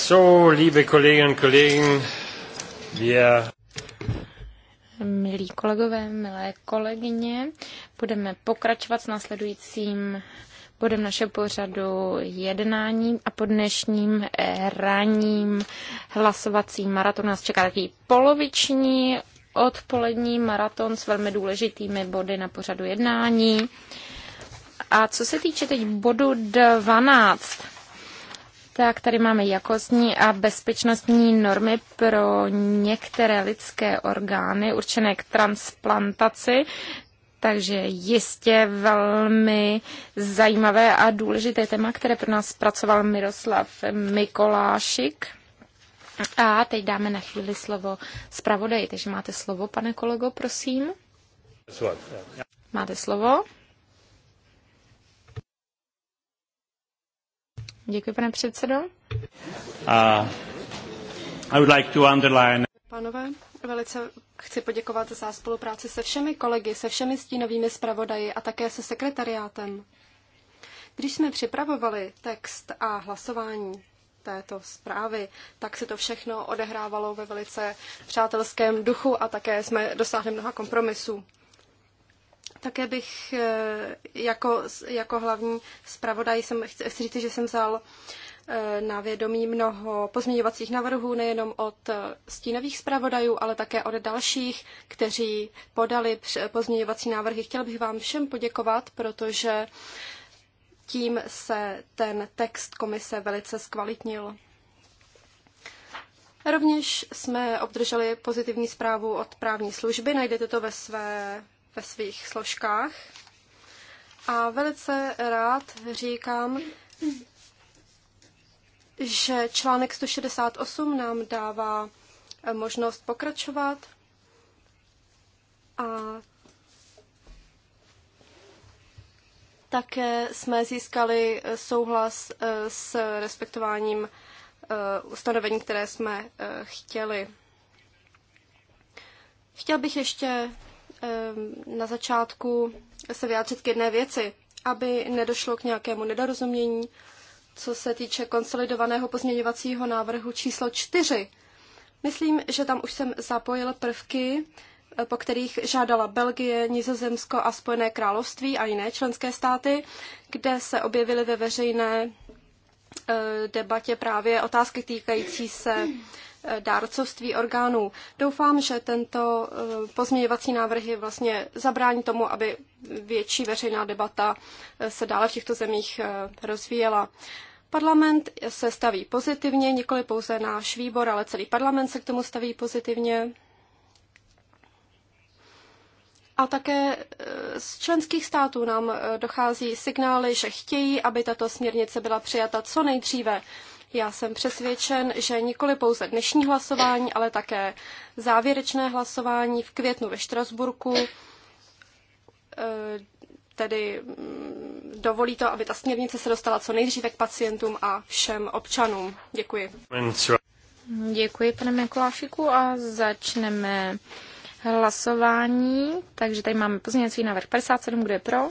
So, liebe Kolleginnen und Kollegen, wir Milí kolegové, milé kolegyně, budeme pokračovat s následujícím bodem našeho pořadu jednáním a po dnešním eh, ranním hlasovacím maratonu nás čeká takový poloviční odpolední maraton s velmi důležitými body na pořadu jednání. A co se týče teď bodu 12, tak tady máme jakostní a bezpečnostní normy pro některé lidské orgány určené k transplantaci, takže jistě velmi zajímavé a důležité téma, které pro nás zpracoval Miroslav Mikolášik. A teď dáme na chvíli slovo zpravodaji, takže máte slovo, pane kolego, prosím. Máte slovo. Děkuji, pane předsedo. Uh, I would like to underline... Pánové, velice chci poděkovat za spolupráci se všemi kolegy, se všemi stínovými zpravodaji a také se sekretariátem. Když jsme připravovali text a hlasování této zprávy, tak se to všechno odehrávalo ve velice přátelském duchu a také jsme dosáhli mnoha kompromisů. Také bych eh, jako, jako hlavní zpravodaj jsem, chci, říct, že jsem vzal eh, na vědomí mnoho pozměňovacích návrhů, nejenom od eh, stínových zpravodajů, ale také od dalších, kteří podali pozměňovací návrhy. Chtěla bych vám všem poděkovat, protože tím se ten text komise velice zkvalitnil. Rovněž jsme obdrželi pozitivní zprávu od právní služby, najdete to ve své ve svých složkách. A velice rád říkám, že článek 168 nám dává eh, možnost pokračovat a také jsme získali eh, souhlas eh, s respektováním ustanovení, které jsme chtěli. Chtěl bych ještě Ehm, na začátku se vyjádřit k jedné věci, aby nedošlo k nějakému nedorozumění, co se týče konsolidovaného pozměňovacího návrhu číslo 4. Myslím, že tam už jsem zapojil prvky, eh, po kterých žádala Belgie, Nizozemsko a Spojené království a jiné členské státy, kde se objevily ve veřejné eh, debatě právě otázky týkající se dárcovství orgánů. Doufám, že tento eh, pozměňovací je vlastně zabrání tomu, aby větší veřejná debata eh, se dále v těchto zemích eh, rozvíjela. Parlament se staví pozitivně, nikoli pouze náš výbor, ale celý parlament se k tomu staví pozitivně. A také z členských států nám dochází signály, že chtějí, aby tato směrnice byla přijata co nejdříve. Já jsem přesvědčen, že nikoli pouze dnešní hlasování, ale také závěrečné hlasování v květnu ve Štrasburku e, tedy mm, dovolí to, aby ta směrnice se dostala co nejdříve k pacientům a všem občanům. Děkuji. Děkuji, pane Mikulášiku, a začneme hlasování. Takže tady máme pozměňovací návrh 57, kdo je pro?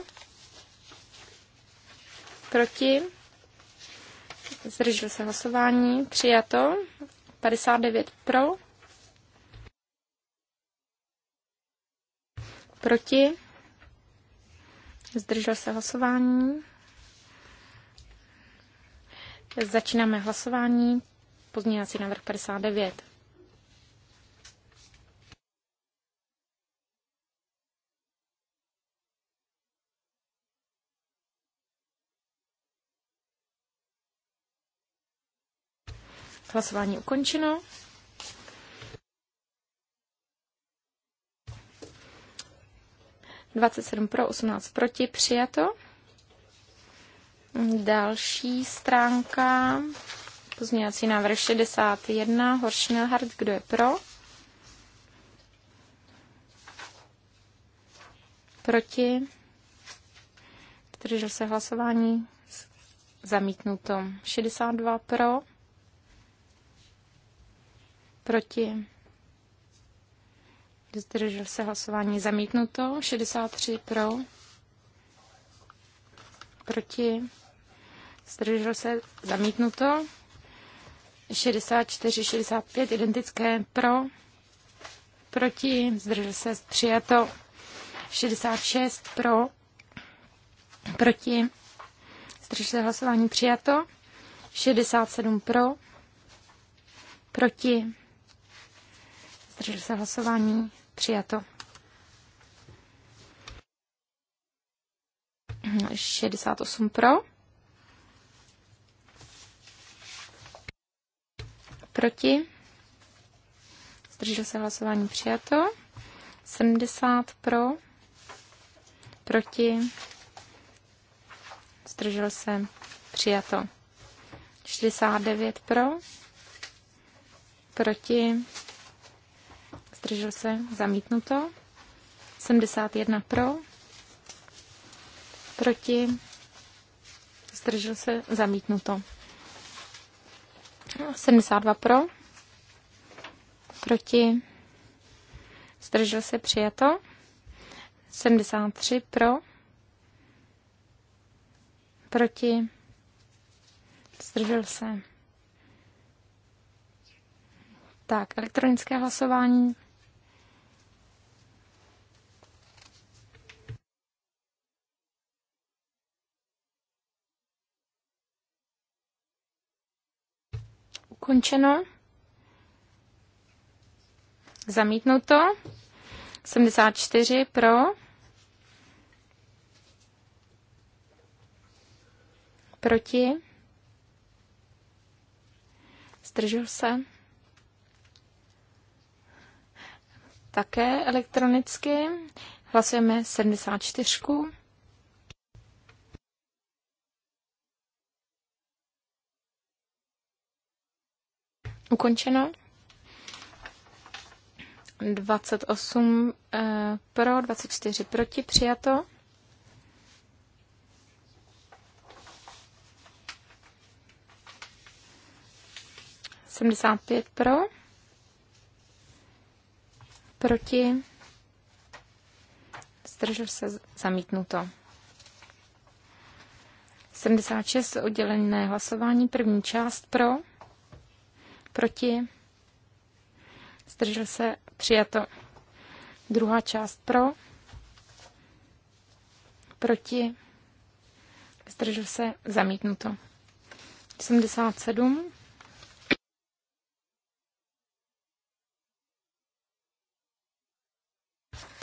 Proti? zdržel se hlasování, přijato, 59 pro, proti, zdržel se hlasování, začínáme hlasování, pozměňovací návrh 59. Hlasování ukončeno. Dvacet sedm pro, osmnáct proti, přijato. Další stránka, pozměňovací návrh 61, Horšnilhardt, kdo je pro? Proti? Zdržel se hlasování? Zamítnuto. 62 pro. Proti? Zdržel se hlasování zamítnuto. 63 pro. Proti? Zdržel se zamítnuto. 64, 65 identické pro. Proti? Zdržel se přijato. 66 pro. Proti? Zdržel se hlasování přijato. 67 pro. Proti? Zdržel se hlasování? Přijato. 68 pro. Proti. Zdržel se hlasování přijato. 70 pro. Proti. Zdržel se přijato. 69 pro. Proti zdržel se, zamítnuto. 71 pro, proti, zdržel se, zamítnuto. 72 pro, proti, zdržel se, přijato. 73 pro, proti, zdržel se. Tak, elektronické hlasování ukončeno. Zamítnuto. 74 pro. Proti. Zdržel se. Také elektronicky. Hlasujeme 74. ukončeno. 28 eh, pro, 24 proti, přijato. Sedmdesát pět pro, proti, zdržel se zamítnuto. 76 oddělené hlasování, první část pro, proti, zdržel se, přijato. Druhá část pro, proti, zdržel se, zamítnuto. 77.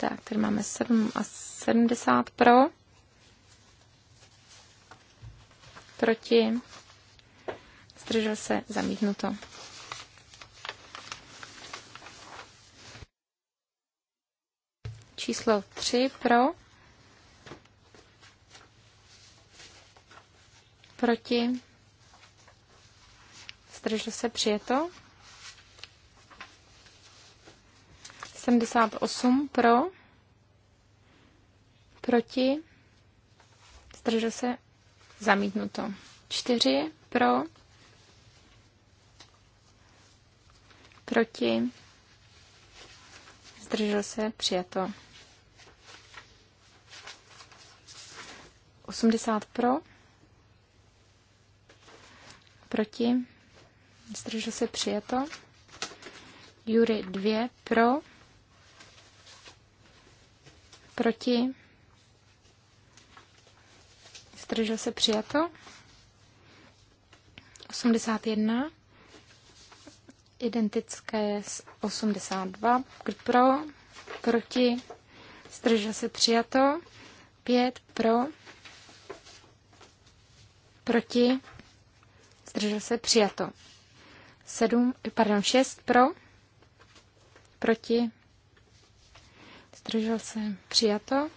Tak, tady máme 7 a 70 pro. Proti. Zdržel se zamítnuto. číslo 3 pro, proti, zdržel se přijeto. 78 pro, proti, zdržel se zamítnuto. 4 pro, proti, zdržel se přijeto. 80 pro, proti, zdržel se přijeto. Jury 2 pro, proti, zdržel se přijeto. 81 identické s 82 pro, proti, zdržel se přijato. 5 pro, proti, zdržel se, přijato. 7, pardon, 6 pro, proti, zdržel se, přijato.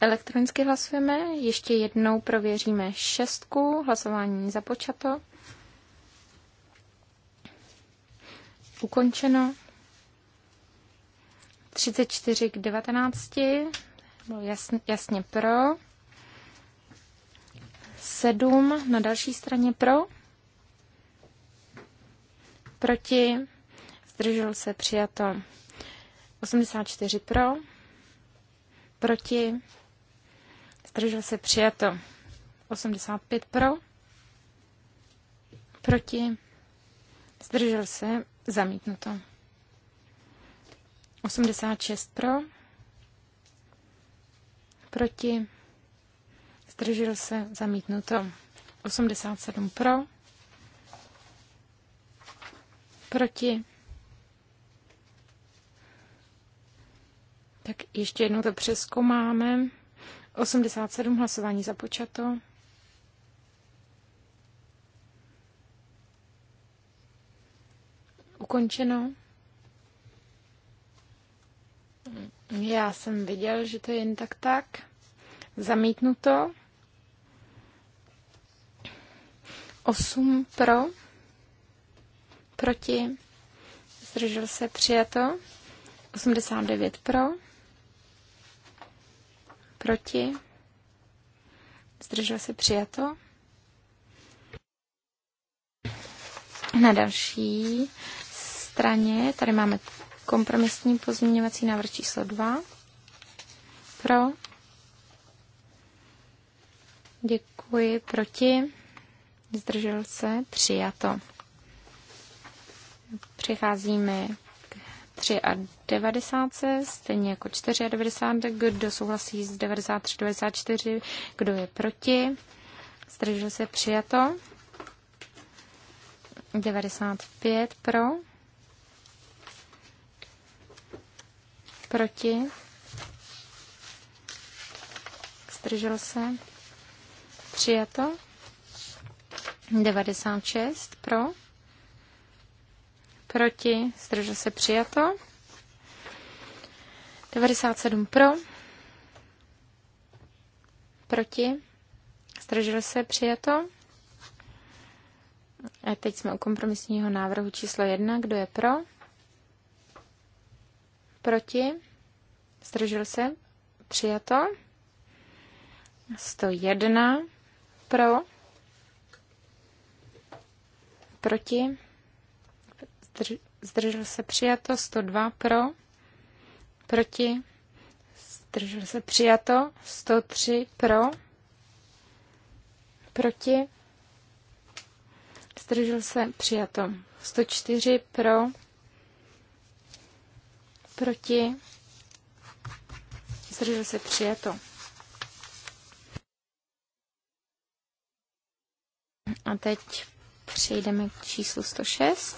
Elektronicky hlasujeme, ještě jednou prověříme šestku, hlasování započato. Ukončeno. 34 k 19, bylo jasn, jasně pro. 7 na další straně pro, proti, zdržel se přijato 84 pro, proti, zdržel se přijato 85 pro, proti, zdržel se zamítnuto 86 pro, proti, zdržel se, zamítnuto. 87 pro, proti. Tak ještě jednou to přeskoumáme. 87 hlasování započato. Ukončeno. Já jsem viděl, že to je jen tak tak. Zamítnuto. 8 pro, proti, zdržel se přijato, 89 pro, proti, zdržel se přijato. Na další straně tady máme kompromisní pozměňovací návrh číslo 2. Pro. Děkuji. Proti zdržel se, přijato. Přicházíme k 93, stejně jako 94, kdo souhlasí s 93, 94, kdo je proti, zdržel se, přijato. 95 pro, proti, zdržel se, přijato. 96 pro, proti, zdržel se přijato. 97 pro, proti, zdržel se přijato. A teď jsme u kompromisního návrhu číslo 1. Kdo je pro? Proti? Zdržel se? Přijato? 101 pro? proti, zdržel se přijato, 102 pro, proti, zdržel se přijato, 103 pro, proti, zdržel se přijato, 104 pro, proti, zdržel se přijato. A teď přejdeme k číslu 106.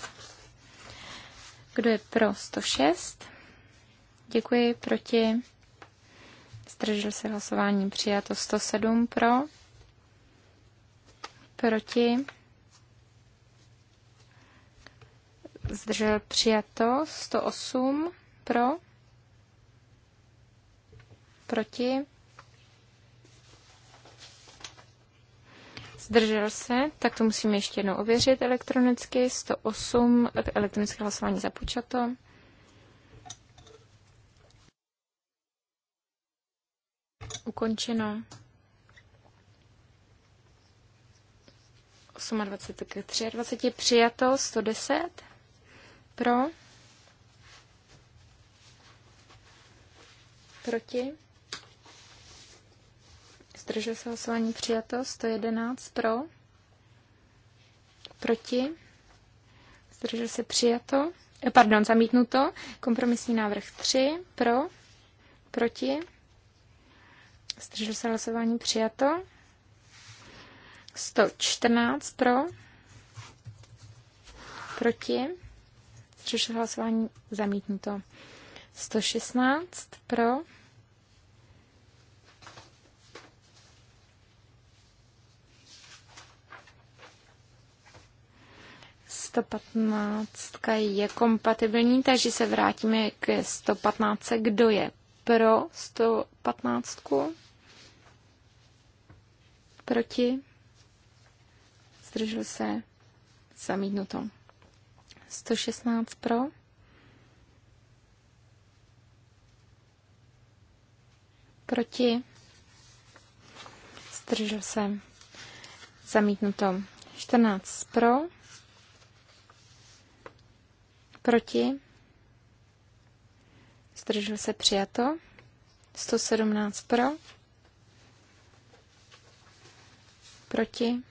Kdo je pro 106? Děkuji, proti. Zdržel se hlasování přijato 107 pro. Proti. Zdržel přijato 108 pro. Proti. Zdržel se, tak to musíme ještě jednou ověřit elektronicky. 108, elektronické hlasování započato. Ukončeno. 28 k 23 přijato, 110 pro, proti, zdržel se hlasování přijato, 111 pro, proti, zdržel se přijato, eh, pardon, zamítnuto, kompromisní návrh 3 pro, proti, zdržel se hlasování přijato, 114 pro, proti, zdržel se hlasování zamítnuto, 116 pro, 115 je kompatibilní, takže se vrátíme k 115. Kdo je pro 115? Proti? Zdržel se zamítnuto. 116 pro. Proti? Zdržel se zamítnuto. 14 pro. Proti? Zdržel se přijato. 117 pro. Proti?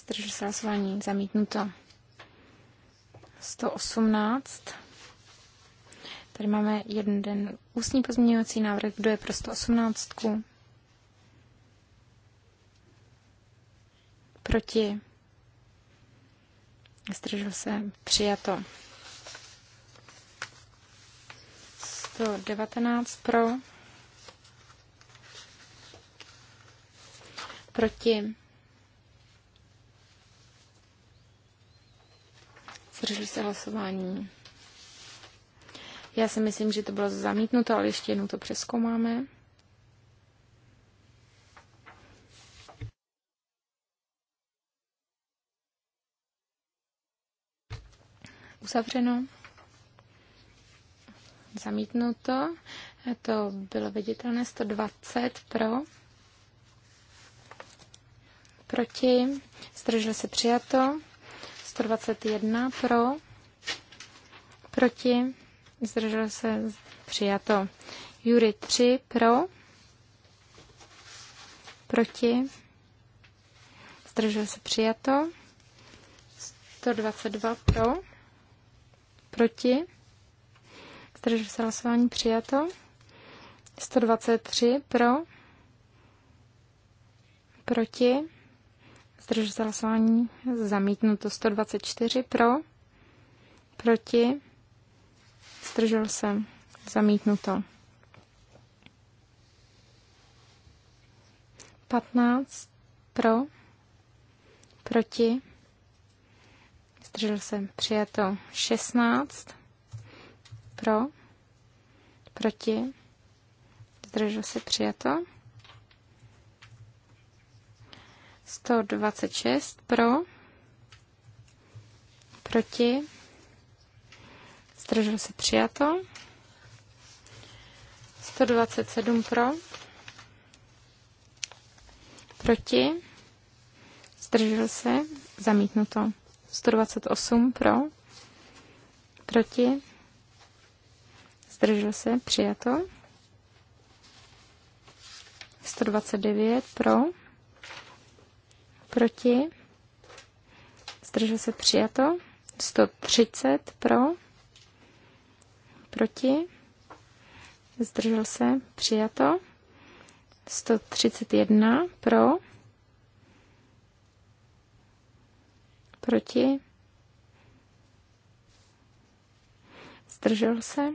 Zdržel se hlasování. Zamítnuto. 118. Tady máme jeden den ústní pozměňovací návrh. Kdo je pro 118? Proti? Zdržel se. Přijato. 119 pro. Proti. Zdržel se hlasování. Já si myslím, že to bylo zamítnuto, ale ještě jednou to přeskoumáme. uzavřeno. Zamítnuto. To bylo viditelné 120 pro. Proti. Zdržel se přijato. 121 pro. Proti. Zdržel se přijato. Jury 3 pro. Proti. Zdržel se přijato. 122 pro. Proti? Zdržel se hlasování přijato. 123 pro. Proti? Zdržel se hlasování zamítnuto. 124 pro. Proti? Zdržel se zamítnuto. 15 pro. Proti? zdržel se, přijato 16, pro, proti, zdržel se, přijato 126, pro, proti, zdržel se, přijato 127 pro, proti, zdržel se, zamítnuto. 128 pro, proti, zdržel se, přijato. 129 pro, proti, zdržel se, přijato. 130 pro, proti, zdržel se, přijato. 131 pro, Proti? Zdržel se?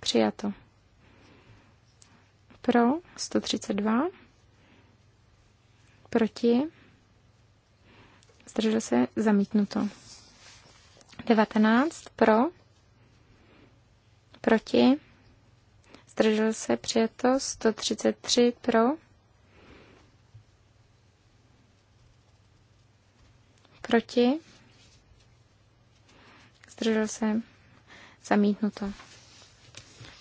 Přijato. Pro 132. Proti? Zdržel se? Zamítnuto. 19. Pro? Proti? Zdržel se? Přijato. 133. Pro? Proti? Zdržel se. Zamítnuto.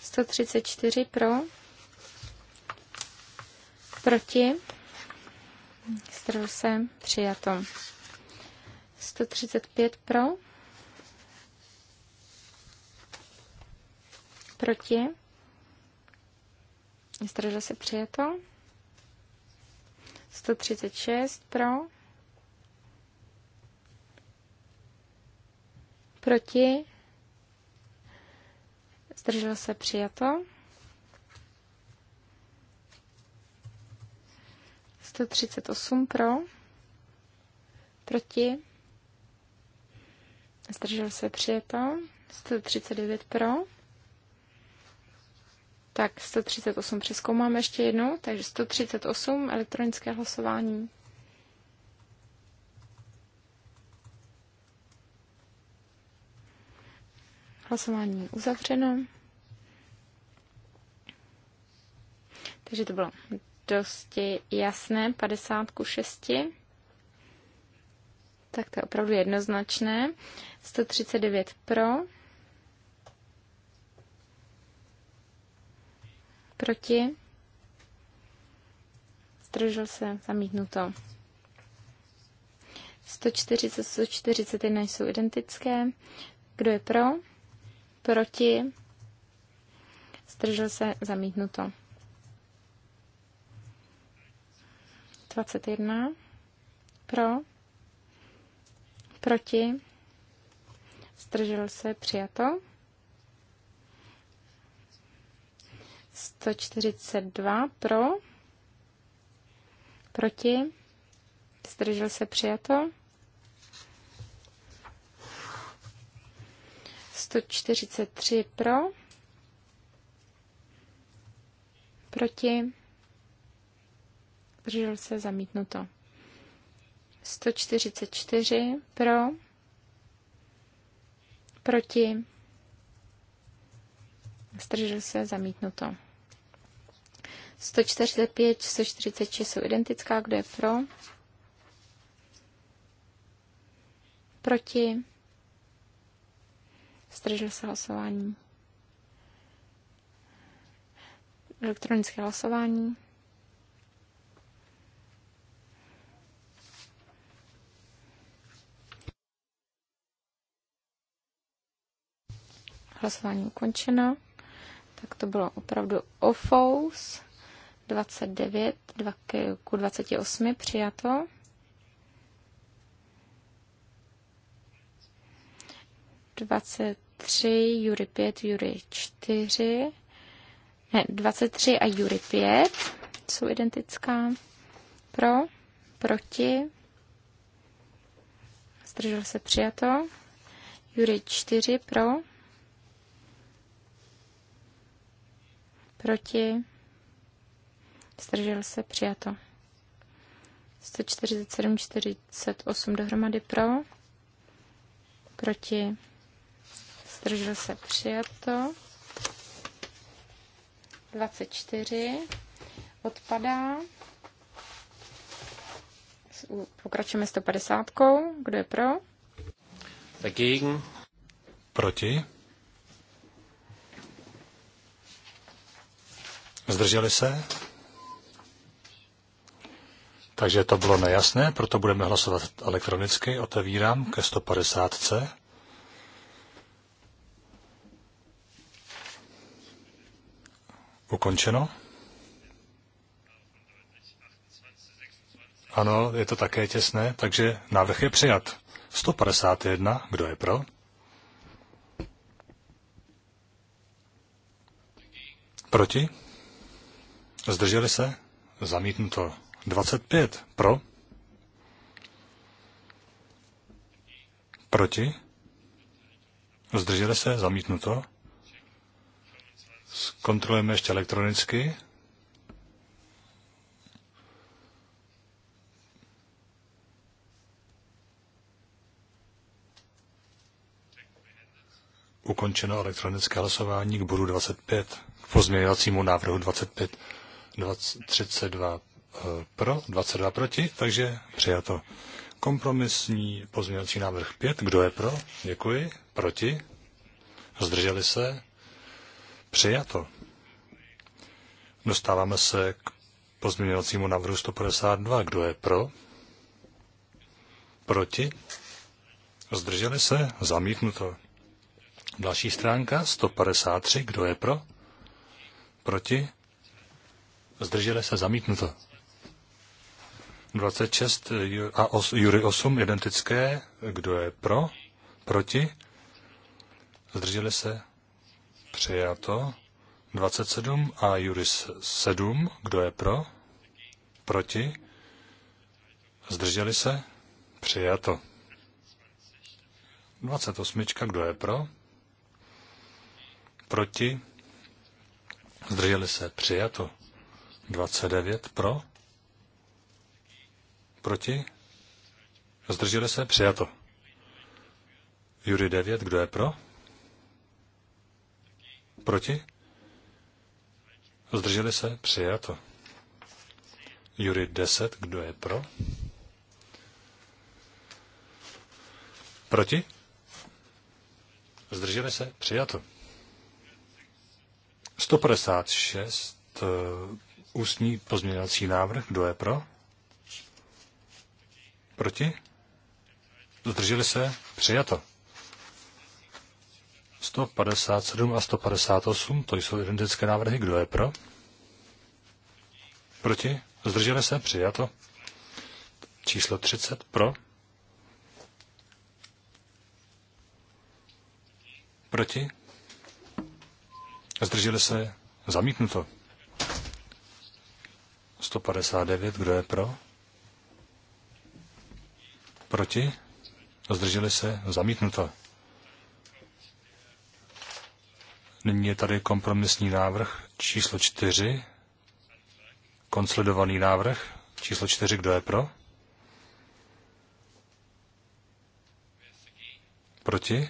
134 pro. Proti? Zdržel se. Přijato. 135 pro. Proti? Zdržel se přijato. 136 pro. Proti? Zdržel se přijato. 138 pro. Proti? Zdržel se přijato. 139 pro. Tak 138 přeskoumám ještě jednou, takže 138 elektronické hlasování. Hlasování uzavřeno. Takže to bylo dosti jasné, 50 ku 6. Tak to je opravdu jednoznačné. 139 pro. Proti. Zdržel se, zamítnuto. 140 a 141 jsou identické. Kdo je pro? proti, zdržel se, zamítnuto. 21, pro, proti, zdržel se, přijato. 142 pro, proti, zdržel se přijato. 143 pro, proti, držel se zamítnuto. 144 pro, proti, zdržel se zamítnuto. 145, 146 jsou identická, kdo je pro, proti, Zdržel se hlasování. Elektronické hlasování. Hlasování ukončeno. Tak to bylo opravdu OFOUS 29 2 k 28 přijato. Dvacet 3, Jury 5, Jury 4, ne, 23 a Jury 5 jsou identická. Pro, proti, zdržel se přijato. Jury 4 pro, proti, zdržel se přijato. 147, 48 dohromady pro, proti, zdržel se přijato. 24 odpadá. Pokračujeme 150. Kdo je pro? Dagegen. Proti. Zdrželi se? Takže to bylo nejasné, proto budeme hlasovat elektronicky. Otevírám ke 150. ukončeno. Ano, je to také těsné, takže návrh je přijat. 151, kdo je pro? Proti? Zdrželi se? Zamítnuto. 25, pro? Proti? Zdrželi se? Zamítnuto. Zkontrolujeme ještě elektronicky. Ukončeno elektronické hlasování k bodu 25, k pozměňovacímu návrhu 25, 20, 32 pro, 22 proti, takže přijato. Kompromisní pozměňovací návrh 5, kdo je pro? Děkuji. Proti? Zdrželi se? Přijato. Dostáváme se k pozměňovacímu návrhu 152. Kdo je pro? Proti? Zdrželi se? Zamítnuto. Další stránka 153. Kdo je pro? Proti? Zdrželi se? Zamítnuto. 26 a os, Jury 8 identické. Kdo je pro? Proti? Zdrželi se? Přijato. 27 a Juris 7. Kdo je pro? Proti? Zdrželi se? Přijato. 28. Kdo je pro? Proti? Zdrželi se? Přijato. 29 pro? Proti? Zdrželi se? Přijato. Jury 9. Kdo je pro? Proti? Zdrželi se? Přijato. Jury 10. Kdo je pro? Proti? Zdrželi se? Přijato. 156. Eh, ústní pozměňovací návrh. Kdo je pro? Proti? Zdrželi se? Přijato. 157 a 158, to jsou identické návrhy. Kdo je pro? Proti? Zdrželi se? Přijato. Číslo 30 pro. Proti? Zdrželi se? Zamítnuto. 159, kdo je pro? Proti? Zdrželi se? Zamítnuto. Nyní je tady kompromisní návrh číslo 4, konsolidovaný návrh číslo 4, kdo je pro? Proti?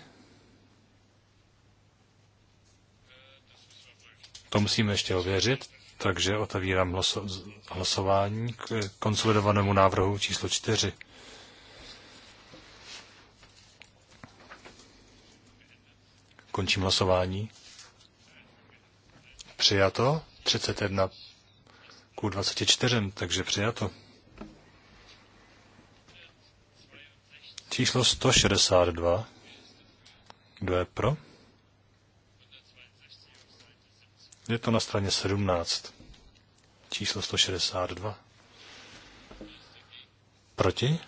To musíme ještě ověřit, takže otevírám hlaso- hlasování k konsolidovanému návrhu číslo 4. Končím hlasování. Přijato. 31 ku 24, takže přijato. Číslo 162. Kdo je pro? Je to na straně 17. Číslo 162. Proti?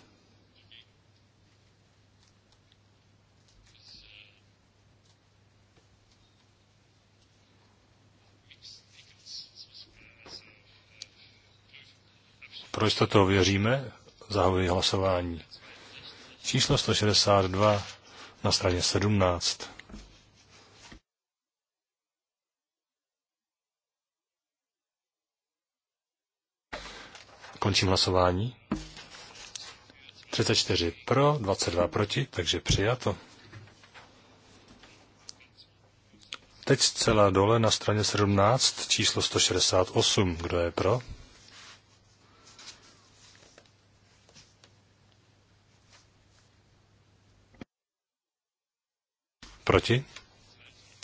Pro jistotu věříme? zahajuji hlasování. Číslo 162 na straně 17. Končím hlasování. 34 pro, 22 proti, takže přijato. Teď zcela dole na straně 17 číslo 168. Kdo je pro? Proti?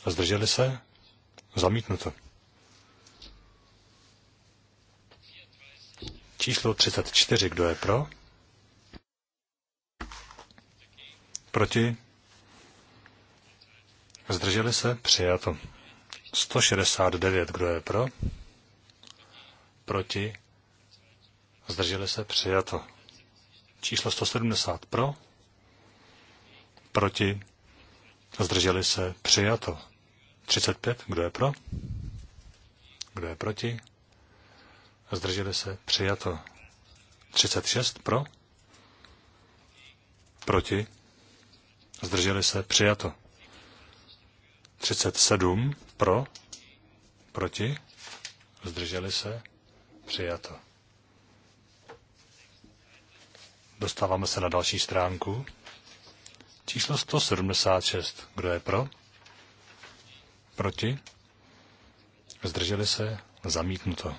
Zdrželi se? Zamítnuto. Číslo 34. Kdo je pro? Proti? Zdrželi se? Přijato. 169. Kdo je pro? Proti? Zdrželi se? Přijato. Číslo 170. Pro? Proti? Zdrželi se přijato. 35. Kdo je pro? Kdo je proti? Zdrželi se přijato. 36. Pro? Proti? Zdrželi se přijato. 37. Pro? Proti? Zdrželi se přijato. Dostáváme se na další stránku. Číslo 176. Kdo je pro? Proti? Zdrželi se? Zamítnuto.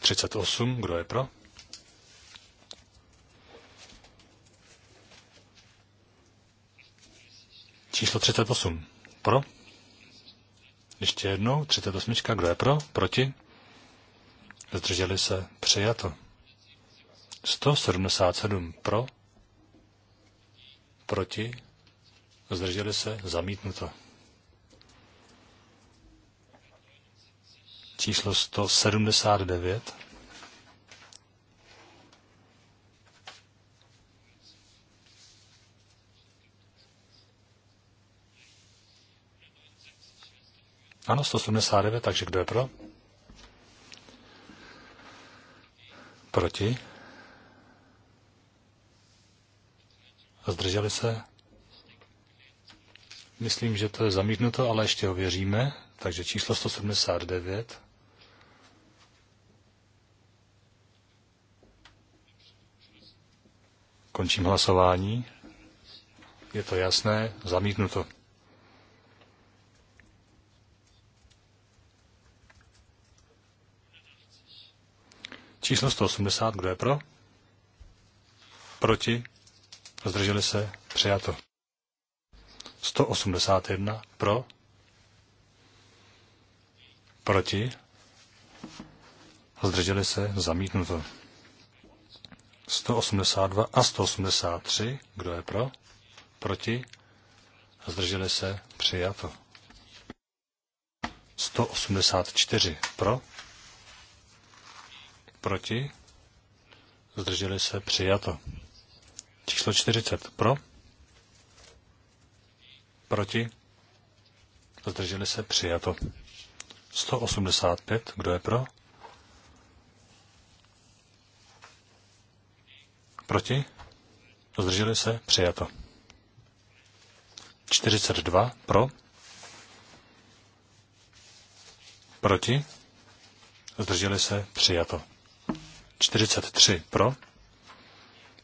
38. Kdo je pro? Číslo 38. Pro? Ještě jednou. 38. Kdo je pro? Proti? Zdrželi se? Přijato. 177. Pro? Proti? zdrželi se, zamítnuto. Číslo 179. Ano, 179, takže kdo je pro? Proti? Zdrželi se? Myslím, že to je zamítnuto, ale ještě věříme. Takže číslo 179. Končím hlasování. Je to jasné, zamítnuto. Číslo 180, kdo je pro? Proti? Zdrželi se? Přijato. 181 pro, proti, zdrželi se, zamítnuto. 182 a 183, kdo je pro, proti, zdrželi se, přijato. 184 pro, proti, zdrželi se, přijato. Číslo 40 pro, Proti? Zdrželi se přijato. 185. Kdo je pro? Proti? Zdrželi se přijato. 42. Pro? Proti? Zdrželi se přijato. 43. Pro?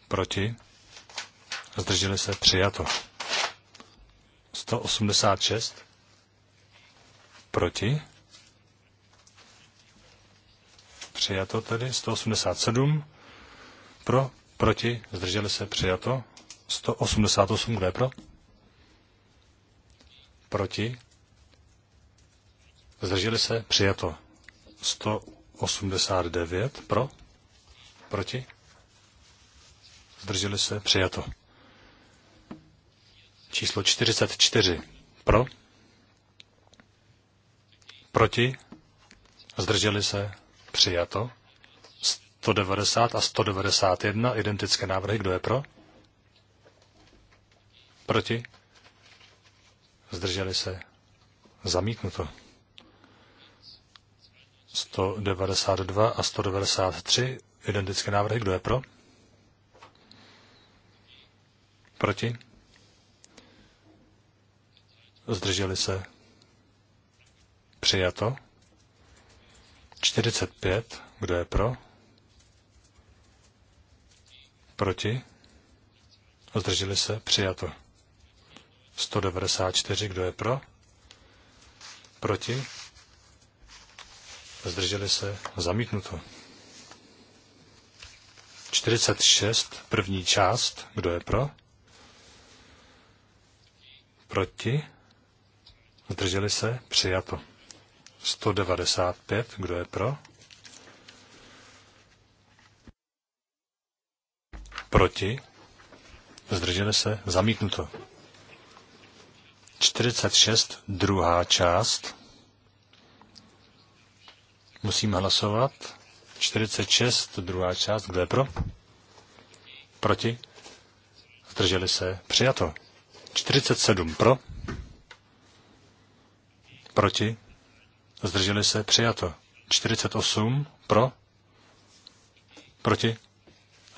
Proti? Zdrželi se přijato. 186. Proti. Přijato tedy 187. Pro, proti, zdrželi se, přijato. 188, kdo je pro? Proti. Zdrželi se, přijato. 189, pro? Proti. Zdrželi se, přijato. Číslo 44. Pro? Proti? Zdrželi se? Přijato. 190 a 191 identické návrhy. Kdo je pro? Proti? Zdrželi se? Zamítnuto. 192 a 193 identické návrhy. Kdo je pro? Proti? zdrželi se, přijato. 45, kdo je pro, proti, zdrželi se, přijato. 194, kdo je pro, proti, zdrželi se, zamítnuto. 46, první část, kdo je pro? Proti? Zdrželi se? Přijato. 195. Kdo je pro? Proti? Zdrželi se? Zamítnuto. 46. Druhá část. Musím hlasovat. 46. Druhá část. Kdo je pro? Proti? Zdrželi se? Přijato. 47. Pro? Proti? Zdrželi se? Přijato. 48. Pro? Proti?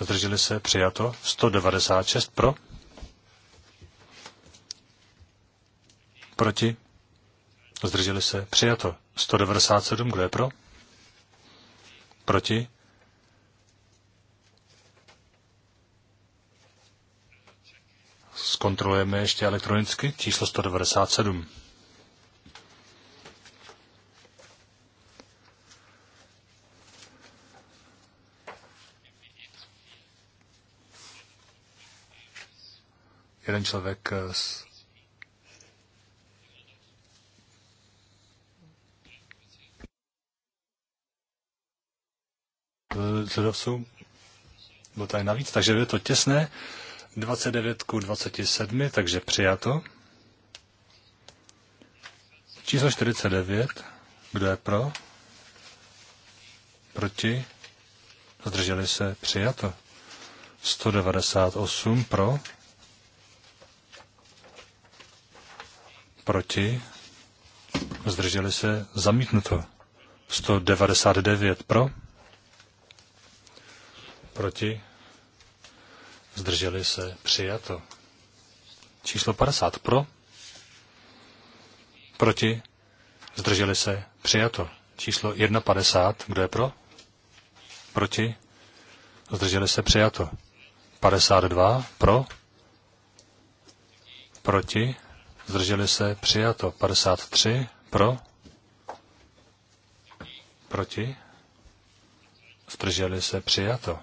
Zdrželi se? Přijato. 196. Pro? Proti? Zdrželi se? Přijato. 197. Kdo je pro? Proti? Zkontrolujeme ještě elektronicky číslo 197. jeden člověk eh, s eh, Zdravců byl no, tady navíc, takže je to těsné. 29 ku 27, takže přijato. Číslo 49, kdo je pro? Proti? Zdrželi se, přijato. 198 pro, proti, zdrželi se, zamítnuto. 199 pro, proti, zdrželi se, přijato. Číslo 50 pro, proti, zdrželi se, přijato. Číslo 150, kdo je pro? Proti, zdrželi se, přijato. 52 pro, proti, zdrželi se, přijato. 53 pro, proti, zdrželi se, přijato.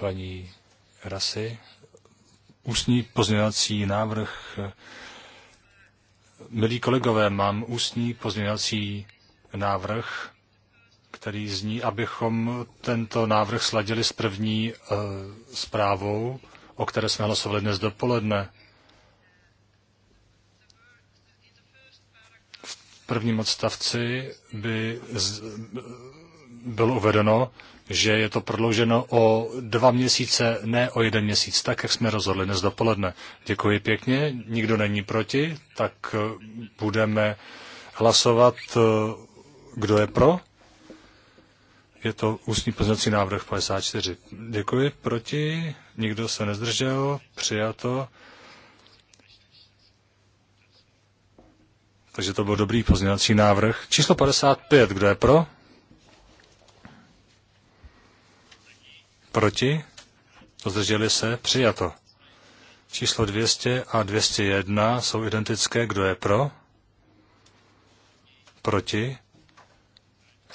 Paní Rasy, ústní pozměňovací návrh. Milí kolegové, mám ústní pozměňovací návrh který zní, abychom tento návrh sladili s první e, zprávou, o které jsme hlasovali dnes dopoledne. V prvním odstavci by z, bylo uvedeno, že je to prodlouženo o dva měsíce, ne o jeden měsíc, tak jak jsme rozhodli dnes dopoledne. Děkuji pěkně, nikdo není proti, tak eh, budeme hlasovat, eh, kdo je pro. Je to ústní poznací návrh 54. Děkuji. Proti? Nikdo se nezdržel? Přijato? Takže to byl dobrý pozměňovací návrh. Číslo 55, kdo je pro? Proti? Zdrželi se? Přijato. Číslo 200 a 201 jsou identické. Kdo je pro? Proti?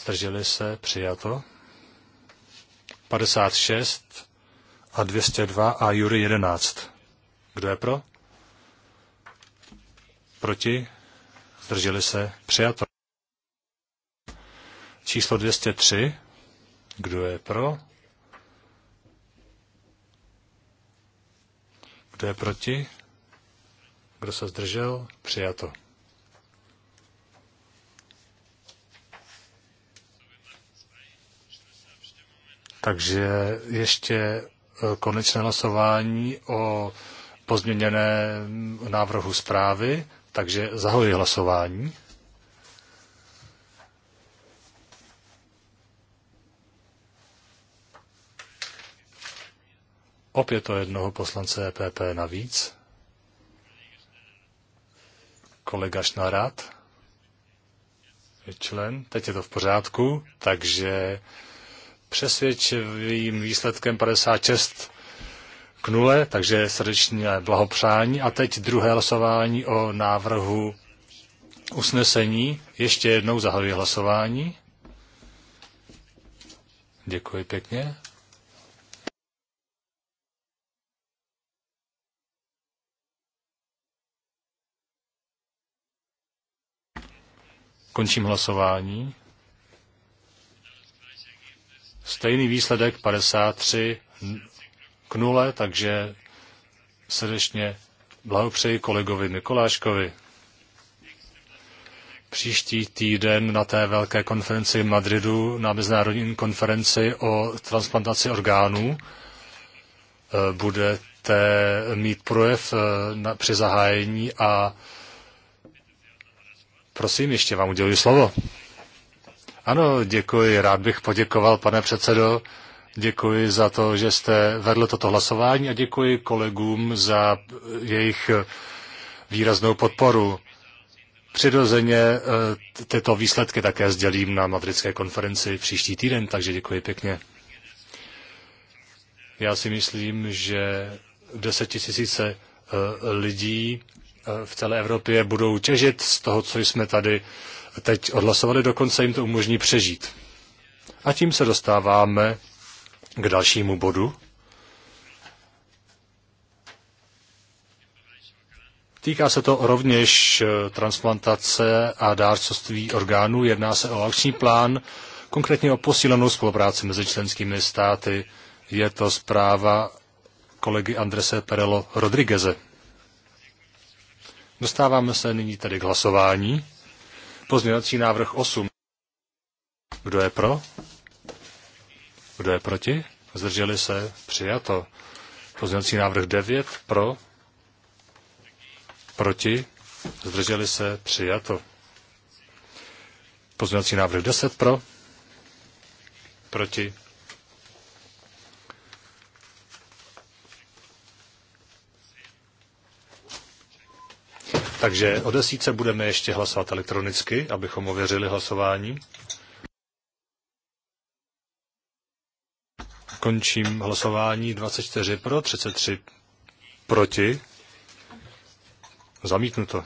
Zdrželi se? Přijato. 56 a 202 a Jury 11. Kdo je pro? Proti? Zdrželi se? Přijato. Číslo 203. Kdo je pro? Kdo je proti? Kdo se zdržel? Přijato. Takže ještě e, konečné hlasování o pozměněné návrhu zprávy, takže zahoji hlasování. Opět o jednoho poslance EPP navíc. Kolega Šnarad je člen, teď je to v pořádku, takže přesvědčivým výsledkem 56 k nule, takže srdečně blahopřání. A teď druhé hlasování o návrhu usnesení. Ještě jednou zahajuji hlasování. Děkuji pěkně. Končím hlasování. Stejný výsledek 53 k nule, takže srdečně blahopřeji kolegovi Mikoláškovi. Příští týden na té velké konferenci v Madridu, na mezinárodní konferenci o transplantaci orgánů, eh, budete mít projev eh, na, při zahájení a prosím, ještě vám uděluji slovo. Ano, děkuji. Rád bych poděkoval, pane předsedo. Děkuji za to, že jste vedl toto hlasování a děkuji kolegům za jejich výraznou podporu. Přirozeně eh, tyto výsledky také sdělím na madridské konferenci příští týden, takže děkuji pěkně. Já si myslím, že desetitisíce eh, lidí eh, v celé Evropě budou těžit z toho, co jsme tady teď odhlasovali, dokonce jim to umožní přežít. A tím se dostáváme k dalšímu bodu. Týká se to rovněž eh, transplantace a dárcovství orgánů. Jedná se o akční plán, konkrétně o posílenou spolupráci mezi členskými státy. Je to zpráva kolegy Andrese Perelo Rodrigueze. Dostáváme se nyní tedy k hlasování. Pozměňovací návrh 8. Kdo je pro? Kdo je proti? Zdrželi se? Přijato. Pozměňovací návrh 9. Pro? Proti? Zdrželi se? Přijato. Pozměňovací návrh 10. Pro? Proti? Takže o desíce budeme ještě hlasovat elektronicky, abychom ověřili hlasování. Končím hlasování 24 pro, 33 proti. Zamítnuto.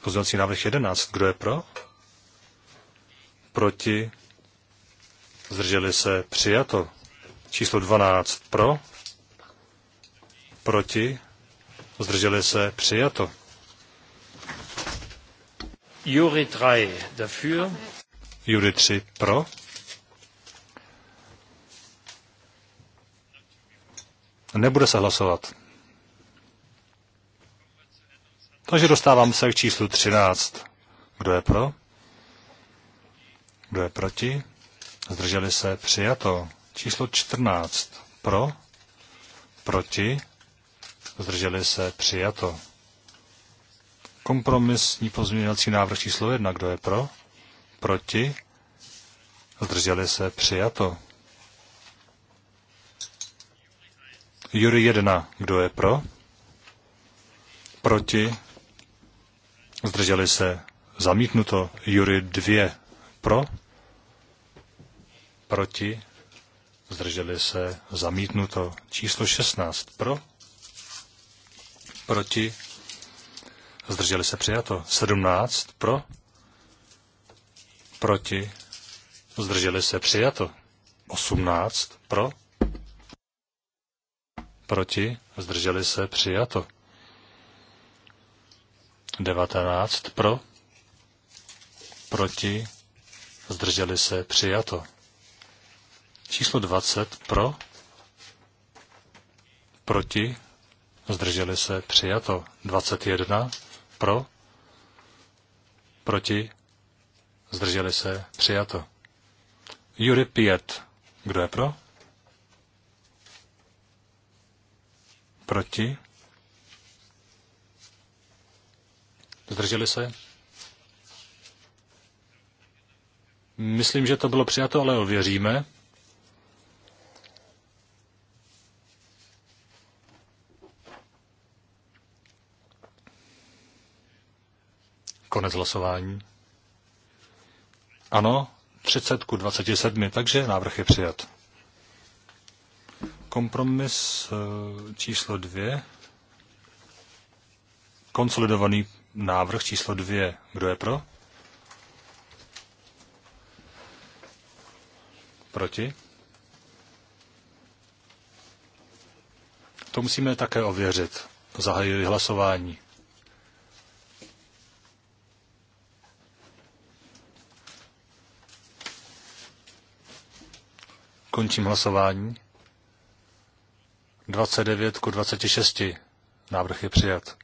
Poznací návrh 11. Kdo je pro? Proti. Zdrželi se. Přijato. Číslo 12. Pro. Proti. Zdrželi se přijato. Jury 3 dafür. Jury 3 pro. Nebude se hlasovat. Takže dostávám se k číslu 13. Kdo je pro? Kdo je proti? Zdrželi se přijato. Číslo 14. Pro? Proti? zdrželi se, přijato. Kompromisní pozměňovací návrh číslo 1, kdo je pro, proti, zdrželi se, přijato. Jury 1, kdo je pro, proti, zdrželi se, zamítnuto. Jury 2, pro, proti, zdrželi se, zamítnuto. Číslo 16, pro, proti, zdrželi se přijato. 17 pro, proti, zdrželi se přijato. 18 pro, proti, zdrželi se přijato. 19 pro, proti, zdrželi se přijato. Číslo 20 pro, proti, zdrželi se, přijato. 21 pro, proti, zdrželi se, přijato. Jury 5, kdo je pro? Proti? Zdrželi se? Myslím, že to bylo přijato, ale ověříme. Konec hlasování. Ano, 30 ku 27, takže návrh je přijat. Kompromis eh, číslo 2. Konsolidovaný návrh číslo 2. Kdo je pro? Proti? To musíme také ověřit. Zahajuji hlasování. Končím hlasování. 29 ku 26. Návrh je přijat.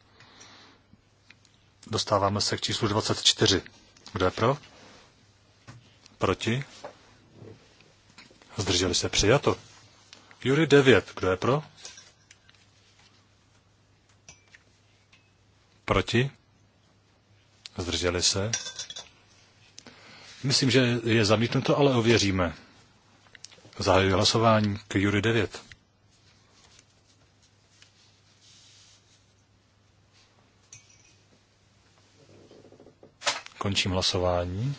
Dostáváme se k číslu 24. Kdo je pro? Proti? Zdrželi se přijato. Jury 9. Kdo je pro? Proti? Zdrželi se? Myslím, že je zamítnuto, ale ověříme. Zahajuji hlasování k Jury 9. Končím hlasování.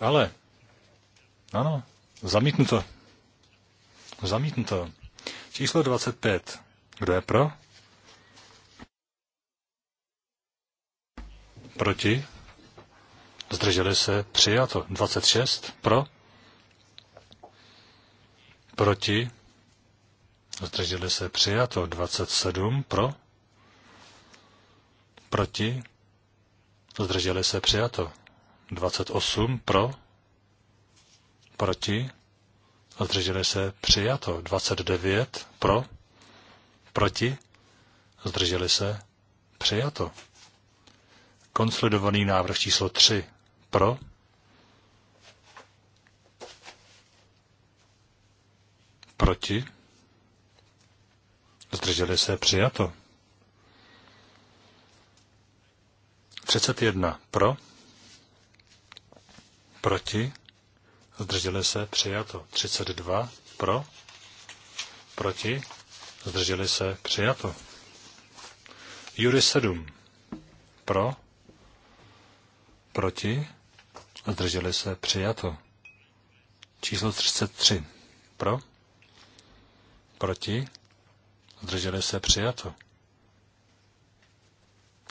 Ale, ano, zamítnuto. Zamítnuto. Číslo 25. Kdo je pro? Proti? zdrželi se, přijato. 26 pro, proti, zdrželi se, přijato. 27 pro, proti, zdrželi se, přijato. 28 pro, proti, zdrželi se, přijato. 29 pro, proti, zdrželi se, přijato. Konsolidovaný návrh číslo 3 pro? Proti? Zdrželi se přijato. 31 pro? Proti? Zdrželi se přijato. 32 pro? Proti? Zdrželi se přijato. Jury 7 pro? Proti? Zdrželi se přijato. Číslo 33. Pro? Proti? Zdrželi se přijato.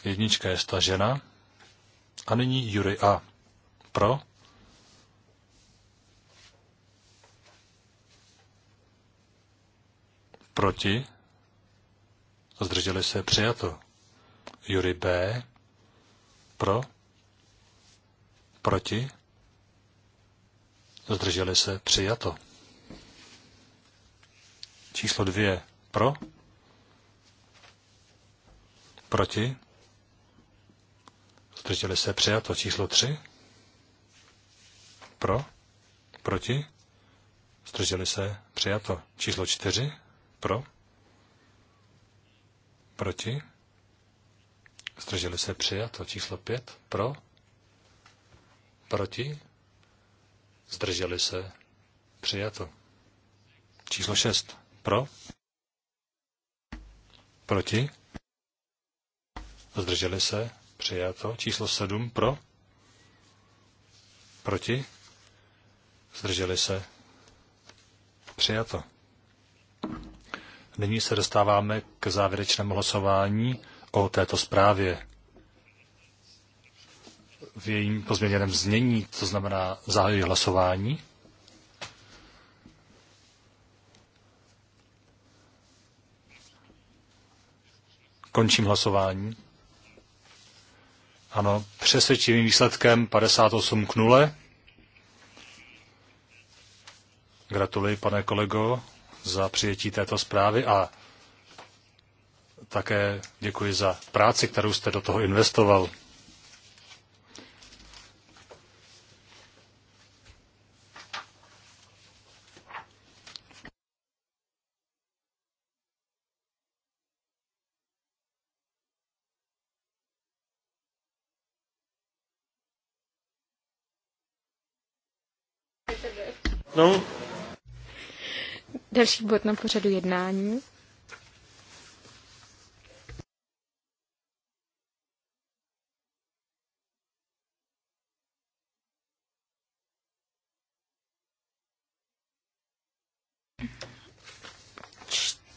Jednička je stažena. A nyní Jury A. Pro? Proti? Zdrželi se přijato. Jury B. Pro? Proti? Zdrželi se přijato. Číslo dvě pro? Proti? Zdrželi se přijato. Číslo tři? Pro? Proti? Zdrželi se přijato. Číslo čtyři? Pro? Proti? Zdrželi se přijato. Číslo pět? Pro? Proti? Zdrželi se? Přijato. Číslo 6. Pro? Proti? Zdrželi se? Přijato. Číslo 7. Pro? Proti? Zdrželi se? Přijato. Nyní se dostáváme k závěrečnému hlasování o této zprávě v jejím pozměněném znění, to znamená zahajuji hlasování. Končím hlasování. Ano, přesvědčivým výsledkem 58 k 0. Gratuluji, pane kolego, za přijetí této zprávy a také děkuji za práci, kterou jste do toho investoval. Další bod na pořadu jednání.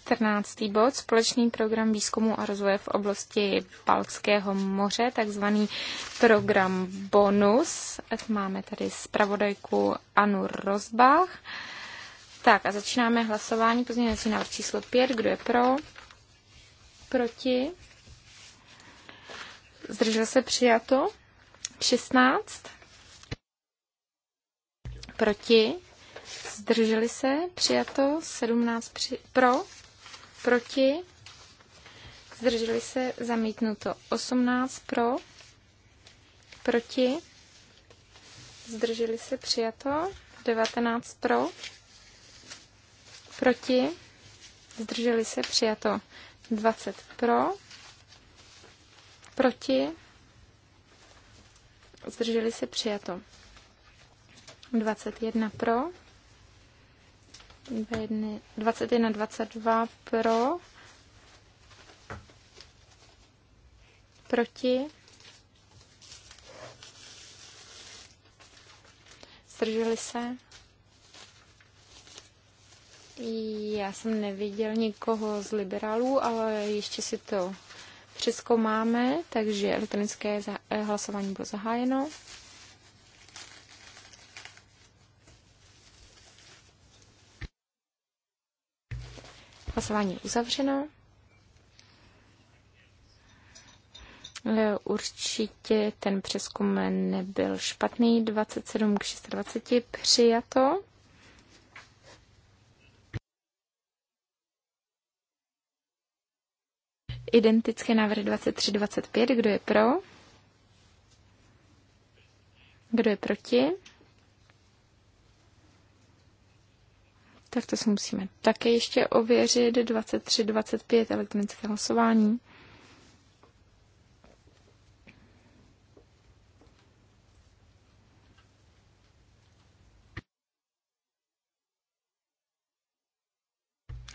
čtrnáctý bod, společný program výzkumu a rozvoje v oblasti Balckého moře, takzvaný program BONUS. Máme tady zpravodajku Anu Rozbach. Tak a začínáme hlasování. Pozměňovací návrh číslo 5. Kdo je pro? Proti? Zdržel se přijato? 16. Proti? Zdrželi se? Přijato? 17 při, pro? Proti? Zdrželi se? Zamítnuto? 18 pro? Proti? Zdrželi se? Přijato? 19 pro? proti, zdrželi se, přijato 20 pro, proti, zdrželi se, přijato 21 pro, 21, 22 pro, proti, zdrželi se, já jsem neviděl nikoho z liberálů, ale ještě si to přeskoumáme, takže elektronické eh, hlasování bylo zahájeno. Hlasování je uzavřeno. Eh, určitě ten přeskum nebyl špatný. 27 k 26 přijato. Identické návrhy 23-25. Kdo je pro? Kdo je proti? Tak to si musíme také ještě ověřit. 23-25 elektronické hlasování.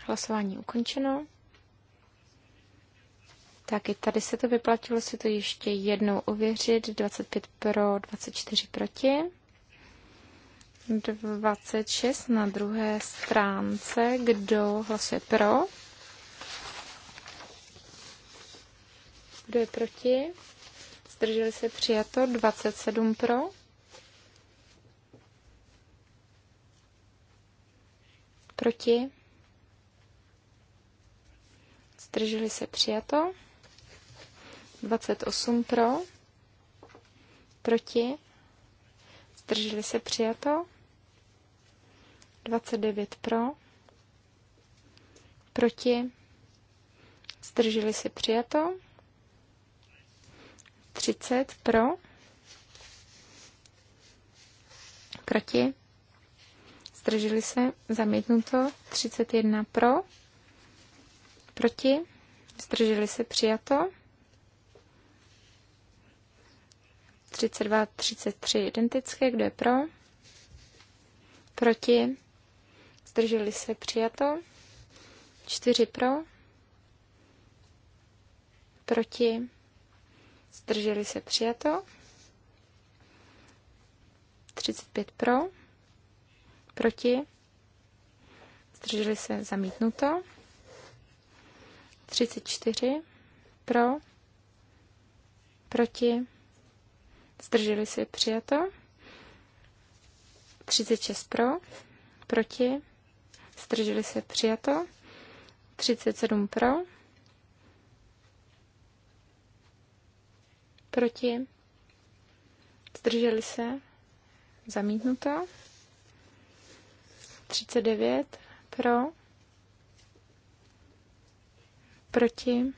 Hlasování ukončeno. Tak i tady se to vyplatilo si to ještě jednou ověřit. 25 pro, 24 proti. 26 na druhé stránce. Kdo hlasuje pro? Kdo je proti? Zdrželi se přijato. 27 pro. Proti? Zdrželi se přijato. 28 pro, proti, zdrželi se přijato, 29 pro, proti, zdrželi se přijato, 30 pro, proti, zdrželi se, zamítnuto, 31 pro, proti, zdrželi se přijato, 32, 33 identické. Kdo je pro? Proti? Zdrželi se přijato. 4 pro. Proti? Zdrželi se přijato. 35 pro. Proti? Zdrželi se zamítnuto. 34 pro. Proti? zdrželi se přijato. 36 pro, proti, zdrželi se přijato. 37 pro, proti, zdrželi se, zamítnuto. 39 pro, proti,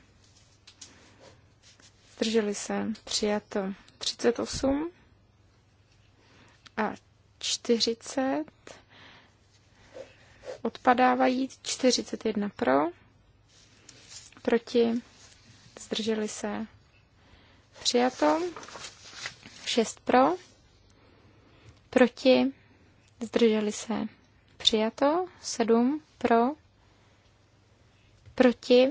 zdrželi se, přijato. 38 a 40 odpadávají 41 pro, proti, zdrželi se přijato, 6 pro, proti, zdrželi se přijato, 7 pro, proti,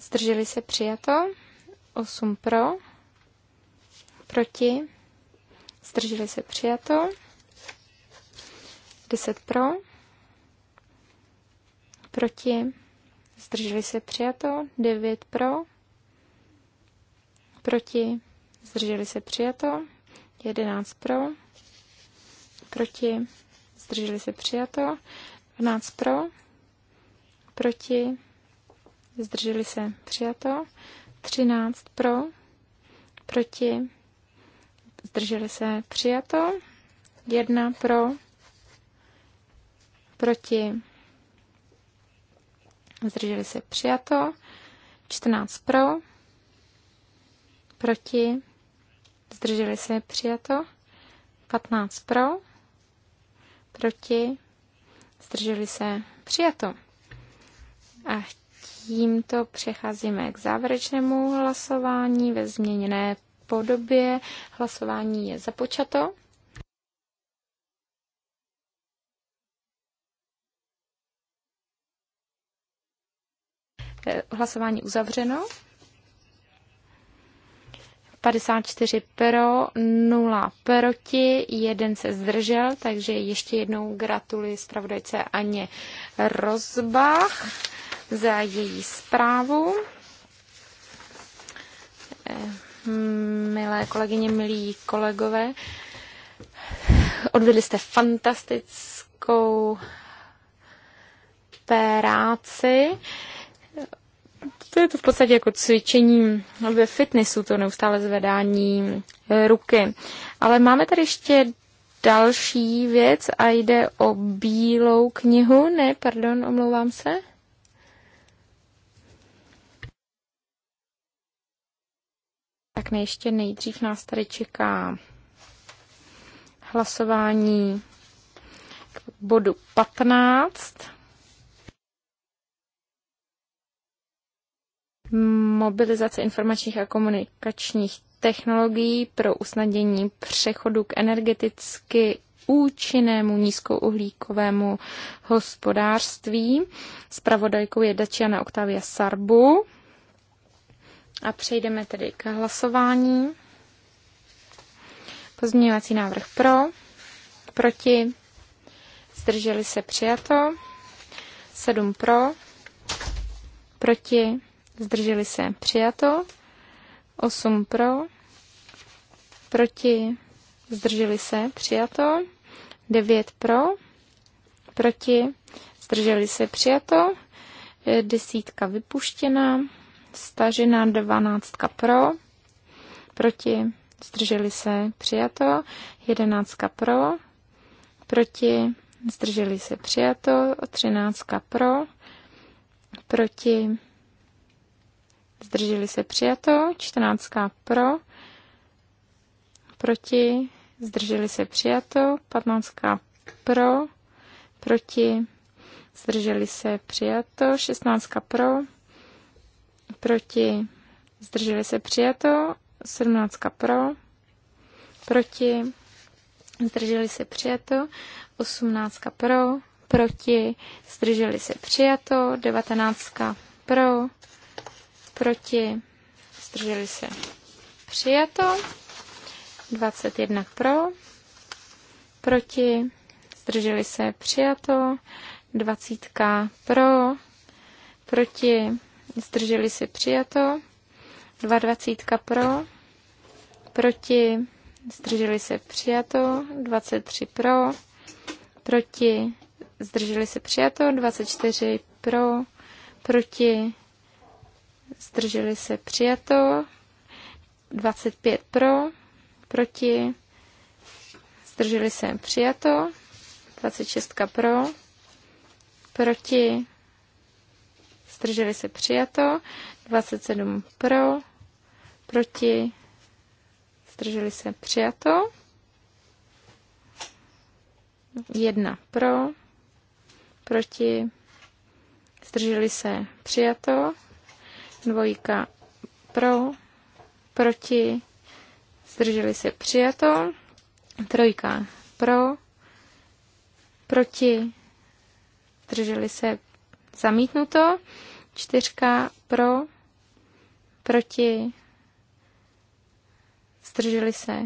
zdrželi se přijato, 8 pro, proti, zdrželi se přijato, 10 pro, proti, zdrželi se přijato, 9 pro, proti, zdrželi se přijato, 11 pro, proti, zdrželi se přijato, 12 pro, proti, zdrželi se přijato, 13 pro, proti, zdrželi se přijato, jedna pro, proti, zdrželi se přijato, 14 pro, proti, zdrželi se přijato, 15 pro, proti, zdrželi se přijato. A tímto přecházíme k závěrečnému hlasování ve změněné podobě. Hlasování je započato. Eh, hlasování uzavřeno. 54 pro, 0 proti, jeden se zdržel, takže ještě jednou gratuluji zpravodajce Aně Rozbach za její zprávu. Eh, Mm, milé kolegyně, milí kolegové. Odvedli jste fantastickou práci. To je to v podstatě jako cvičení ve fitnessu, to neustále zvedání ruky. Ale máme tady ještě další věc a jde o bílou knihu. Ne, pardon, omlouvám se. Tak ne, ještě nejdřív nás tady čeká hlasování k bodu 15. Mobilizace informačních a komunikačních technologií pro usnadnění přechodu k energeticky účinnému nízkouhlíkovému hospodářství. Spravodajkou je Dačiana Octavia Sarbu. A přejdeme tedy k hlasování. Pozměňovací návrh pro, proti, zdrželi se přijato, 7 pro, proti, zdrželi se přijato, 8 pro, proti, zdrželi se přijato, 9 pro, proti, zdrželi se přijato, desítka vypuštěna, stažena 12 pro, proti, zdrželi se, přijato, 11 pro, proti, zdrželi se, přijato, 13 pro, proti, zdrželi se, přijato, 14 pro, proti, zdrželi se, přijato, 15 pro, proti, zdrželi se, přijato, 16 pro, proti, zdrželi se přijato, 17 pro, proti, zdrželi se přijato, 18 pro, proti, zdrželi se přijato, 19 pro, proti, zdrželi se přijato, 21 pro, proti, zdrželi se přijato, 20 pro, proti, zdrželi se přijato, 22 pro, proti, zdrželi se přijato, 23 pro, proti, zdrželi se přijato, 24 pro, proti, zdrželi se přijato, 25 pro, proti, zdrželi se přijato, 26 pro, proti, zdrželi se přijato, 27 pro, proti, zdrželi se přijato, 1 pro, proti, zdrželi se přijato, dvojka pro, proti, zdrželi se přijato, trojka pro, proti, zdrželi se zamítnuto. Čtyřka pro, proti, zdrželi se.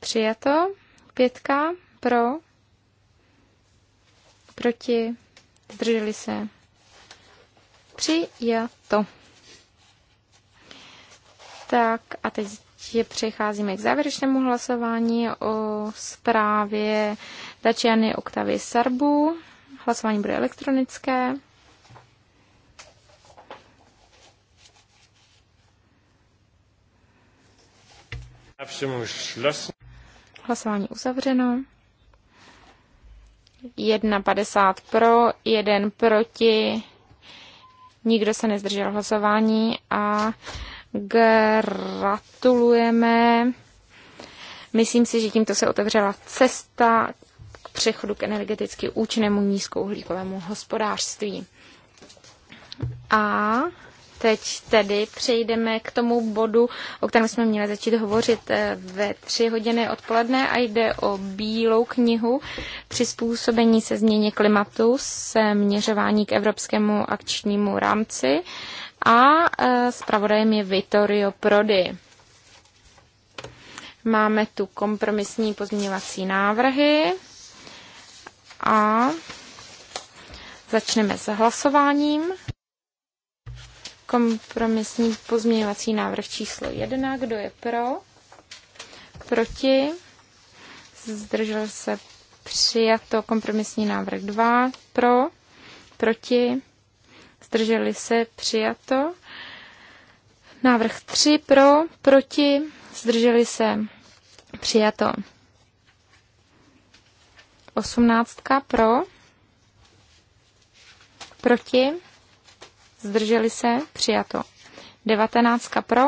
Přijato. Pětka pro, proti, zdrželi se. Přijato. Tak a teď přecházíme k závěrečnému hlasování o zprávě Dačiany Oktavy Sarbu. Hlasování bude elektronické. Hlasování uzavřeno. 1,50 pro, 1 proti, nikdo se nezdržel hlasování a gratulujeme. Myslím si, že tímto se otevřela cesta k přechodu k energeticky účinnému nízkouhlíkovému hospodářství. A teď tedy přejdeme k tomu bodu, o kterém jsme měli začít hovořit eh, ve tři hodiny odpoledne a jde o bílou knihu přizpůsobení se změně klimatu se měřování k evropskému akčnímu rámci a e, zpravodajem je Vittorio Prodi. Máme tu kompromisní pozměňovací návrhy a začneme s hlasováním. Kompromisní pozměňovací návrh číslo 1. Kdo je pro? Proti? Zdržel se přijato kompromisní návrh 2. Pro? Proti? zdrželi se, přijato. Návrh 3 pro, proti, zdrželi se, přijato. Osmnáctka pro, proti, zdrželi se, přijato. Devatenáctka pro,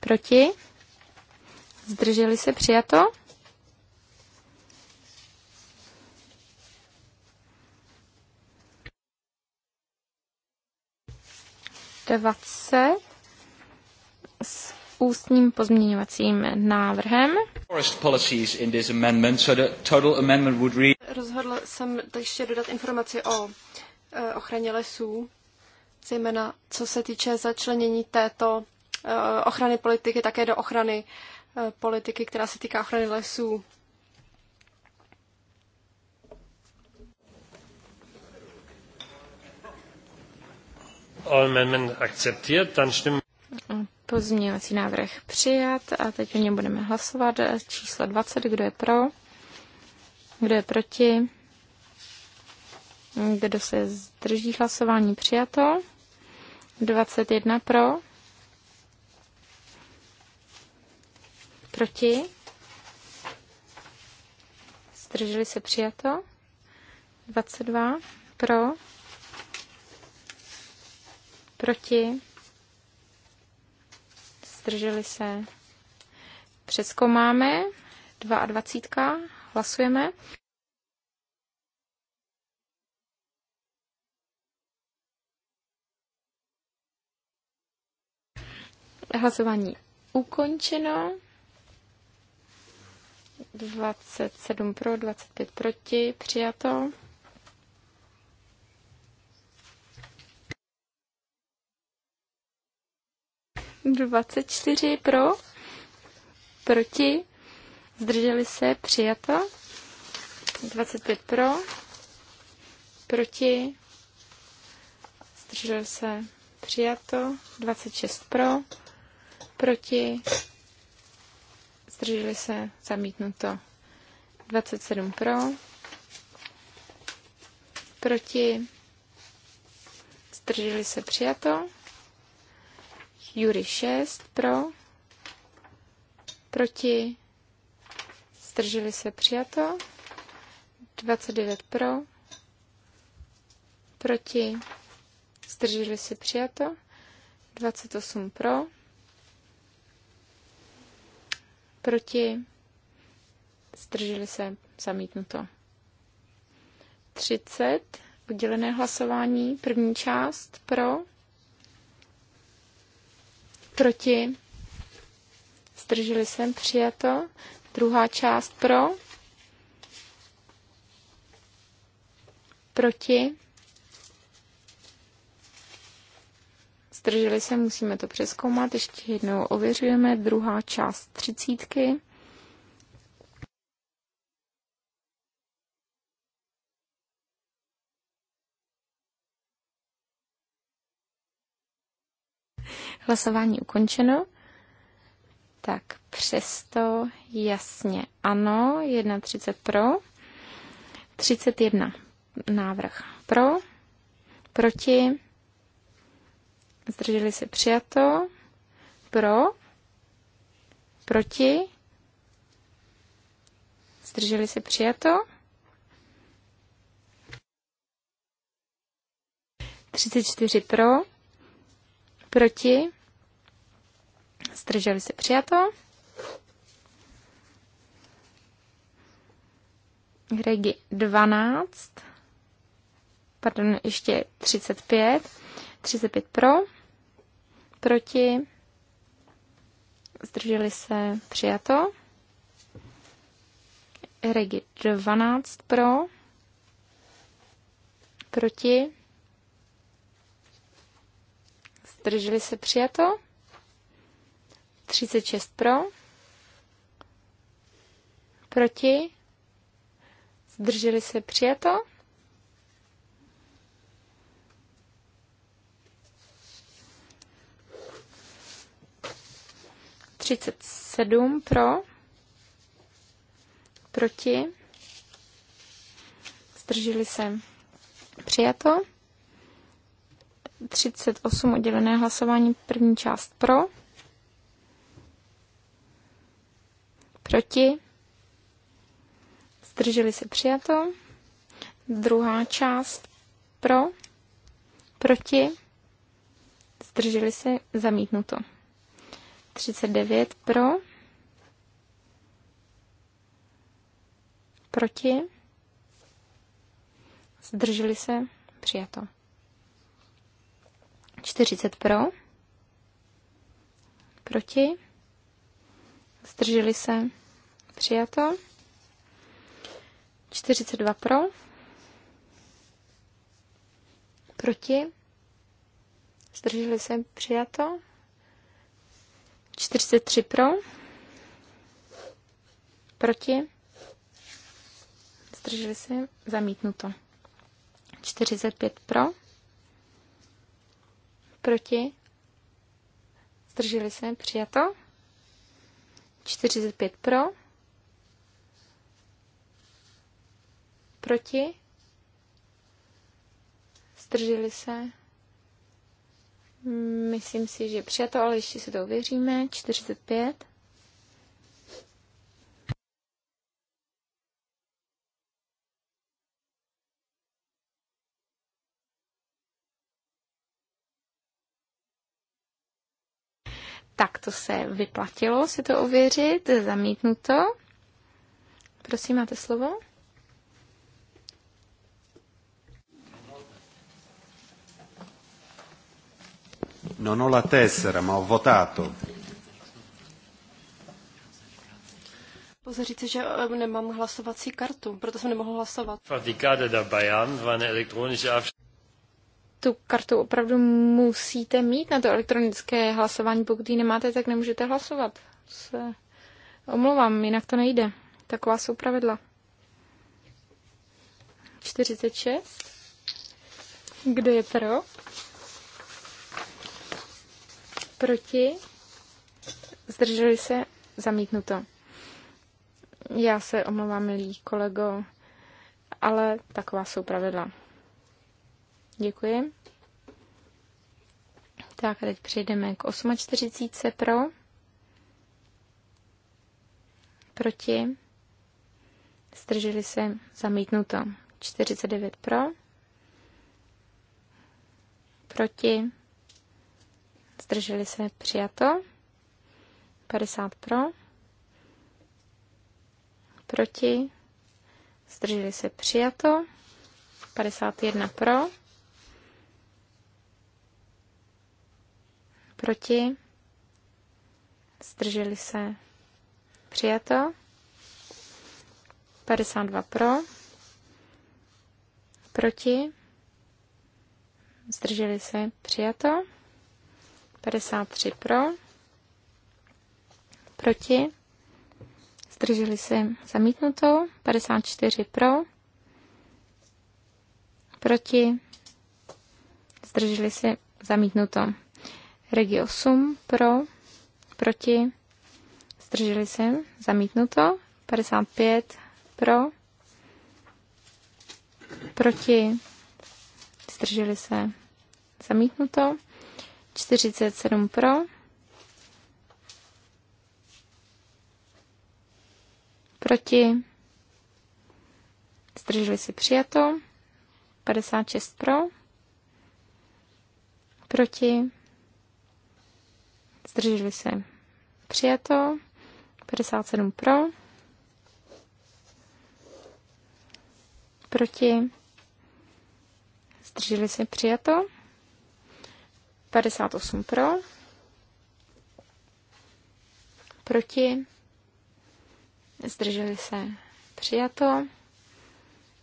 proti, zdrželi se, přijato. 20 s ústním pozměňovacím návrhem. Rozhodl jsem ještě dodat informaci o eh, ochraně lesů, zejména co se týče začlenění této eh, ochrany politiky také do ochrany eh, politiky, která se týká ochrany lesů. Pozměňovací návrh přijat a teď o něm budeme hlasovat. Číslo 20, kdo je pro, kdo je proti, kdo se zdrží hlasování přijato. 21 pro, proti, zdrželi se přijato. 22 pro, proti, zdrželi se. a 22, hlasujeme. Hlasování ukončeno. 27 pro, 25 proti, přijato. 24 pro, proti, zdrželi se, přijato. 25 pro, proti, zdrželi se, přijato. 26 pro, proti, zdrželi se, zamítnuto. 27 pro, proti, zdrželi se, přijato. Jury 6 pro, proti, zdrželi se přijato, 29 pro, proti, zdrželi se přijato, 28 pro, proti, zdrželi se zamítnuto. 30 udělené hlasování, první část pro, proti, zdrželi se, přijato. Druhá část pro, proti, zdrželi se, musíme to přeskoumat, ještě jednou ověřujeme, druhá část třicítky. Hlasování ukončeno. Tak přesto jasně ano, 31 pro, 31 návrh pro, proti, zdrželi se přijato, pro, proti, zdrželi se přijato, 34 pro, Proti? Zdrželi se přijato. Regi 12. Pardon, ještě 35. 35 pro. Proti? Zdrželi se přijato. Regi 12 pro. Proti? zdrželi se přijato. 36 pro, proti, zdrželi se přijato. Třicet sedm pro, proti, zdrželi se přijato. 38 oddělené hlasování, první část pro, proti, zdrželi se přijato, druhá část pro, proti, zdrželi se zamítnuto. 39 pro, proti, zdrželi se přijato. 40 pro, proti, zdrželi se, přijato, 42 pro, proti, zdrželi se, přijato, 43 pro, proti, zdrželi se, zamítnuto, 45 pro, proti, zdrželi se, přijato. 45 pro, proti, zdrželi se, myslím si, že přijato, ale ještě se to uvěříme, 45. to se vyplatilo si to ověřit, zamítnuto. Prosím, máte slovo. Non ho la tessera, ma ho votato. Pouze říci, že eh, nemám hlasovací kartu, proto jsem nemohl hlasovat. Fabrikade da Bayern war eine elektronische tu kartu opravdu musíte mít na to elektronické hlasování. Pokud ji nemáte, tak nemůžete hlasovat. Se omlouvám, jinak to nejde. Taková jsou pravidla. 46. Kdo je pro? Proti? Zdrželi se? Zamítnuto. Já se omlouvám, milý kolego, ale taková jsou pravidla. Děkuji. Tak a teď přejdeme k 48 pro. Proti. Zdrželi se zamítnuto. 49 pro. Proti. Zdrželi se přijato. 50 pro. Proti. Zdrželi se přijato. 51 pro. Proti? Zdrželi se. Přijato. 52 pro. Proti? Zdrželi se. Přijato. 53 pro. Proti? Zdrželi se. Zamítnuto. 54 pro. Proti? Zdrželi se. Zamítnuto. Regi 8 pro, proti, zdrželi se, zamítnuto. 55 pro, proti, zdrželi se, zamítnuto. 47 pro, proti, zdrželi se přijato, 56 pro, proti, zdrželi se přijato, 57 pro, proti, zdrželi se přijato, 58 pro, proti, zdrželi se přijato,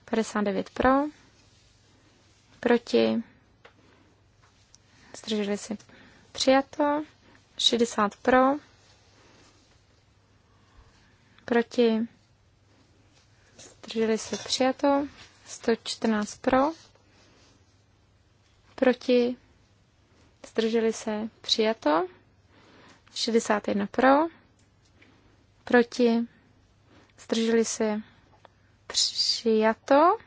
59 pro, proti, zdrželi se přijato, 60 pro, proti, zdrželi se přijato, 114 pro, proti, zdrželi se přijato, 61 pro, proti, zdrželi se přijato,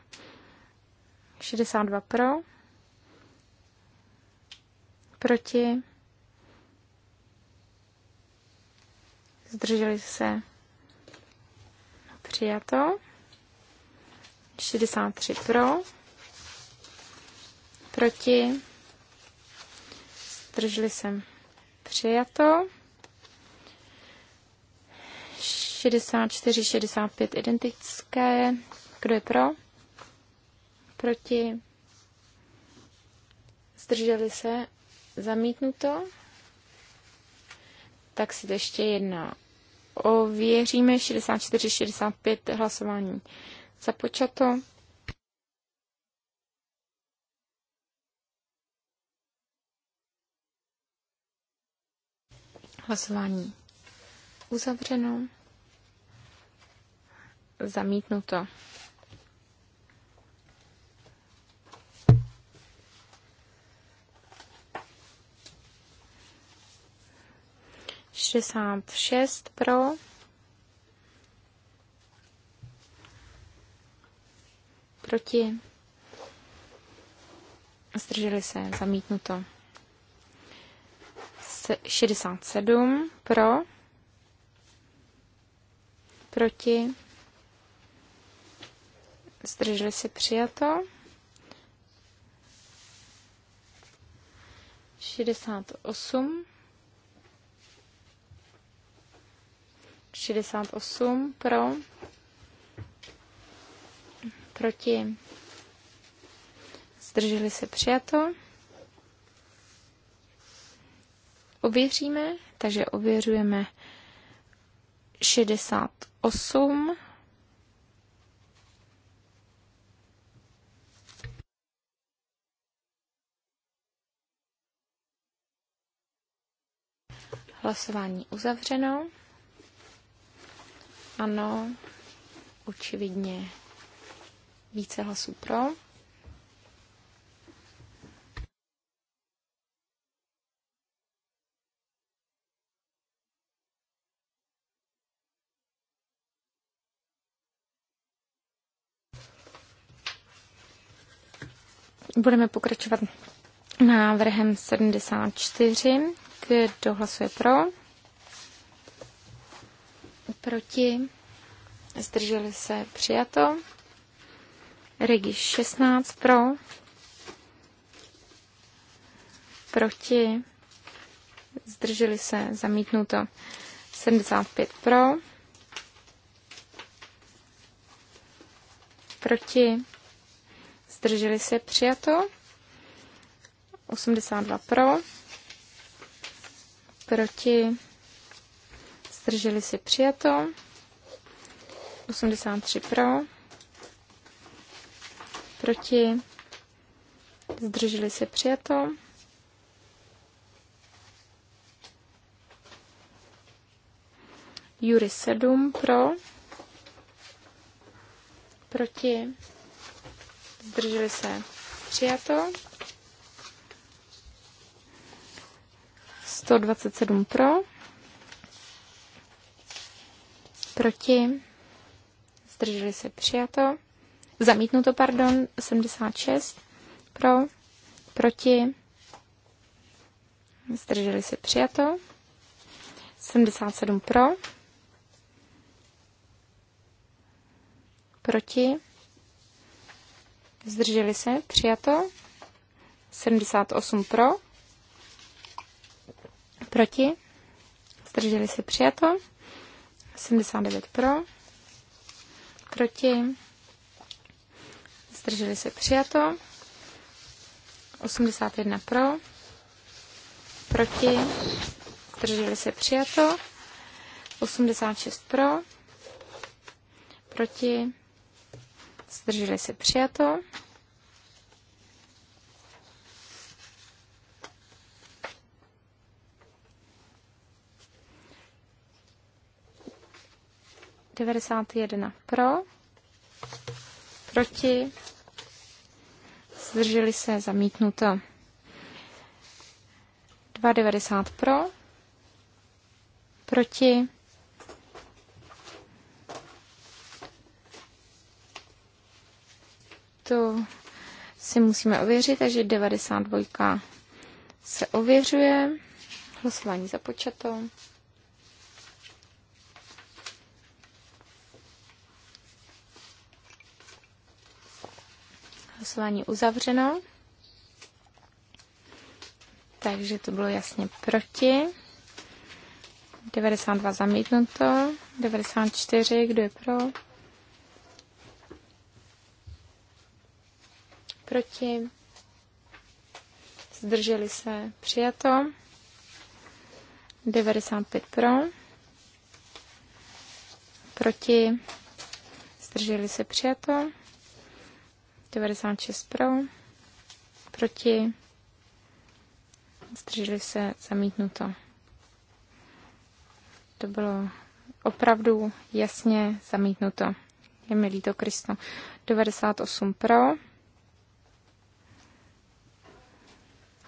62 pro, proti, zdrželi se přijato. 63 pro, proti, zdrželi se přijato. 64, 65 identické. Kdo je pro? Proti? Zdrželi se? Zamítnuto? Tak si to ještě jedna ověříme 64-65 hlasování. Započato. Hlasování uzavřeno. Zamítnuto. 66 pro, proti, zdrželi se, zamítnuto. 67 pro, proti, zdrželi se, přijato. 68 68 pro, proti, zdrželi se přijato. Ověříme, takže ověřujeme 68. Hlasování uzavřeno. Ano, očividně více hlasů pro. Budeme pokračovat návrhem 74. Kdo hlasuje pro? proti, zdrželi se přijato. Regi 16 pro, proti, zdrželi se zamítnuto. 75 pro, proti, zdrželi se přijato. 82 pro, proti, zdrželi se přijato, 83 pro, proti, zdrželi se přijato, Jury 7 pro, proti, zdrželi se přijato, 127 pro, proti, zdrželi se přijato, zamítnuto, pardon, 76 pro, proti, zdrželi se přijato, 77 pro, proti, zdrželi se přijato, 78 pro, proti, zdrželi se přijato, 79 pro, proti, zdrželi se přijato, 81 pro, proti, zdrželi se přijato, 86 pro, proti, zdrželi se přijato, 91 pro, proti, zdrželi se, zamítnuto. 2,90 pro, proti, to si musíme ověřit, takže 92 se ověřuje. Hlasování započato. hlasování uzavřeno. Takže to bylo jasně proti. 92 zamítnuto. 94, kdo je pro? Proti. Zdrželi se přijato. 95 pro. Proti. Zdrželi se přijato. 96 pro, proti, zdrželi se zamítnuto. To bylo opravdu jasně zamítnuto. Je mi líto, Kristo. 98 pro,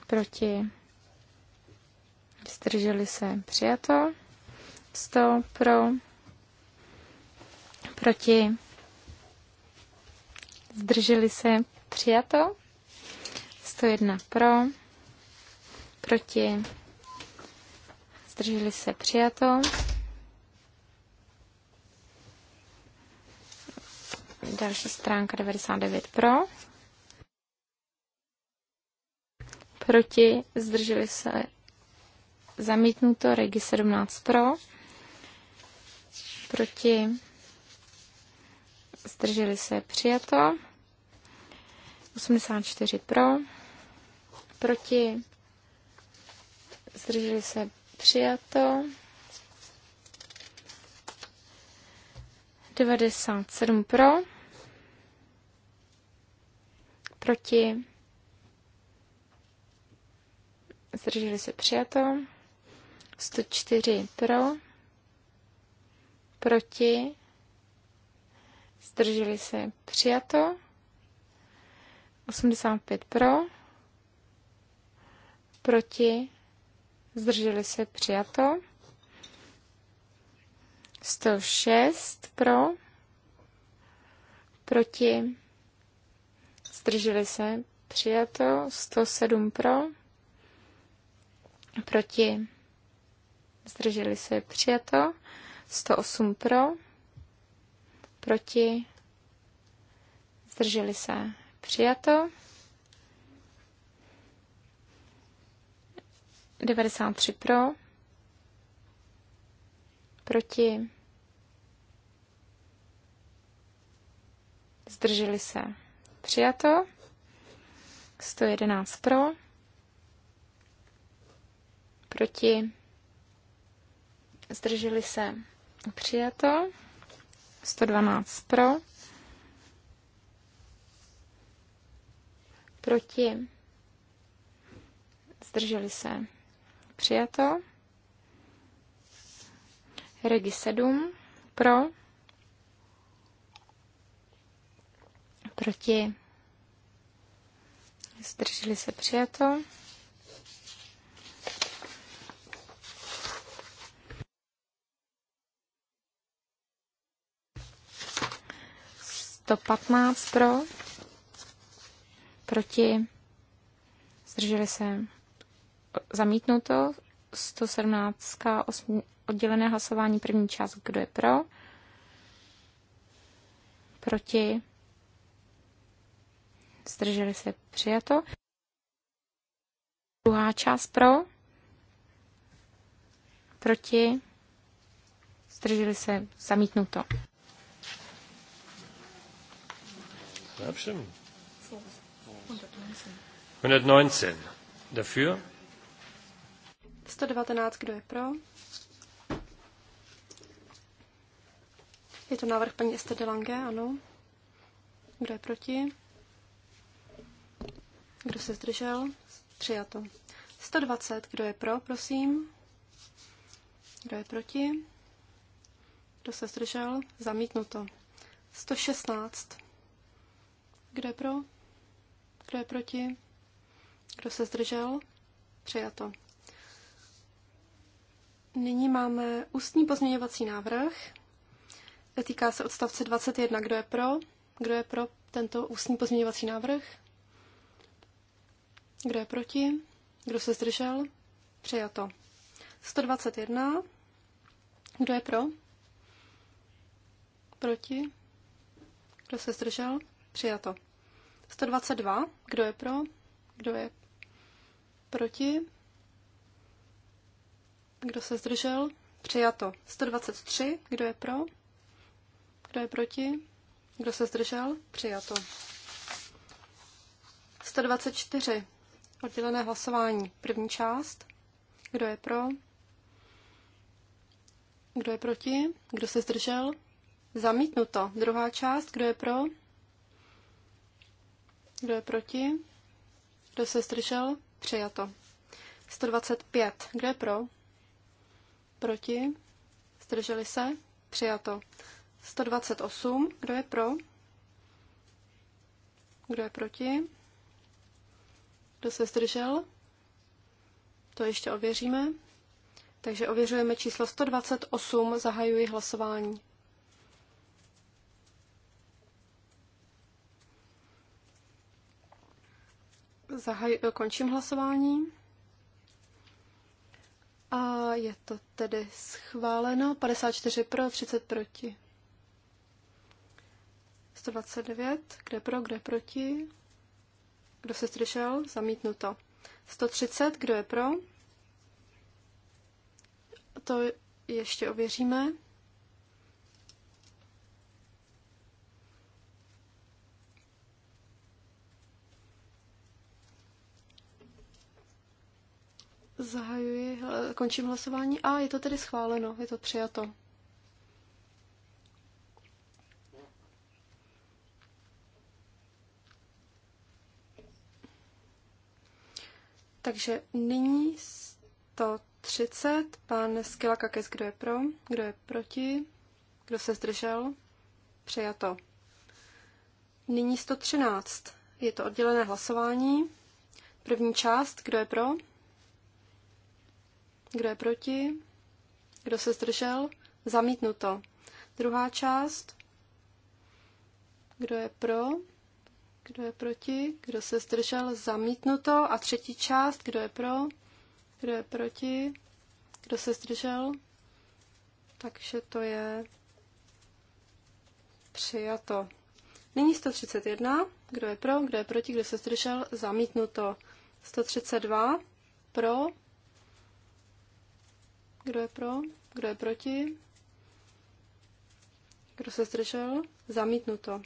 proti, zdrželi se přijato, 100 pro, proti, zdrželi se, přijato. 101 pro, proti, zdrželi se, přijato. Další stránka 99 pro. Proti, zdrželi se, zamítnuto, regi 17 pro. Proti, zdrželi se přijato. 84 pro, proti, zdrželi se přijato. 97 pro, proti, zdrželi se přijato. 104 pro, proti, zdrželi se přijato, 85 pro, proti, zdrželi se přijato, 106 pro, proti, zdrželi se přijato, 107 pro, proti, zdrželi se přijato, 108 pro, proti, zdrželi se, přijato. 93 pro, proti, zdrželi se, přijato. 111 pro, proti, zdrželi se, přijato. 112 pro, proti, zdrželi se, přijato, regi 7 pro, proti, zdrželi se, přijato, 115 pro, proti, zdrželi se zamítnuto, 117 oddělené hlasování první část, kdo je pro, proti, zdrželi se přijato, druhá část pro, proti, zdrželi se zamítnuto. abstimmen. 119. Dafür? 119. Kdo je pro? Je to návrh paní Esther de Lange, ano. Kdo je proti? Kdo se zdržel? Přijato. 120. Kdo je pro, prosím? Kdo je proti? Kdo se zdržel? Zamítnuto. 116. Kdo je pro? Kdo je proti? Kdo se zdržel? Přijato. Nyní máme ústní pozměňovací návrh. Týká se odstavce 21. Kdo je pro? Kdo je pro tento ústní pozměňovací návrh? Kdo je proti? Kdo se zdržel? Přijato. 121. Kdo je pro? Proti? Kdo se zdržel? Přijato. 122. Kdo je pro? Kdo je proti? Kdo se zdržel? Přijato. 123. Kdo je pro? Kdo je proti? Kdo se zdržel? Přijato. 124. Oddělené hlasování. První část. Kdo je pro? Kdo je proti? Kdo se zdržel? Zamítnuto. Druhá část. Kdo je pro? Kdo je proti? Kdo se zdržel? Přijato. 125. Kdo je pro? Proti? Zdrželi se? Přijato. 128. Kdo je pro? Kdo je proti? Kdo se zdržel? To ještě ověříme. Takže ověřujeme číslo 128, zahajuji hlasování. Zahaj, končím hlasování. A je to tedy schváleno. 54 pro, 30 proti. 129, kde pro, kde proti. Kdo se zdržel? Zamítnuto. 130, kdo je pro? To ještě ověříme. Zahajuji, končím hlasování a je to tedy schváleno, je to přijato. Takže nyní 130, pan Skilakakis, kdo je pro, kdo je proti, kdo se zdržel, přijato. Nyní 113, je to oddělené hlasování. První část, kdo je pro, kdo je proti? Kdo se zdržel? Zamítnuto. Druhá část. Kdo je pro? Kdo je proti? Kdo se zdržel? Zamítnuto. A třetí část. Kdo je pro? Kdo je proti? Kdo se zdržel? Takže to je přijato. Nyní 131. Kdo je pro? Kdo je proti? Kdo se zdržel? Zamítnuto. 132. Pro? Kdo je pro? Kdo je proti? Kdo se zdržel? Zamítnuto.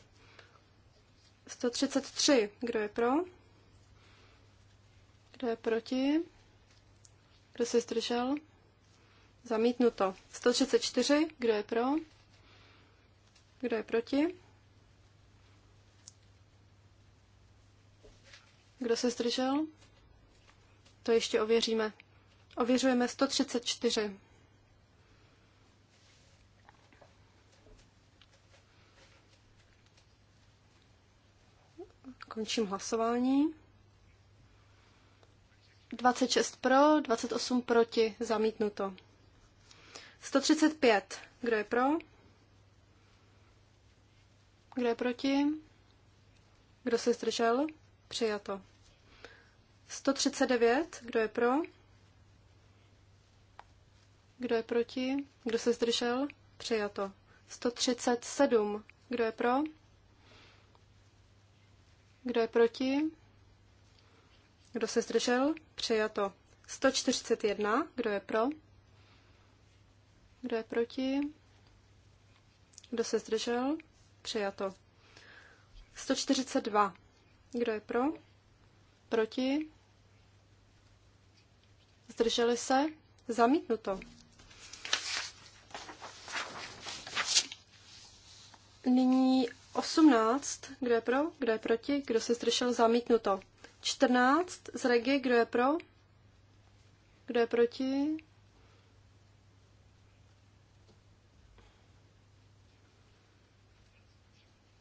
133. Kdo je pro? Kdo je proti? Kdo se zdržel? Zamítnuto. 134. Kdo je pro? Kdo je proti? Kdo se zdržel? To ještě ověříme. Ověřujeme 134. Končím hlasování. 26 pro, 28 proti, zamítnuto. 135. Kdo je pro? Kdo je proti? Kdo se zdržel? Přijato. 139. Kdo je pro? Kdo je proti? Kdo se zdržel? Přijato. 137. Kdo je pro? Kdo je proti? Kdo se zdržel? Přijato. 141. Kdo je pro? Kdo je proti? Kdo se zdržel? Přijato. 142. Kdo je pro? Proti? Zdrželi se? Zamítnuto. Nyní 18, kdo je pro, kdo je proti, kdo se zdržel, zamítnuto. 14 z Regi, kdo je pro, kdo je proti,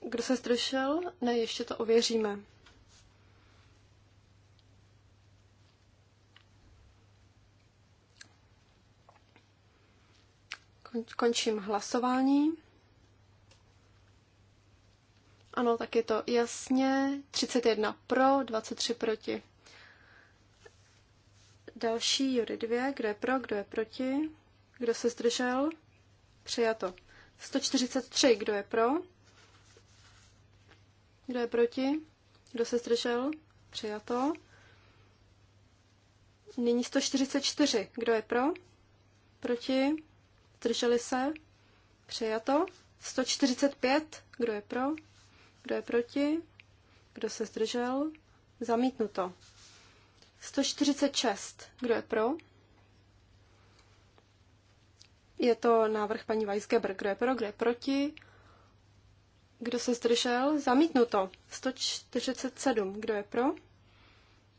Kdo se zdržel? Ne, ještě to ověříme. Končím hlasování. Ano, tak je to jasně. 31 pro, 23 proti. Další jury dvě. kdo je pro, kdo je proti, kdo se zdržel, přijato. 143, kdo je pro, kdo je proti, kdo se zdržel, přijato. Nyní 144, kdo je pro, proti, zdrželi se, přijato. 145, kdo je pro, kdo je proti? Kdo se zdržel? Zamítnuto. 146. Kdo je pro? Je to návrh paní Weisgeber. Kdo je pro? Kdo je proti? Kdo se zdržel? Zamítnuto. 147. Kdo je pro?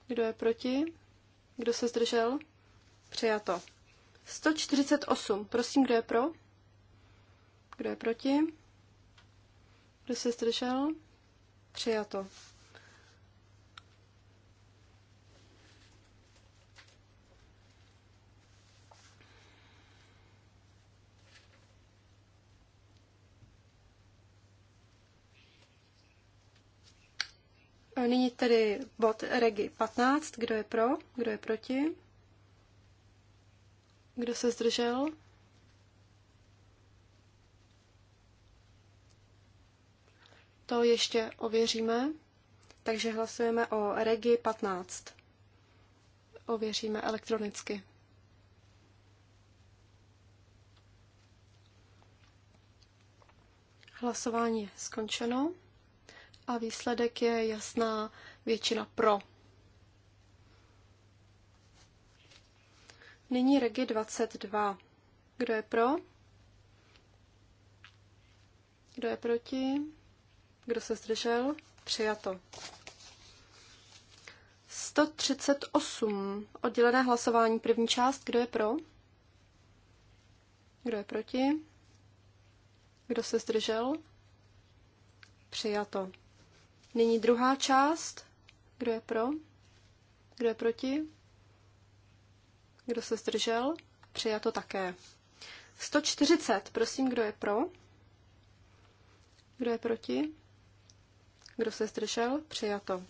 Kdo je proti? Kdo se zdržel? Přijato. 148. Prosím, kdo je pro? Kdo je proti? Kdo se zdržel? Přijato. nyní tedy bod Regi 15. Kdo je pro? Kdo je proti? Kdo se zdržel? To ještě ověříme, takže hlasujeme o Regi 15. Ověříme elektronicky. Hlasování je skončeno a výsledek je jasná většina pro. Nyní Regi 22. Kdo je pro? Kdo je proti? Kdo se zdržel? Přijato. 138. Oddělené hlasování. První část. Kdo je pro? Kdo je proti? Kdo se zdržel? Přijato. Nyní druhá část. Kdo je pro? Kdo je proti? Kdo se zdržel? Přijato také. 140. Prosím, kdo je pro? Kdo je proti? Kdo se zdržel? Přijato.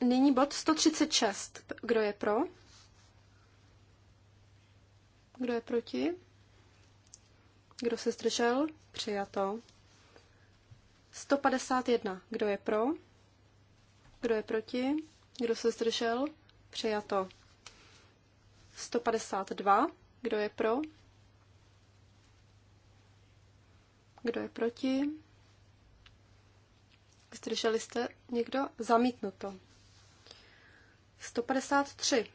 Nyní bod 136. Kdo je pro? Kdo je proti? Kdo se zdržel? Přijato. 151. Kdo je pro? Kdo je proti? Kdo se zdržel? Přijato. 152. Kdo je pro? Kdo je proti? Zdrželi jste někdo? Zamítnuto. 153.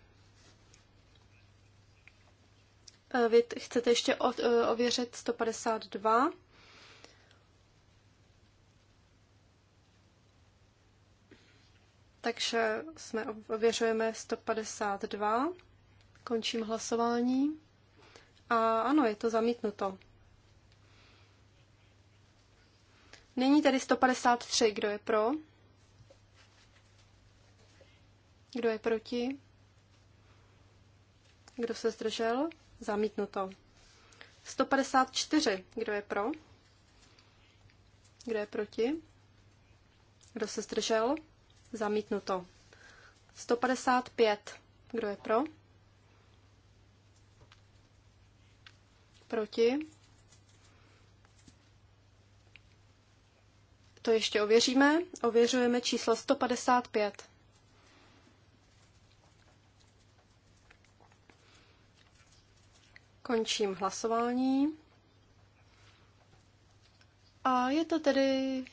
Eh, vy chcete ještě eh, ověřit 152. Takže jsme ověřujeme 152. Končím hlasování. A ano, je to zamítnuto. Nyní tedy 153. Kdo je pro? Kdo je proti? Kdo se zdržel? Zamítnuto. 154. Kdo je pro? Kdo je proti? Kdo se zdržel? Zamítnuto. 155. Kdo je pro? Proti? To ještě ověříme. Ověřujeme číslo 155. Končím hlasování. A je to tedy,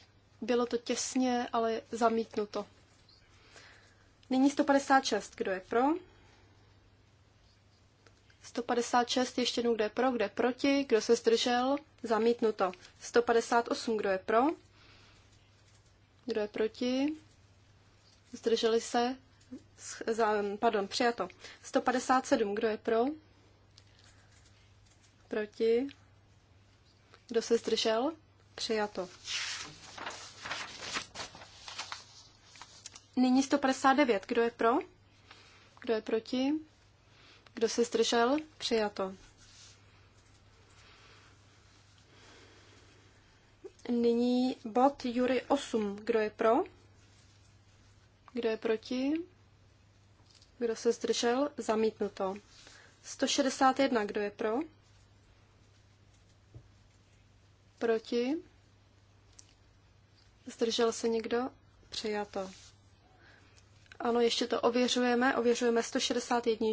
bylo to těsně, ale zamítnuto. Nyní 156, kdo je pro? 156, ještě jednou, kdo je pro, kdo je proti, kdo se zdržel, zamítnuto. 158, kdo je pro, kdo je proti? Zdrželi se? Pardon, přijato. 157. Kdo je pro? Proti? Kdo se zdržel? Přijato. Nyní 159. Kdo je pro? Kdo je proti? Kdo se zdržel? Přijato. Nyní bod Jury 8. Kdo je pro? Kdo je proti? Kdo se zdržel? Zamítnuto. 161. Kdo je pro? Proti? Zdržel se někdo? Přijato. Ano, ještě to ověřujeme. Ověřujeme 161.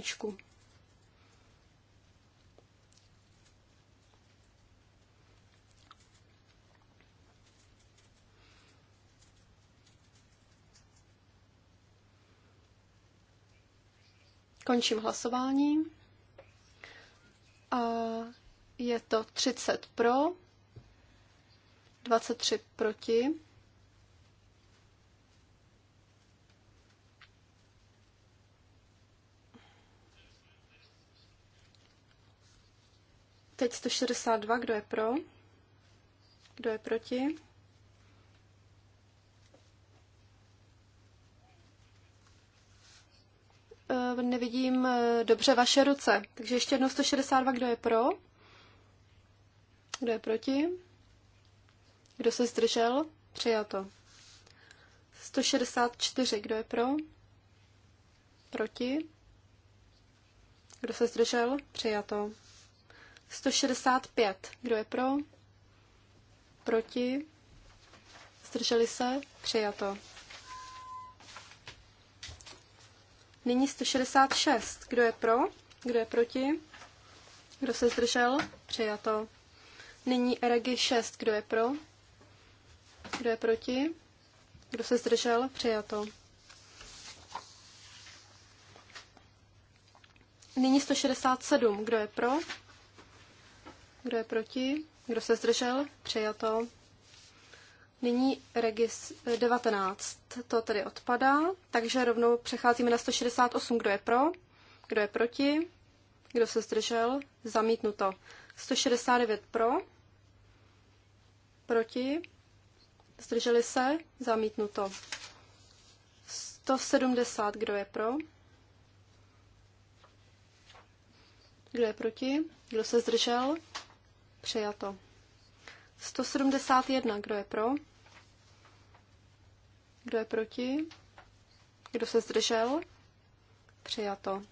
Končím hlasování. A je to 30 pro, 23 proti. Teď 162, kdo je pro? Kdo je proti? Eh, nevidím eh, dobře vaše ruce. Takže ještě jednou 162, kdo je pro? Kdo je proti? Kdo se zdržel? Přijato. 164, kdo je pro? Proti? Kdo se zdržel? Přijato. 165, kdo je pro? Proti? Zdrželi se? Přijato. Nyní 166. Kdo je pro? Kdo je proti? Kdo se zdržel? Přijato. Nyní Regi 6. Kdo je pro? Kdo je proti? Kdo se zdržel? Přijato. Nyní 167. Kdo je pro? Kdo je proti? Kdo se zdržel? Přijato. Nyní regis 19, to tedy odpadá, takže rovnou přecházíme na 168, kdo je pro, kdo je proti, kdo se zdržel, zamítnuto. 169 pro, proti, zdrželi se, zamítnuto. 170, kdo je pro, kdo je proti, kdo se zdržel, přijato. 171, kdo je pro, kdo je proti? Kdo se zdržel? Přijato.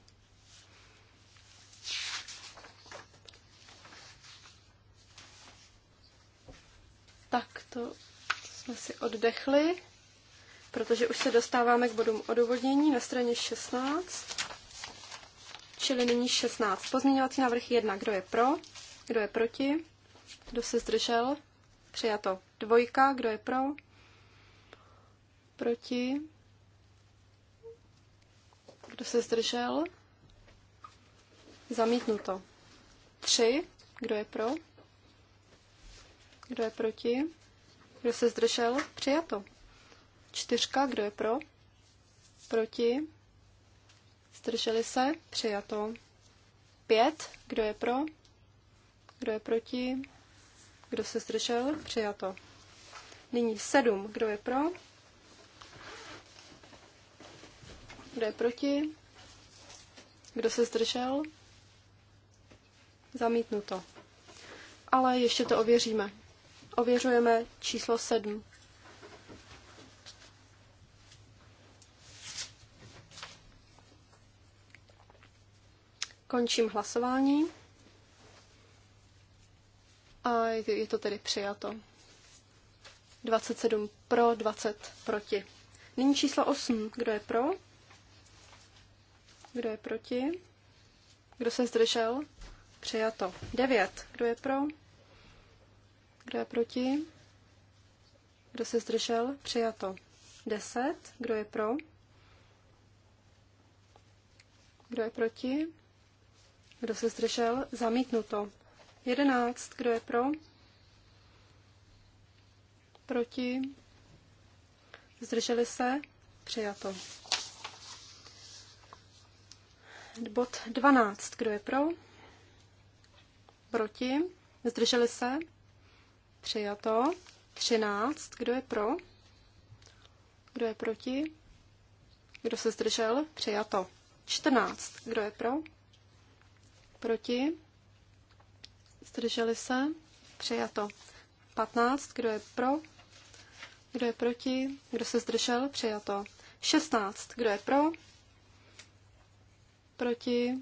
Tak to jsme si oddechli, protože už se dostáváme k bodům odůvodnění na straně 16, čili nyní 16. Pozměňovací návrh 1. Kdo je pro? Kdo je proti? Kdo se zdržel? Přijato. Dvojka. Kdo je pro? Proti? Kdo se zdržel? Zamítnuto. Tři. Kdo je pro? Kdo je proti? Kdo se zdržel? Přijato. Čtyřka. Kdo je pro? Proti? Zdrželi se? Přijato. Pět. Kdo je pro? Kdo je proti? Kdo se zdržel? Přijato. Nyní sedm. Kdo je pro? Kdo je proti? Kdo se zdržel? Zamítnuto. Ale ještě to ověříme. Ověřujeme číslo 7. Končím hlasování. A je to tedy přijato. 27 pro, 20 proti. Nyní číslo 8. Kdo je pro? Kdo je proti? Kdo se zdržel? Přijato. 9. Kdo je pro? Kdo je proti? Kdo se zdržel? Přijato. 10. Kdo je pro? Kdo je proti? Kdo se zdržel? Zamítnuto. 11. Kdo je pro? Proti? Zdrželi se? Přijato. Bod 12. Kdo je pro? Proti? Zdrželi se? Přijato. 13. Kdo je pro? Kdo je proti? Kdo se zdržel? Přijato. 14. Kdo je pro? Proti? Zdrželi se? Přijato. 15. Kdo je pro? Kdo je proti? Kdo se zdržel? Přijato. 16. Kdo je pro? proti,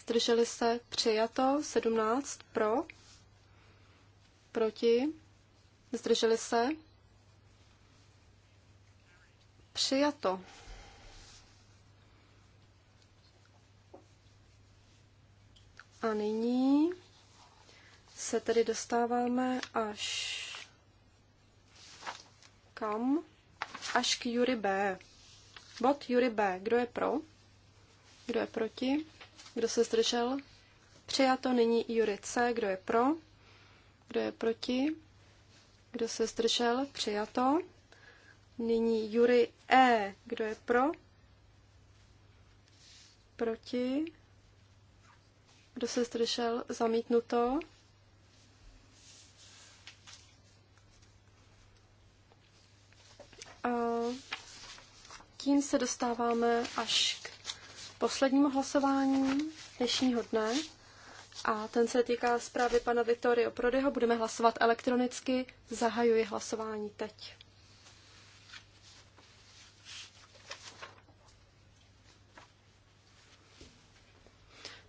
zdrželi se, přijato, 17 pro, proti, zdrželi se, přijato. A nyní se tedy dostáváme až kam? Až k Jury B. Bod Jury B. Kdo je pro? Kdo je proti? Kdo se zdržel? Přijato nyní Jury C. Kdo je pro? Kdo je proti? Kdo se zdržel? Přijato. Nyní Jury E. Kdo je pro? Proti? Kdo se zdržel? Zamítnuto. A tím se dostáváme až k poslednímu hlasování dnešního dne a ten se týká zprávy pana Vittorio Prodyho. Budeme hlasovat elektronicky. Zahajuji hlasování teď.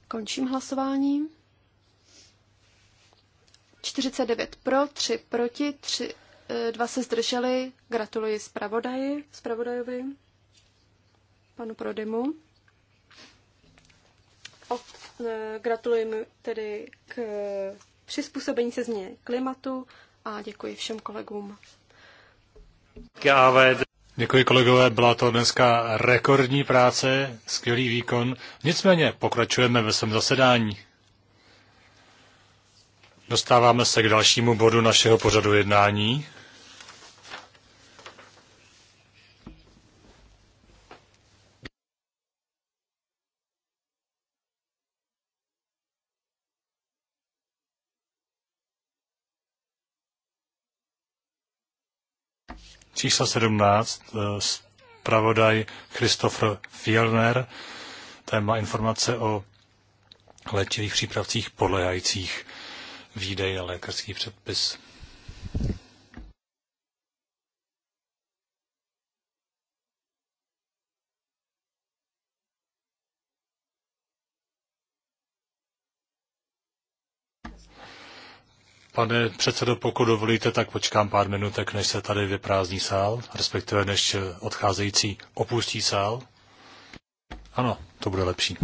Končím hlasování. 49 pro, 3 proti, 3, 2 eh, se zdrželi. Gratuluji zpravodaji, zpravodajovi, panu Prodymu. Od, e, gratuluji mu tedy k přizpůsobení se změně klimatu a děkuji všem kolegům. Děkuji kolegové, byla to dneska rekordní práce, skvělý výkon. Nicméně pokračujeme ve svém zasedání. Dostáváme se k dalšímu bodu našeho pořadu jednání. číslo 17, eh, zpravodaj Christopher Fielner, téma informace o léčivých přípravcích podlehajících výdeje lékařský předpis. Pane předsedo, pokud dovolíte, tak počkám pár minutek, než se tady vyprázdní sál, respektive než odcházející opustí sál. Ano, to bude lepší.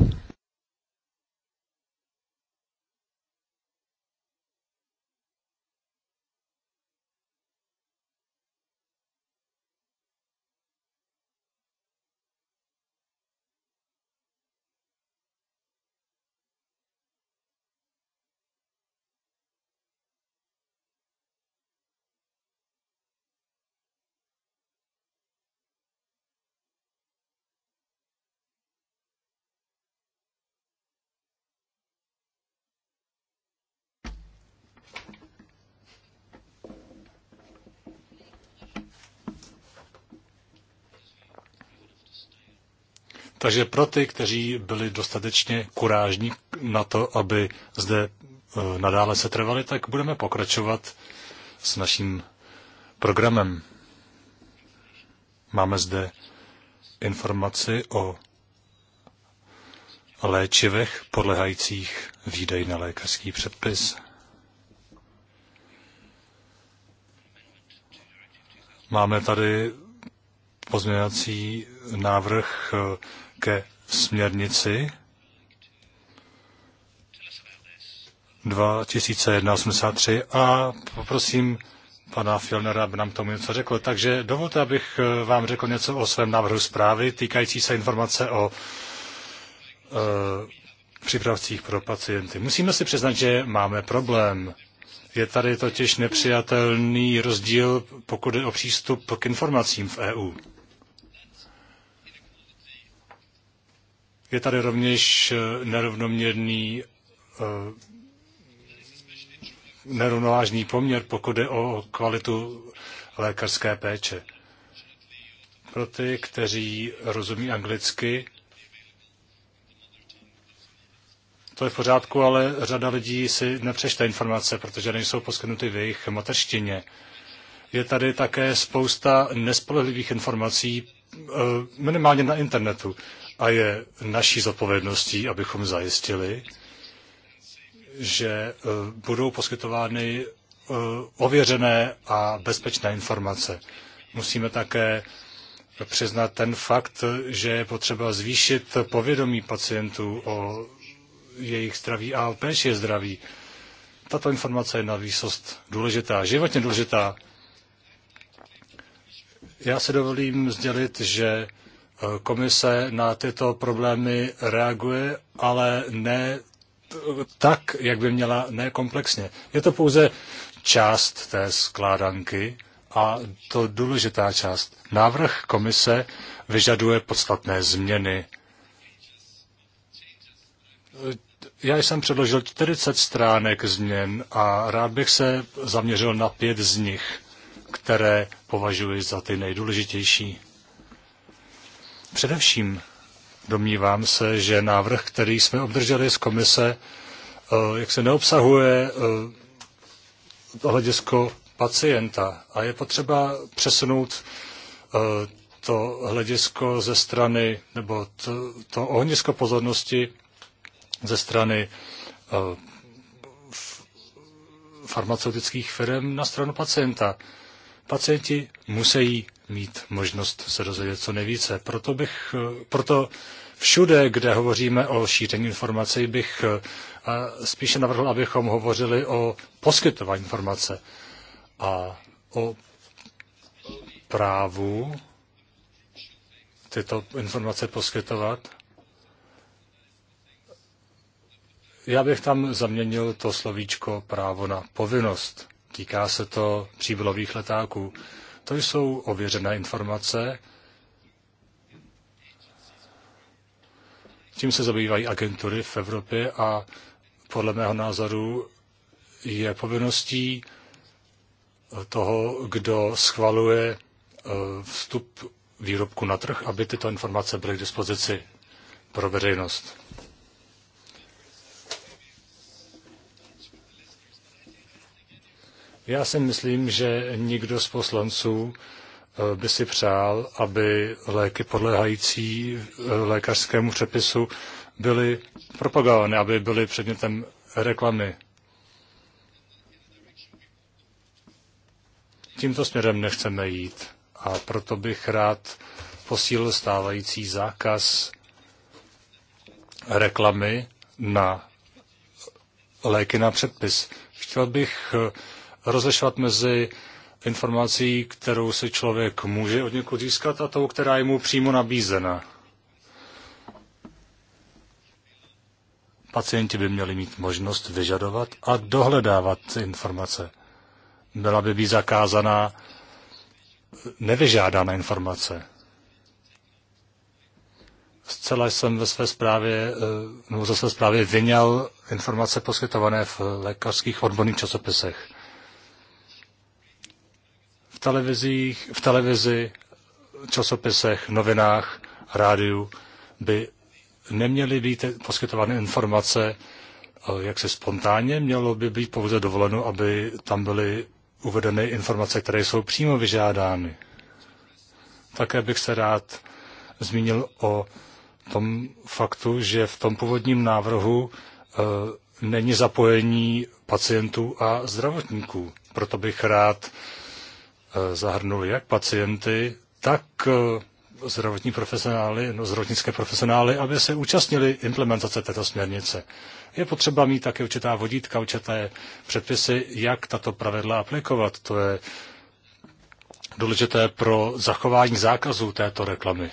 Takže pro ty, kteří byli dostatečně kurážní na to, aby zde e, nadále se trvali, tak budeme pokračovat s naším programem. Máme zde informaci o léčivech podlehajících výdej na lékařský předpis. Máme tady pozměňovací návrh e, ke směrnici 2001-83 a poprosím pana Fjellnera, aby nám k tomu něco řekl. Takže dovolte, abych eh, vám řekl něco o svém návrhu zprávy týkající se informace o e, přípravcích pro pacienty. Musíme si přiznat, že máme problém. Je tady totiž nepřijatelný rozdíl, pokud je o přístup k informacím v EU. Je tady rovněž eh, nerovnoměrný eh, nerovnovážný poměr, pokud je o kvalitu lékařské péče. Pro ty, kteří rozumí anglicky, to je v pořádku, ale řada lidí si nepřečte informace, protože nejsou poskytnuty v jejich mateřštině. Je tady také spousta nespolehlivých informací, eh, minimálně na internetu a je naší zodpovědností, abychom zajistili, že e, budou poskytovány e, ověřené a bezpečné informace. Musíme také přiznat ten fakt, že je potřeba zvýšit povědomí pacientů o jejich zdraví a o péči je zdraví. Tato informace je na výsost důležitá, životně důležitá. Já se dovolím sdělit, že Komise na tyto problémy reaguje, ale ne tak, jak by měla, ne komplexně. Je to pouze část té skládanky a to důležitá část. Návrh komise vyžaduje podstatné změny. Já jsem předložil 40 stránek změn a rád bych se zaměřil na pět z nich, které považuji za ty nejdůležitější. Především domnívám se, že návrh, který jsme obdrželi z komise, eh, jak se neobsahuje eh, hledisko pacienta a je potřeba přesunout eh, to hledisko ze strany, nebo to, to ohnisko pozornosti ze strany farmaceutických firm na stranu pacienta. Pacienti musí mít možnost se dozvědět co nejvíce. Proto bych, proto všude, kde hovoříme o šíření informací, bych eh, spíše navrhl, abychom hovořili o poskytování informace a o právu tyto informace poskytovat. Já bych tam zaměnil to slovíčko právo na povinnost. Týká se to příbylových letáků. To jsou ověřené informace. Tím se zabývají agentury v Evropě a podle mého názoru je povinností toho, kdo schvaluje eh, vstup výrobku na trh, aby tyto informace byly k dispozici pro veřejnost. Já si myslím, že nikdo z poslanců eh, by si přál, aby léky podléhající eh, lékařskému přepisu byly propagovány, aby byly předmětem reklamy. Tímto směrem nechceme jít a proto bych rád posílil stávající zákaz reklamy na léky na předpis. Chtěl bych eh, rozlišovat mezi informací, kterou si člověk může od někud získat a tou, která je mu přímo nabízena. Pacienti by měli mít možnost vyžadovat a dohledávat informace. Byla by být zakázaná nevyžádaná informace. Zcela jsem ve své zprávě, eh, nebo ze své zprávě vyňal informace poskytované v lékařských odborných časopisech televizích, v televizi, časopisech, novinách, rádiu by neměly být poskytovány informace, eh, jak se spontánně mělo by být pouze dovoleno, aby tam byly uvedeny informace, které jsou přímo vyžádány. Také bych se rád zmínil o tom faktu, že v tom původním návrhu e, není zapojení pacientů a zdravotníků. Proto bych rád Eh, zahrnul jak pacienty, tak eh, zdravotní profesionály, no, zdravotnické profesionály, aby se účastnili implementace této směrnice. Je potřeba mít také určitá vodítka, určité předpisy, jak tato pravidla aplikovat. To je důležité pro zachování zákazu této reklamy.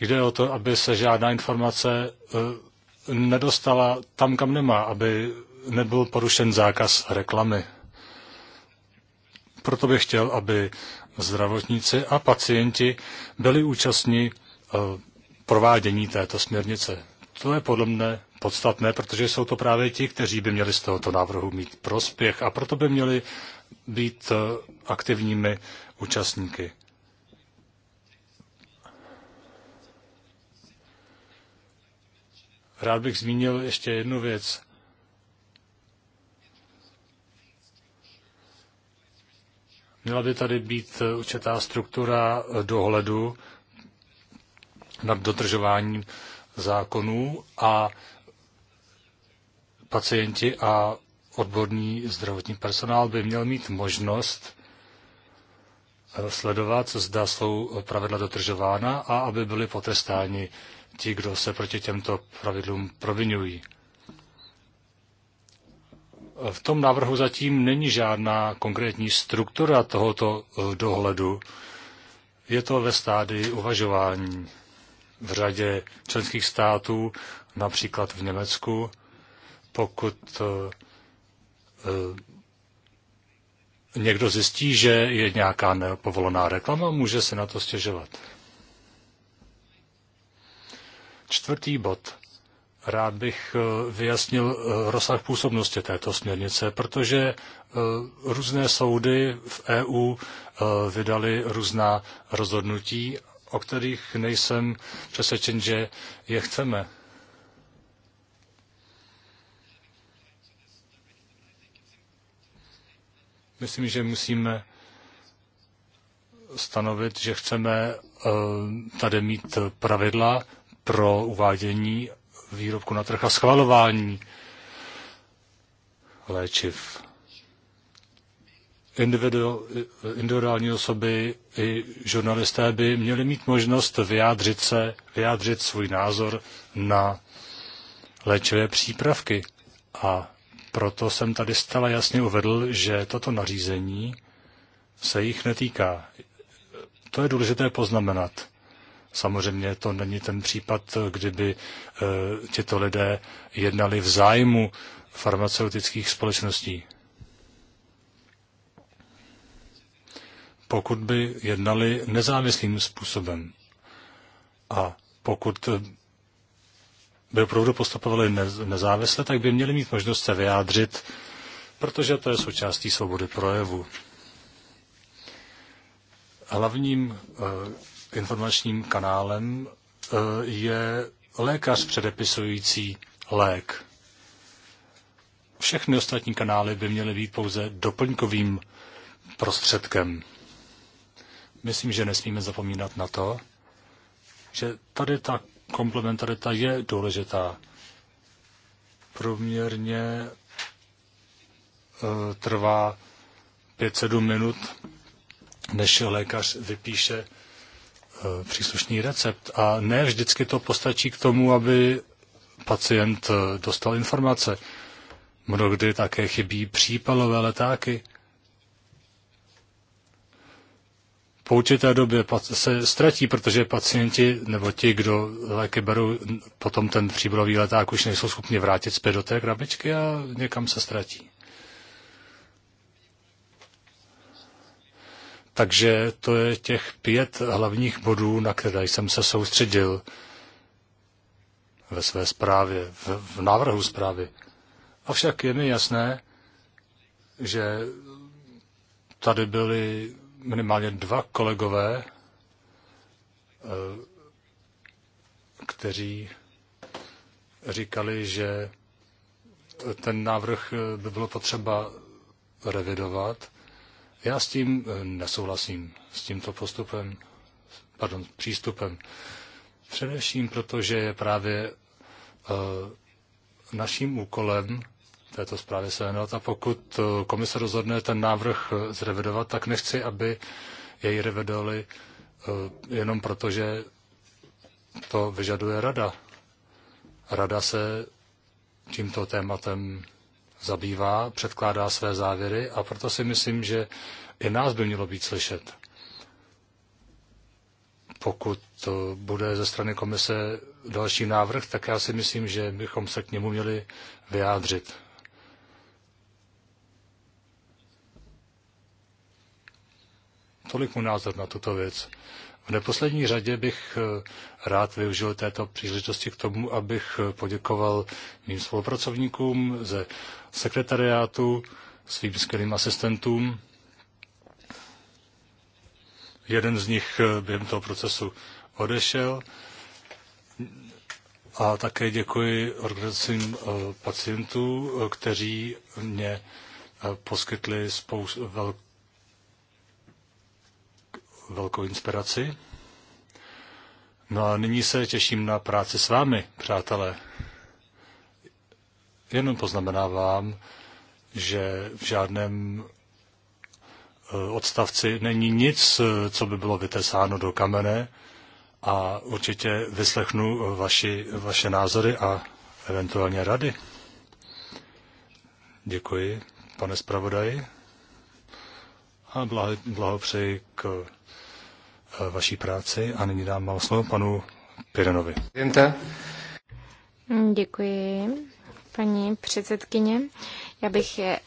Jde o to, aby se žádná informace eh, nedostala tam, kam nemá, aby nebyl porušen zákaz reklamy. Proto bych chtěl, aby zdravotníci a pacienti byli účastní eh, provádění této směrnice. To je podle mne podstatné, protože jsou to právě ti, kteří by měli z tohoto návrhu mít prospěch a proto by měli být eh, aktivními účastníky. Rád bych zmínil ještě jednu věc. Měla by tady být eh, určitá struktura eh, dohledu nad dodržováním zákonů a pacienti a odborní zdravotní personál by měl mít možnost eh, sledovat, zda jsou pravidla dodržována a aby byly potrestáni ti, kdo se proti těmto pravidlům provinují. V tom návrhu zatím není žádná konkrétní struktura tohoto eh, dohledu. Je to ve stádii uvažování. V řadě členských států, například v Německu, pokud eh, eh, někdo zjistí, že je nějaká nepovolená reklama, může se na to stěžovat. Čtvrtý bod. Rád bych eh, vyjasnil eh, rozsah působnosti této směrnice, protože eh, různé soudy v EU vydali různá rozhodnutí, o kterých nejsem přesvědčen, že je chceme. Myslím, že musíme stanovit, že chceme tady mít pravidla pro uvádění výrobku na trh a schvalování léčiv. individuální osoby i žurnalisté by měli mít možnost vyjádřit se, vyjádřit svůj názor na léčivé přípravky. A proto jsem tady stále jasně uvedl, že toto nařízení se jich netýká. To je důležité poznamenat. Samozřejmě to není ten případ, kdyby eh, tyto lidé jednali v zájmu farmaceutických společností. Pokud by jednali nezávislým způsobem a pokud eh, by opravdu postupovali nezávisle, tak by měli mít možnost se vyjádřit, protože to je součástí svobody projevu. Hlavním eh, informačním kanálem eh, je lékař předepisující lék. Všechny ostatní kanály by měly být pouze doplňkovým prostředkem. Myslím, že nesmíme zapomínat na to, že tady ta komplementarita je důležitá. Průměrně e, trvá 5-7 minut, než lékař vypíše Eh, příslušný recept. A ne vždycky to postačí k tomu, aby pacient eh, dostal informace. Mnohdy také chybí přípalové letáky. Po určité době se ztratí, protože pacienti nebo ti, kdo léky berou, potom ten příbalový leták už nejsou schopni vrátit zpět do té krabičky a někam se ztratí. Takže to je těch pět hlavních bodů, na které jsem se soustředil ve své zprávě, v, v návrhu zprávy. Avšak je mi jasné, že tady byli minimálně dva kolegové, eh, kteří říkali, že ten návrh by bylo potřeba revidovat. Já s tím eh, nesouhlasím, s tímto postupem, pardon, přístupem. Především proto, že je právě eh, naším úkolem této zprávy se věnovat a pokud eh, komise rozhodne ten návrh zrevidovat, tak nechci, aby jej revidovali jenom proto, že to vyžaduje rada. Rada se tímto tématem zabývá, předkládá své závěry a proto si myslím, že i nás by mělo být slyšet. Pokud to bude ze strany komise další návrh, tak já si myslím, že bychom se k němu měli vyjádřit. Tolik mu názor na tuto věc. V neposlední řadě bych eh, rád využil této příležitosti k tomu, abych eh, poděkoval mým spolupracovníkům ze sekretariátu, svým skvělým asistentům. Jeden z nich eh, během toho procesu odešel. A také děkuji organizacím eh, pacientů, eh, kteří mě poskytli spoustu velkou velkou inspiraci. No a nyní se těším na práci s vámi, přátelé. Jenom poznamenávám, že v žádném eh, odstavci není nic, eh, co by bylo vytesáno do kamene a určitě vyslechnu eh, vaši, vaše názory a eventuálně rady. Děkuji, pane zpravodaji, a blaho, blahopřeji k vaší práci a nyní dám slovo panu Pirenovi. Děkuji paní předsedkyně. Já bych eh,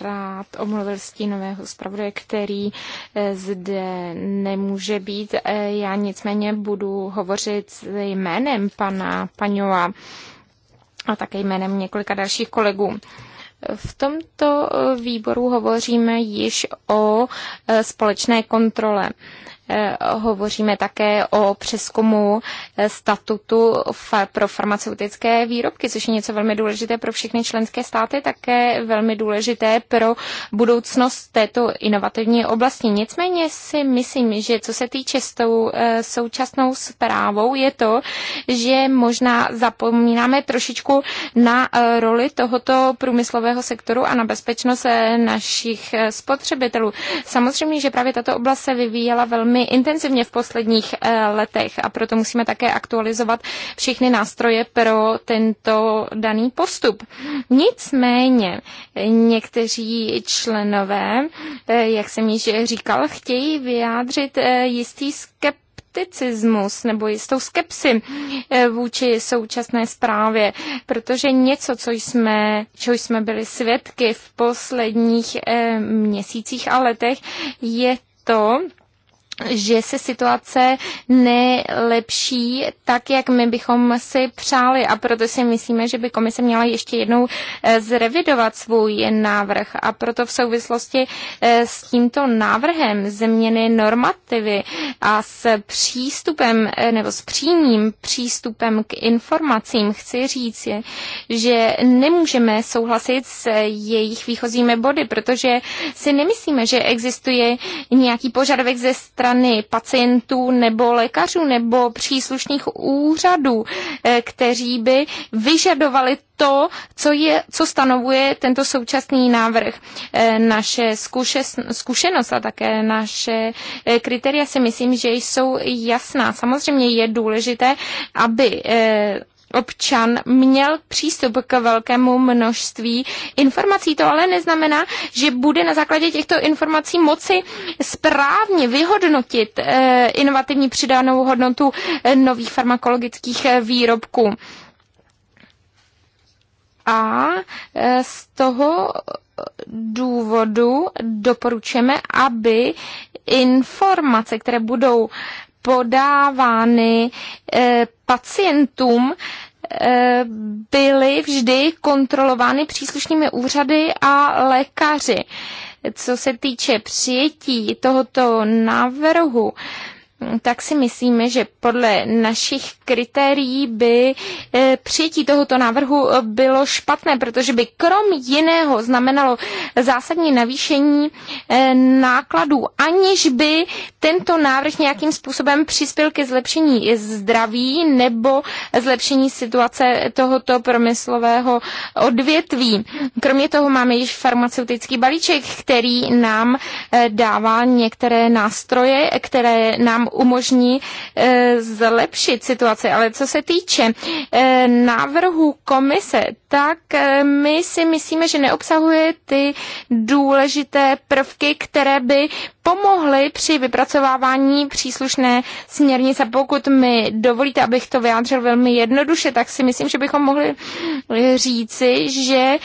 rád omluvil stínového zpravodaje, který eh, zde nemůže být. Eh, já nicméně budu hovořit s jménem pana Paňova a také jménem několika dalších kolegů. V tomto výboru hovoříme již o společné kontrole. Eh, hovoříme také o přeskumu eh, statutu pro farmaceutické výrobky, což je něco velmi důležité pro všechny členské státy, také velmi důležité pro budoucnost této inovativní oblasti. Nicméně si myslím, že co se týče s tou eh, současnou zprávou, je to, že možná zapomínáme trošičku na roli tohoto průmyslového sektoru a na bezpečnost našich spotřebitelů. Samozřejmě, že právě tato oblast se vyvíjela velmi velmi intenzivně v posledních eh, letech a proto musíme také aktualizovat všechny nástroje pro tento daný postup. Nicméně někteří členové, eh, jak jsem již říkal, chtějí vyjádřit eh, jistý skep nebo jistou skepsi vůči současné zprávě, protože něco, co jsme, čeho jsme byli svědky v posledních měsících a letech, je to, že se situace nelepší tak, jak my bychom si přáli a proto si myslíme, že by komise měla ještě jednou eh, zrevidovat svůj návrh a proto v souvislosti eh, s tímto návrhem změny normativy a s přístupem eh, nebo s přímým přístupem k informacím chci říct, že nemůžeme souhlasit s jejich výchozími body, protože si nemyslíme, že existuje nějaký požadavek ze strany strany pacientů nebo lékařů nebo příslušných úřadů, eh, kteří by vyžadovali to, co, je, co stanovuje tento současný návrh. Eh, naše zkušenost a také naše eh, kritéria si myslím, že jsou jasná. Samozřejmě je důležité, aby občan měl přístup k velkému množství informací. To ale neznamená, že bude na základě těchto informací moci správně vyhodnotit eh, inovativní přidanou hodnotu eh, nových farmakologických eh, výrobků. A z toho důvodu doporučujeme, aby informace, které budou podávány eh, pacientům, eh, byly vždy kontrolovány příslušnými úřady a lékaři. Co se týče přijetí tohoto návrhu, tak si myslíme, že podle našich kritérií by eh, přijetí tohoto návrhu bylo špatné, protože by krom jiného znamenalo zásadní navýšení eh, nákladů, aniž by tento návrh nějakým způsobem přispěl ke zlepšení zdraví nebo zlepšení situace tohoto promyslového odvětví. Kromě toho máme již farmaceutický balíček, který nám eh, dává některé nástroje, které nám umožní eh, zlepšit situaci. Ale co se týče eh, návrhu komise, tak eh, my si myslíme, že neobsahuje ty důležité prvky, které by pomohly při vypracovávání příslušné směrnice. Pokud mi dovolíte, abych to vyjádřil velmi jednoduše, tak si myslím, že bychom mohli říci, že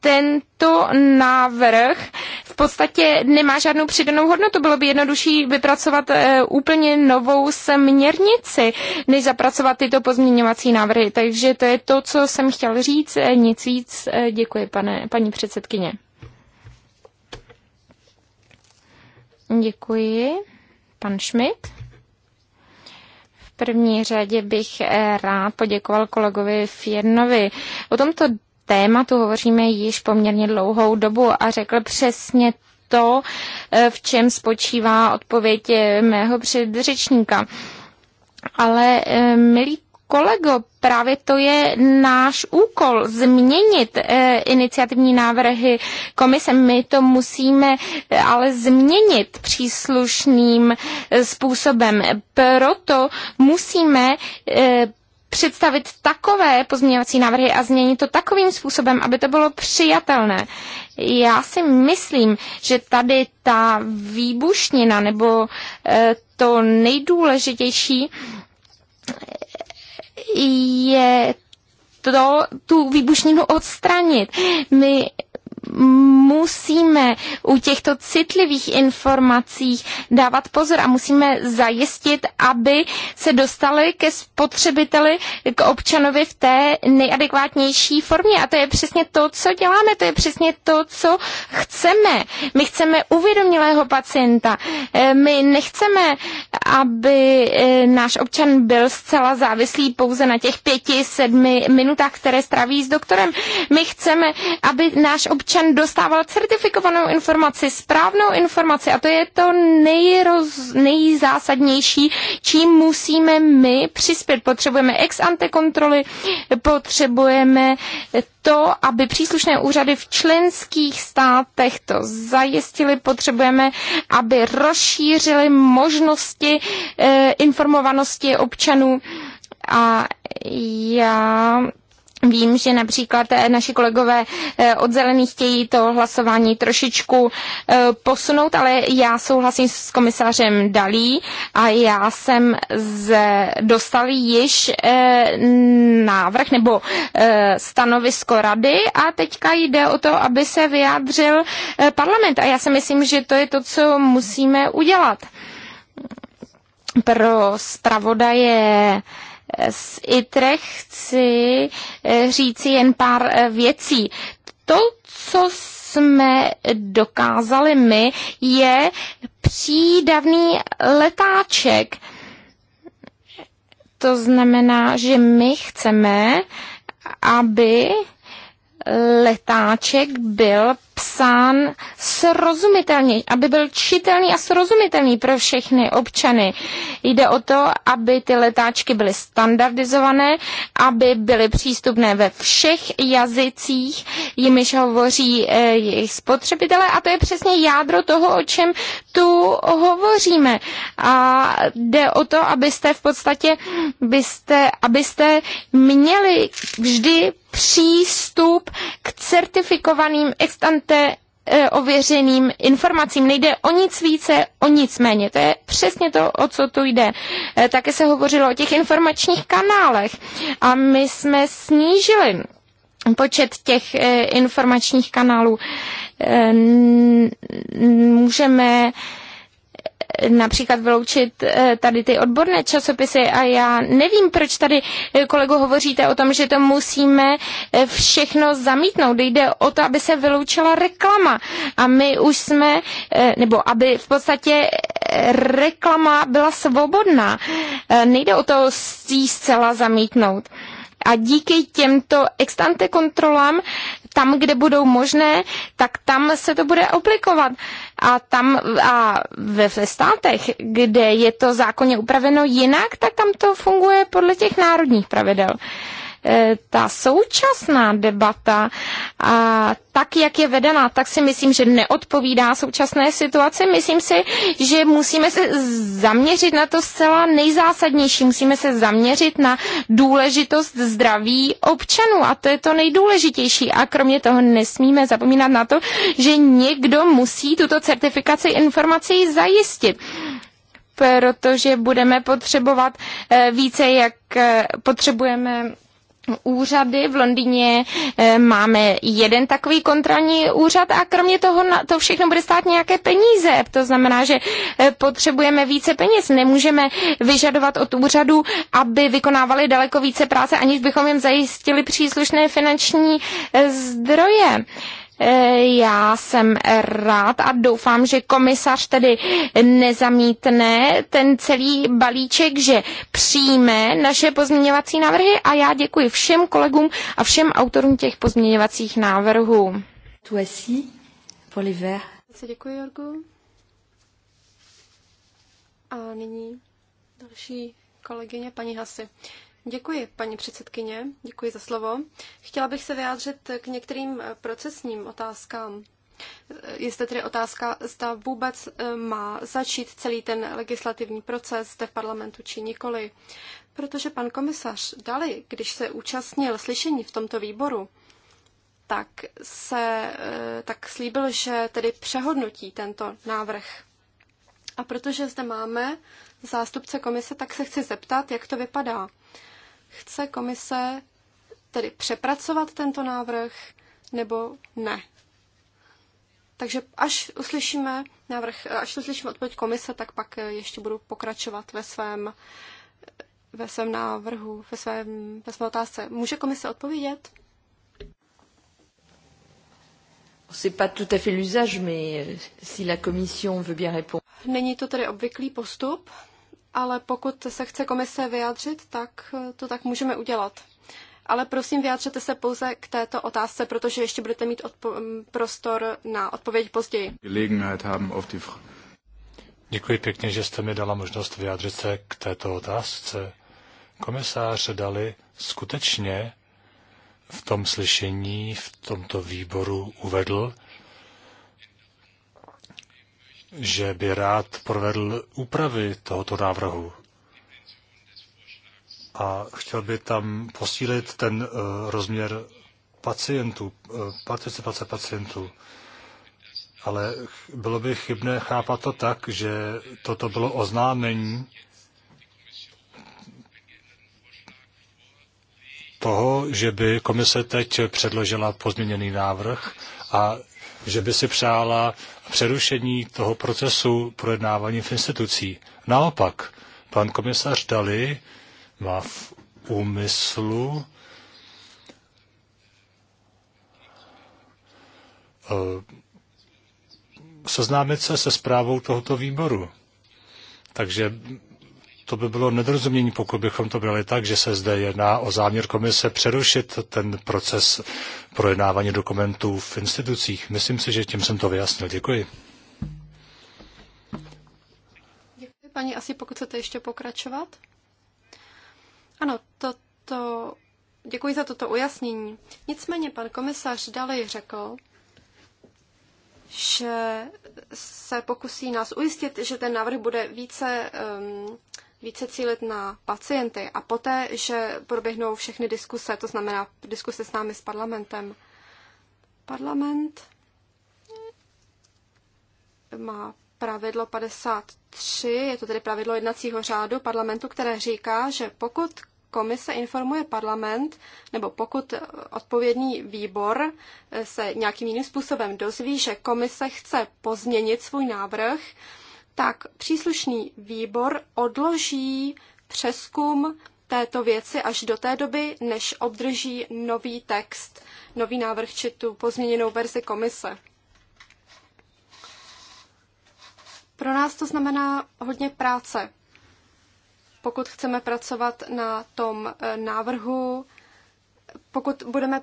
tento návrh v podstatě nemá žádnou přidanou hodnotu. Bylo by jednodušší vypracovat eh, úplně novou směrnici, než zapracovat tyto pozměňovací návrhy. Takže to je to, co jsem chtěl říct. Eh, nic víc. Eh, děkuji, pane, paní předsedkyně. Děkuji. Pan Schmidt první řadě bych rád poděkoval kolegovi Fiernovi. O tomto tématu hovoříme již poměrně dlouhou dobu a řekl přesně to, eh, v čem spočívá odpověď eh, mého předřečníka. Ale eh, milí kolego, právě to je náš úkol změnit iniciativní návrhy komise. My to musíme ale změnit příslušným způsobem. Proto musíme představit takové pozměňovací návrhy a změnit to takovým způsobem, aby to bylo přijatelné. Já si myslím, že tady ta výbušnina nebo eh, to nejdůležitější eh, je to, tu výbušninu odstranit. My musíme u těchto citlivých informací dávat pozor a musíme zajistit, aby se dostaly ke spotřebiteli, k občanovi v té nejadekvátnější formě. A to je přesně to, co děláme, to je přesně to, co chceme. My chceme uvědomělého pacienta. Eh, my nechceme, aby eh, náš občan byl zcela závislý pouze na těch pěti, sedmi minutách, které stráví s doktorem. My chceme, aby náš občan občan dostával certifikovanou informaci, správnou informaci a to je to nejroz, nejzásadnější, čím musíme my přispět. Potřebujeme ex ante kontroly, potřebujeme to, aby příslušné úřady v členských státech to zajistili, potřebujeme, aby rozšířili možnosti eh, informovanosti občanů. A já Vím, že například eh, naši kolegové eh, od zelených chtějí to hlasování trošičku eh, posunout, ale já souhlasím s komisařem Dalí a já jsem z, dostal již návrh nebo stanovisko rady a teďka jde o to, aby se vyjádřil parlament a já si myslím, že to je to, co musíme udělat. Pro zpravodaje z ITRE chci eh, říci jen pár eh, věcí. To, co jsme dokázali my, je přídavný letáček. To znamená, že my chceme, aby letáček byl psán srozumitelně, aby byl čitelný a srozumitelný pro všechny občany. Jde o to, aby ty letáčky byly standardizované, aby byly přístupné ve všech jazycích, jimiž hovoří eh, jejich spotřebitelé a to je přesně jádro toho, o čem tu hovoříme. A jde o to, abyste v podstatě, byste, abyste měli vždy přístup k certifikovaným extante eh, ověřeným informacím. Nejde o nic více, o nic méně. To je přesně to, o co tu jde. Eh, také se hovořilo o těch informačních kanálech a my jsme snížili počet těch eh, informačních kanálů. Můžeme například vyloučit eh, tady ty odborné časopisy a já nevím, proč tady eh, kolego hovoříte o tom, že to musíme eh, všechno zamítnout. Jde o to, aby se vyloučila reklama a my už jsme, nebo aby v podstatě reklama byla svobodná. Nejde o to jí zcela zamítnout. A díky těmto extante kontrolám, tam, kde budou možné, tak tam se to bude aplikovat a tam a ve státech, kde je to zákonně upraveno jinak, tak tam to funguje podle těch národních pravidel. Eh, ta současná debata, a tak jak je vedená, tak si myslím, že neodpovídá současné situaci. Myslím si, že musíme se zaměřit na to zcela nejzásadnější. Musíme se zaměřit na důležitost zdraví občanů a to je to nejdůležitější. A kromě toho nesmíme zapomínat na to, že někdo musí tuto certifikaci informací zajistit protože budeme potřebovat eh, více, jak eh, potřebujeme úřady. V Londýně eh, máme jeden takový kontrolní úřad a kromě toho to všechno bude stát nějaké peníze. To znamená, že eh, potřebujeme více peněz. Nemůžeme vyžadovat od úřadu, aby vykonávali daleko více práce, aniž bychom jim zajistili příslušné finanční eh, zdroje. E, já jsem rád a doufám, že komisař tedy nezamítne ten celý balíček, že přijme naše pozměňovací návrhy a já děkuji všem kolegům a všem autorům těch pozměňovacích návrhů. Tu esi, Děkuji, Jorgu. A nyní další kolegyně paní Hasy. Děkuji, paní předsedkyně, děkuji za slovo. Chtěla bych se vyjádřit k některým eh, procesním otázkám. Eh, je zde tedy otázka, zda vůbec eh, má začít celý ten legislativní proces zde v parlamentu či nikoli. Protože pan komisař Dali, když se účastnil slyšení v tomto výboru, tak, se, tak slíbil, že tedy přehodnotí tento návrh. A protože zde máme zástupce komise, tak se chci zeptat, jak to vypadá. Chce komise tedy přepracovat tento návrh nebo ne? Takže až uslyšíme návrh, až uslyšíme odpověď komise, tak pak ještě budu pokračovat ve svém, ve svém návrhu, ve, svém, ve své otázce. Může komise odpovědět? C'est pas tout à fait l'usage, mais si la commission veut bien répondre. Není to tedy obvyklý postup, ale pokud se chce komise vyjádřit, tak eh, to tak můžeme udělat. Ale prosím, vyjádřete se pouze k této otázce, protože ještě budete mít mm, prostor na odpověď později. Děkuji pěkně, že jste mi dala možnost vyjádřit se k této otázce. Komisář Dali skutečně v tom slyšení, v tomto výboru uvedl, že by rád provedl úpravy tohoto návrhu. A chtěl by tam posílit ten eh, rozměr pacientů, eh, participace pacientů. Ale bylo by chybné chápat to tak, že toto bylo oznámení toho, že by komise teď předložila pozměněný návrh a že by si přála přerušení toho procesu projednávání v institucí. Naopak, pan komisař Dali má v úmyslu eh, seznámit se se zprávou tohoto výboru. Takže to by bylo nedorozumění, pokud bychom to brali tak, že se zde jedná o záměr komise přerušit ten proces projednávání dokumentů v institucích. Myslím si, že tím jsem to vyjasnil. Děkuji. Děkuji, paní. Asi pokud chcete ještě pokračovat? Ano, toto... Děkuji za toto ujasnění. Nicméně pan komisař Dali řekl, že se pokusí nás ujistit, že ten návrh bude více um, více cílit na pacienty a poté, že proběhnou všechny diskuse, to znamená diskuse s námi s parlamentem. Parlament má pravidlo 53, je to tedy pravidlo jednacího řádu parlamentu, které říká, že pokud komise informuje parlament, nebo pokud odpovědný výbor se nějakým jiným způsobem dozví, že komise chce pozměnit svůj návrh, tak příslušný výbor odloží přeskum této věci až do té doby, než obdrží nový text, nový návrh či tu pozměněnou verzi komise. Pro nás to znamená hodně práce. Pokud chceme pracovat na tom eh, návrhu, pokud budeme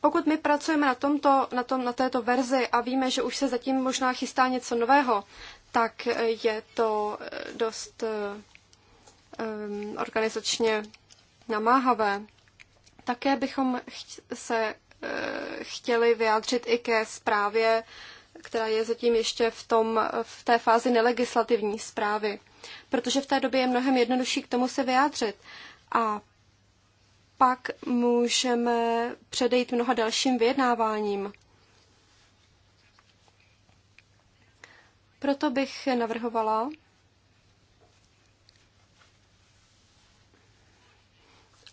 pokud my pracujeme na, tomto, na, tom, na této verzi a víme, že už se zatím možná chystá něco nového, tak je to eh, dost um, organizačně namáhavé. Také bychom se eh, chtěli vyjádřit i ke zprávě, která je zatím ještě v, tom, v té fázi nelegislativní zprávy, protože v té době je mnohem jednodušší k tomu se vyjádřit. A pak můžeme předejít mnoha dalším vyjednáváním. Proto bych navrhovala,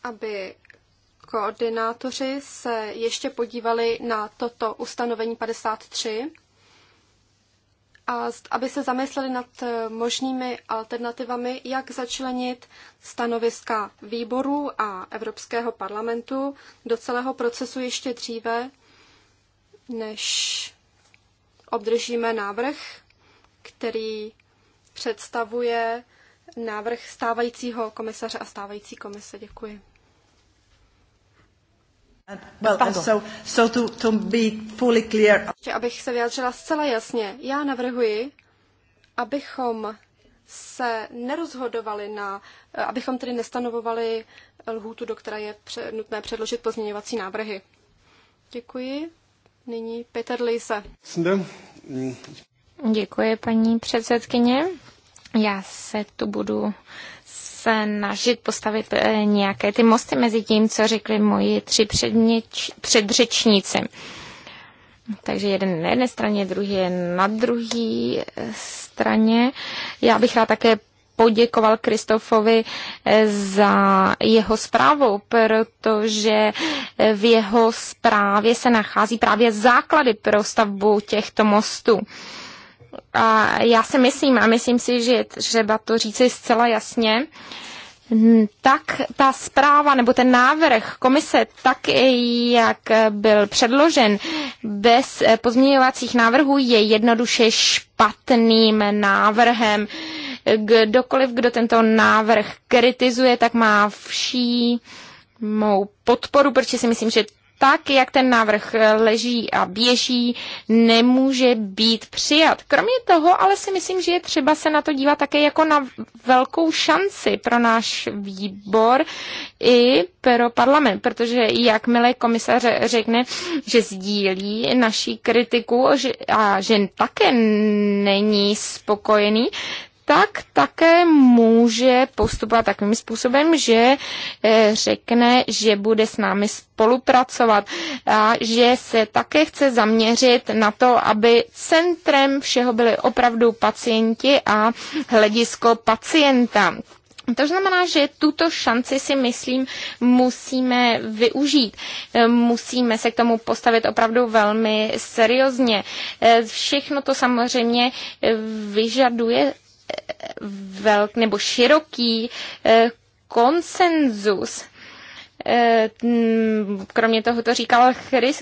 aby koordinátoři se ještě podívali na toto ustanovení 53 a aby se zamysleli nad možnými alternativami, jak začlenit stanoviska výboru a Evropského parlamentu do celého procesu ještě dříve, než obdržíme návrh který představuje návrh stávajícího komisaře a stávající komise. Děkuji. Ještě abych se vyjádřila zcela jasně, já navrhuji, abychom se nerozhodovali na, abychom tedy nestanovovali lhůtu, do které je nutné předložit pozměňovací návrhy. Děkuji. Nyní Peter Lise. Děkuji, paní předsedkyně. Já se tu budu snažit postavit eh, nějaké ty mosty mezi tím, co řekli moji tři přednič, předřečníci. Takže jeden na jedné straně, druhý je na druhé eh, straně. Já bych rád také poděkoval Kristofovi eh, za jeho zprávu, protože v jeho zprávě se nachází právě základy pro stavbu těchto mostů a já si myslím, a myslím si, že je třeba to říci zcela jasně, hm, tak ta zpráva nebo ten návrh komise, tak jak byl předložen bez pozměňovacích návrhů, je jednoduše špatným návrhem. Kdokoliv, kdo tento návrh kritizuje, tak má vší mou podporu, protože si myslím, že tak, jak ten návrh eh, leží a běží, nemůže být přijat. Kromě toho, ale si myslím, že je třeba se na to dívat také jako na velkou šanci pro náš výbor i pro parlament, protože jakmile komisař řekne, že sdílí naší kritiku a že také není spokojený, tak také může postupovat takovým způsobem, že eh, řekne, že bude s námi spolupracovat a že se také chce zaměřit na to, aby centrem všeho byly opravdu pacienti a hledisko pacienta. To znamená, že tuto šanci si myslím musíme využít. Musíme se k tomu postavit opravdu velmi seriózně. Všechno to samozřejmě vyžaduje velk, nebo široký eh, konsenzus eh, mm, kromě toho to říkal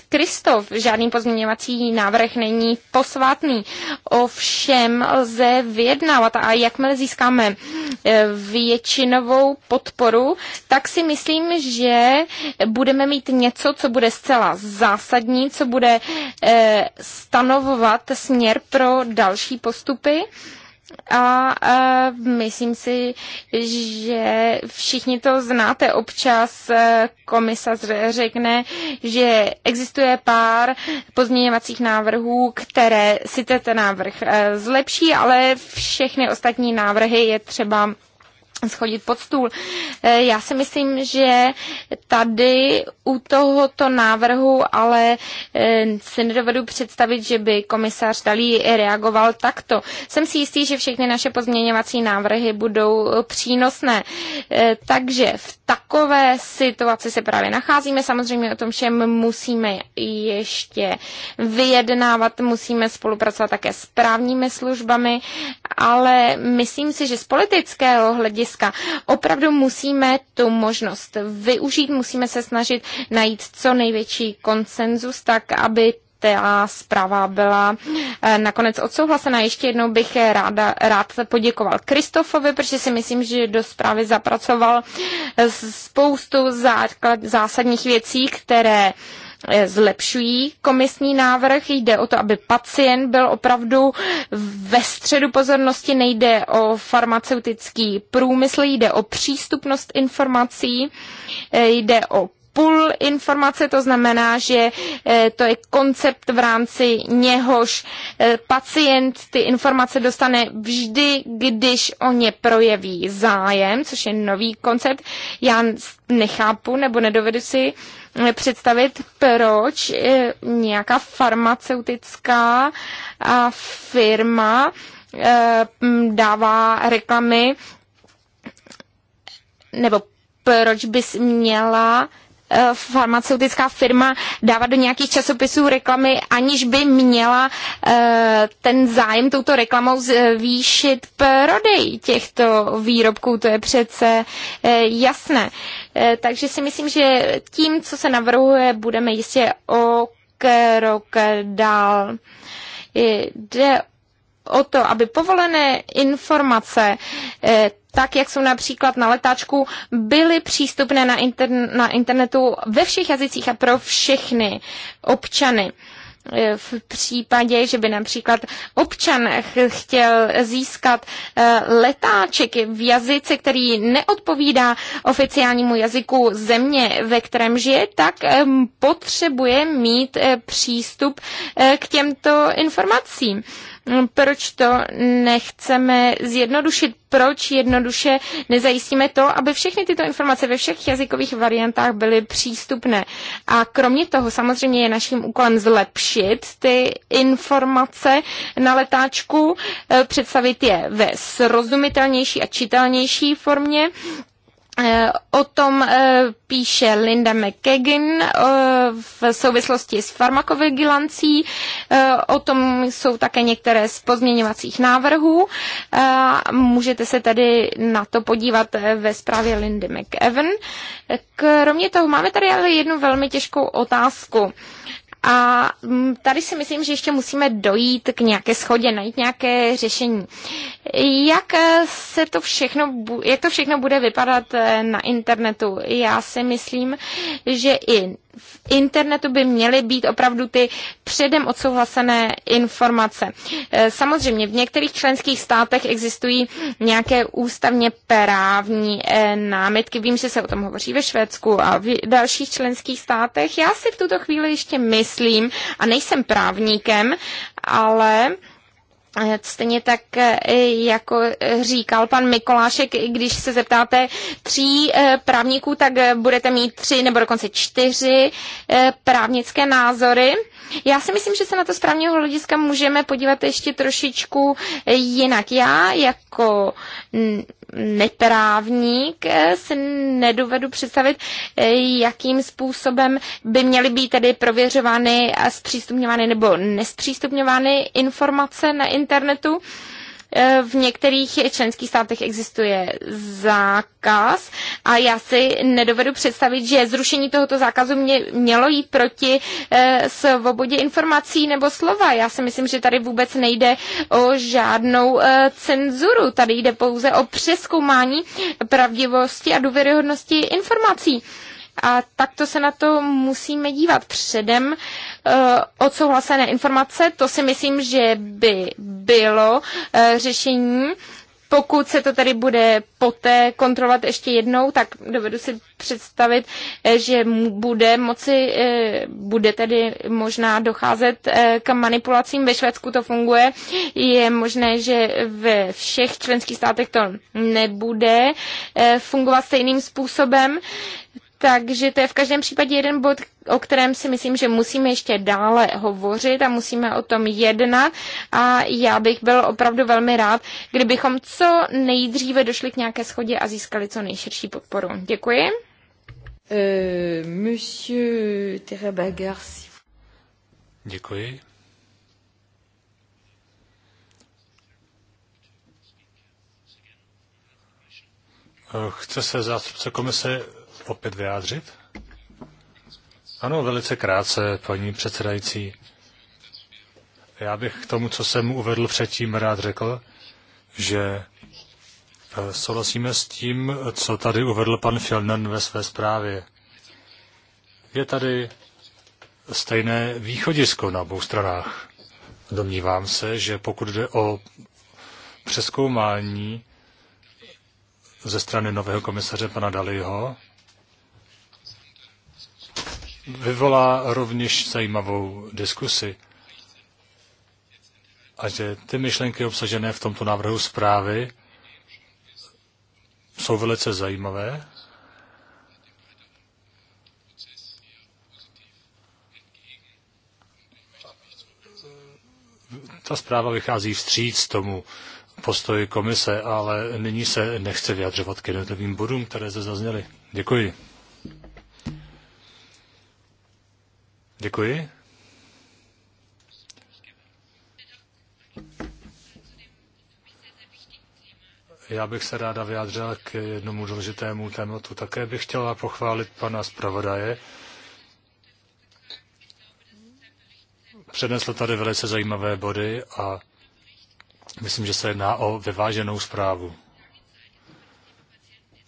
Kristof, žádný pozměňovací návrh není posvátný. Ovšem lze vyjednávat a jakmile získáme eh, většinovou podporu, tak si myslím, že budeme mít něco, co bude zcela zásadní, co bude stanovovat směr pro další postupy a, a myslím si, že všichni to znáte. Občas e, komisař řekne, že existuje pár pozměňovacích návrhů, které si ten návrh e, zlepší, ale všechny ostatní návrhy je třeba schodit pod stůl. Eh, já si myslím, že tady u tohoto návrhu ale eh, si nedovedu představit, že by komisař Dalí reagoval takto. Jsem si jistý, že všechny naše pozměňovací návrhy budou přínosné. Eh, takže v takové situaci se právě nacházíme. Samozřejmě o tom všem musíme ještě vyjednávat, musíme spolupracovat také s právními službami, ale myslím si, že z politického hlediska hlediska. Opravdu musíme tu možnost využít, musíme se snažit najít co největší konsenzus, tak aby ta zpráva byla eh, nakonec odsouhlasena. Ještě jednou bych ráda, rád poděkoval Kristofovi, protože si myslím, že do zprávy zapracoval eh, spoustu základ, zásadních věcí, které Eh, zlepšují komisní návrh. Jde o to, aby pacient byl opravdu ve středu pozornosti. Nejde o farmaceutický průmysl, jde o přístupnost informací, eh, jde o půl informace, to znamená, že eh, to je koncept v rámci něhož pacient ty informace dostane vždy, když o ně projeví zájem, což je nový koncept. Já nechápu nebo nedovedu si představit, proč eh, nějaká farmaceutická firma eh, dává reklamy nebo proč bys měla eh, farmaceutická firma dávat do nějakých časopisů reklamy, aniž by měla ten zájem touto reklamou zvýšit prodej těchto výrobků. To je přece jasné. Eh, takže si myslím, že tím, co se navrhuje, budeme jistě o krok dál. Jde o to, aby povolené informace, eh, tak jak jsou například na letáčku, byly přístupné na, interne, na internetu ve všech jazycích a pro všechny občany. E, v případě, že by například občan chtěl získat e, letáček v jazyce, který neodpovídá oficiálnímu jazyku země, ve kterém žije, tak e, potřebuje mít přístup k těmto informacím. Mm, proč to nechceme zjednodušit, proč jednoduše nezajistíme to, aby všechny tyto informace ve všech jazykových variantách byly přístupné. A kromě toho samozřejmě je naším úkolem zlepšit ty informace na letáčku, eh, představit je ve srozumitelnější a čitelnější formě Eh, o tom eh, píše Linda McKagan eh, v souvislosti s farmakovigilancí. O tom jsou také některé z pozměňovacích návrhů. Můžete se tady na to podívat ve zprávě Lindy McEwan. Kromě toho máme tady ale jednu velmi těžkou otázku. A mm, tady si myslím, že ještě musíme dojít k nějaké schodě, najít nějaké řešení. Jak eh, se to všechno, jak to všechno bude vypadat eh, na internetu? Já si myslím, že i v internetu by měly být opravdu ty předem odsouhlasené informace. E, samozřejmě v některých členských státech existují nějaké ústavně právní e, námitky. Vím, že se o tom hovoří ve Švédsku a v dalších členských státech. Já si v tuto chvíli ještě myslím, a nejsem právníkem, ale Stejně tak, e, jako e, říkal pan Mikolášek, když se zeptáte tří e, právníků, tak budete mít tři nebo dokonce čtyři právnické názory. Já si myslím, že se na to správního hlediska můžeme podívat ještě trošičku eh, jinak. Já jako neprávník eh, si nedovedu představit, eh, jakým způsobem by měly být tedy prověřovány a zpřístupňovány nebo nespřístupňovány informace na internetu. Eh, v některých členských státech existuje zákaz a já si nedovedu představit, že zrušení tohoto zákazu mě, mělo jít proti eh, svobodě informací nebo slova. Já si myslím, že tady vůbec nejde o žádnou eh, cenzuru. Tady jde pouze o přeskoumání pravdivosti a důvěryhodnosti informací a takto se na to musíme dívat předem eh, odsouhlasené informace. To si myslím, že by bylo eh, řešení. Pokud se to tady bude poté kontrolovat ještě jednou, tak dovedu si představit, eh, že bude moci, bude tedy možná docházet k manipulacím. Ve Švédsku to funguje. Je možné, že ve všech členských státech to nebude fungovat stejným způsobem. Takže to je v každém případě jeden bod, o kterém si myslím, že musíme ještě dále hovořit a musíme o tom jednat. A já bych byl opravdu velmi rád, kdybychom co nejdříve došli k nějaké schodě a získali co nejširší podporu. Děkuji. Eh, monsieur Děkuji. Eh, chce se zástupce komise opět vyjádřit? Ano, velice krátce, paní předsedající. Já bych k tomu, co jsem uvedl předtím, rád řekl, že e, souhlasíme s tím, co tady uvedl pan Fjellner ve své zprávě. Je tady stejné východisko na obou stranách. Domnívám se, že pokud jde o přeskoumání ze strany nového komisaře pana Daliho, vyvolá rovněž zajímavou diskusi a že ty myšlenky obsažené v tomto návrhu zprávy jsou velice zajímavé. Ta zpráva vychází vstříc tomu postoji komise, ale nyní se nechce vyjadřovat k jednotlivým bodům, které zde zazněly. Děkuji. Děkuji. Já bych se ráda vyjádřila k jednomu důležitému tématu. Také bych chtěla pochválit pana zpravodaje. Přednesl tady velice zajímavé body a myslím, že se jedná o vyváženou zprávu.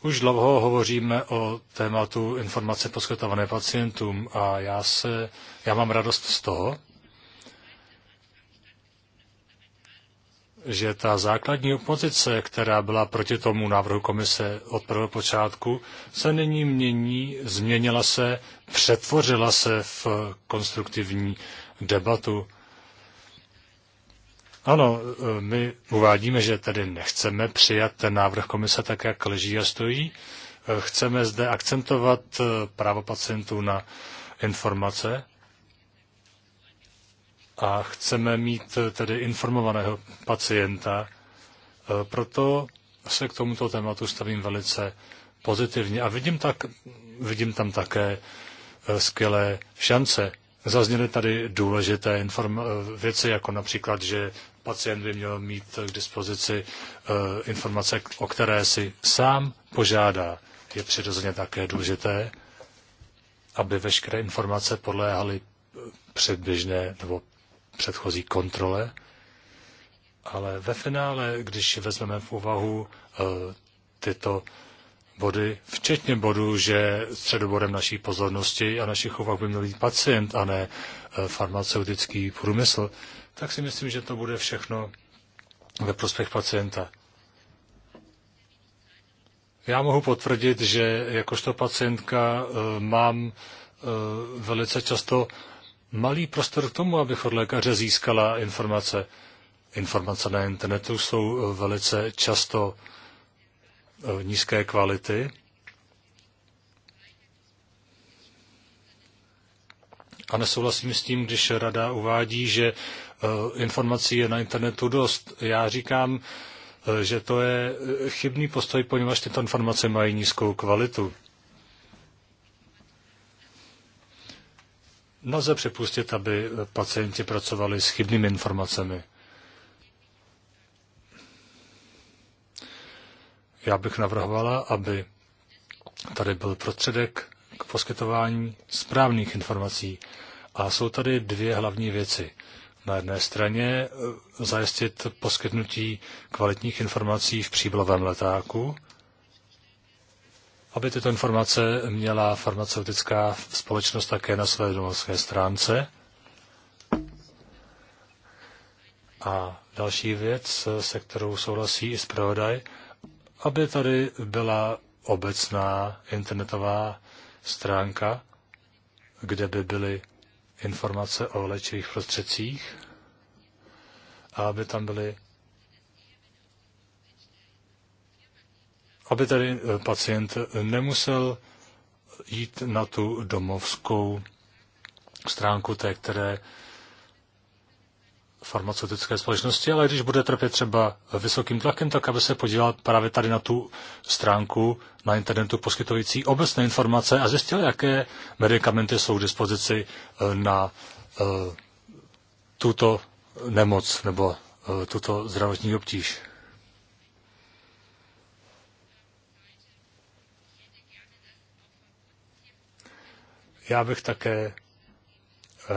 Už dlouho hovoříme o tématu informace poskytované pacientům a já, se, já mám radost z toho, že ta základní opozice, která byla proti tomu návrhu komise od prvého počátku, se nyní mění, změnila se, přetvořila se v konstruktivní debatu. Ano, e, my uvádíme, že tedy nechceme přijat ten návrh komise tak, jak leží a stojí. E, chceme zde akcentovat e, právo pacientů na informace a chceme mít tedy informovaného pacienta. Proto se k tomuto tématu stavím velice pozitivně a vidím, tak, vidím tam také skvělé šance. Zazněly tady důležité informa věci, jako například, že pacient by měl mít k dispozici eh, informace, o které si sám požádá. Je přirozeně také důležité, aby veškeré informace podléhaly eh, předběžné nebo předchozí kontrole, ale ve finále, když vezmeme v úvahu eh, tyto body, včetně bodu, že středobodem naší pozornosti a našich úvah by měl být pacient a ne farmaceutický průmysl, tak si myslím, že to bude všechno ve prospěch pacienta. Já mohu potvrdit, že jakožto pacientka eh, mám eh, velice často malý prostor k tomu, abych od lékaře získala informace. Informace na internetu jsou eh, velice často nízké kvality. A nesouhlasím s tím, když rada uvádí, že Eh, informací je na internetu dost. Já říkám, eh, že to je eh, chybný postoj, poněvadž tyto informace mají nízkou kvalitu. Nelze připustit, aby pacienti pracovali s chybnými informacemi. Já bych navrhovala, aby tady byl prostředek k poskytování správných informací. A jsou tady dvě hlavní věci na jedné straně e, zajistit poskytnutí kvalitních informací v příblovém letáku, aby tyto informace měla farmaceutická společnost také na své domovské stránce. A další věc, e, se kterou souhlasí i zpravodaj, aby tady byla obecná internetová stránka, kde by byly informace o léčivých prostředcích a aby tam byly aby tedy eh, pacient nemusel jít na tu domovskou stránku té, které farmaceutické společnosti, ale když bude trpět třeba vysokým tlakem, tak aby se podíval právě tady na tu stránku na internetu poskytující obecné informace a zjistil, jaké medicamenty jsou k dispozici eh, na eh, tuto nemoc nebo eh, tuto zdravotní obtíž. Já bych také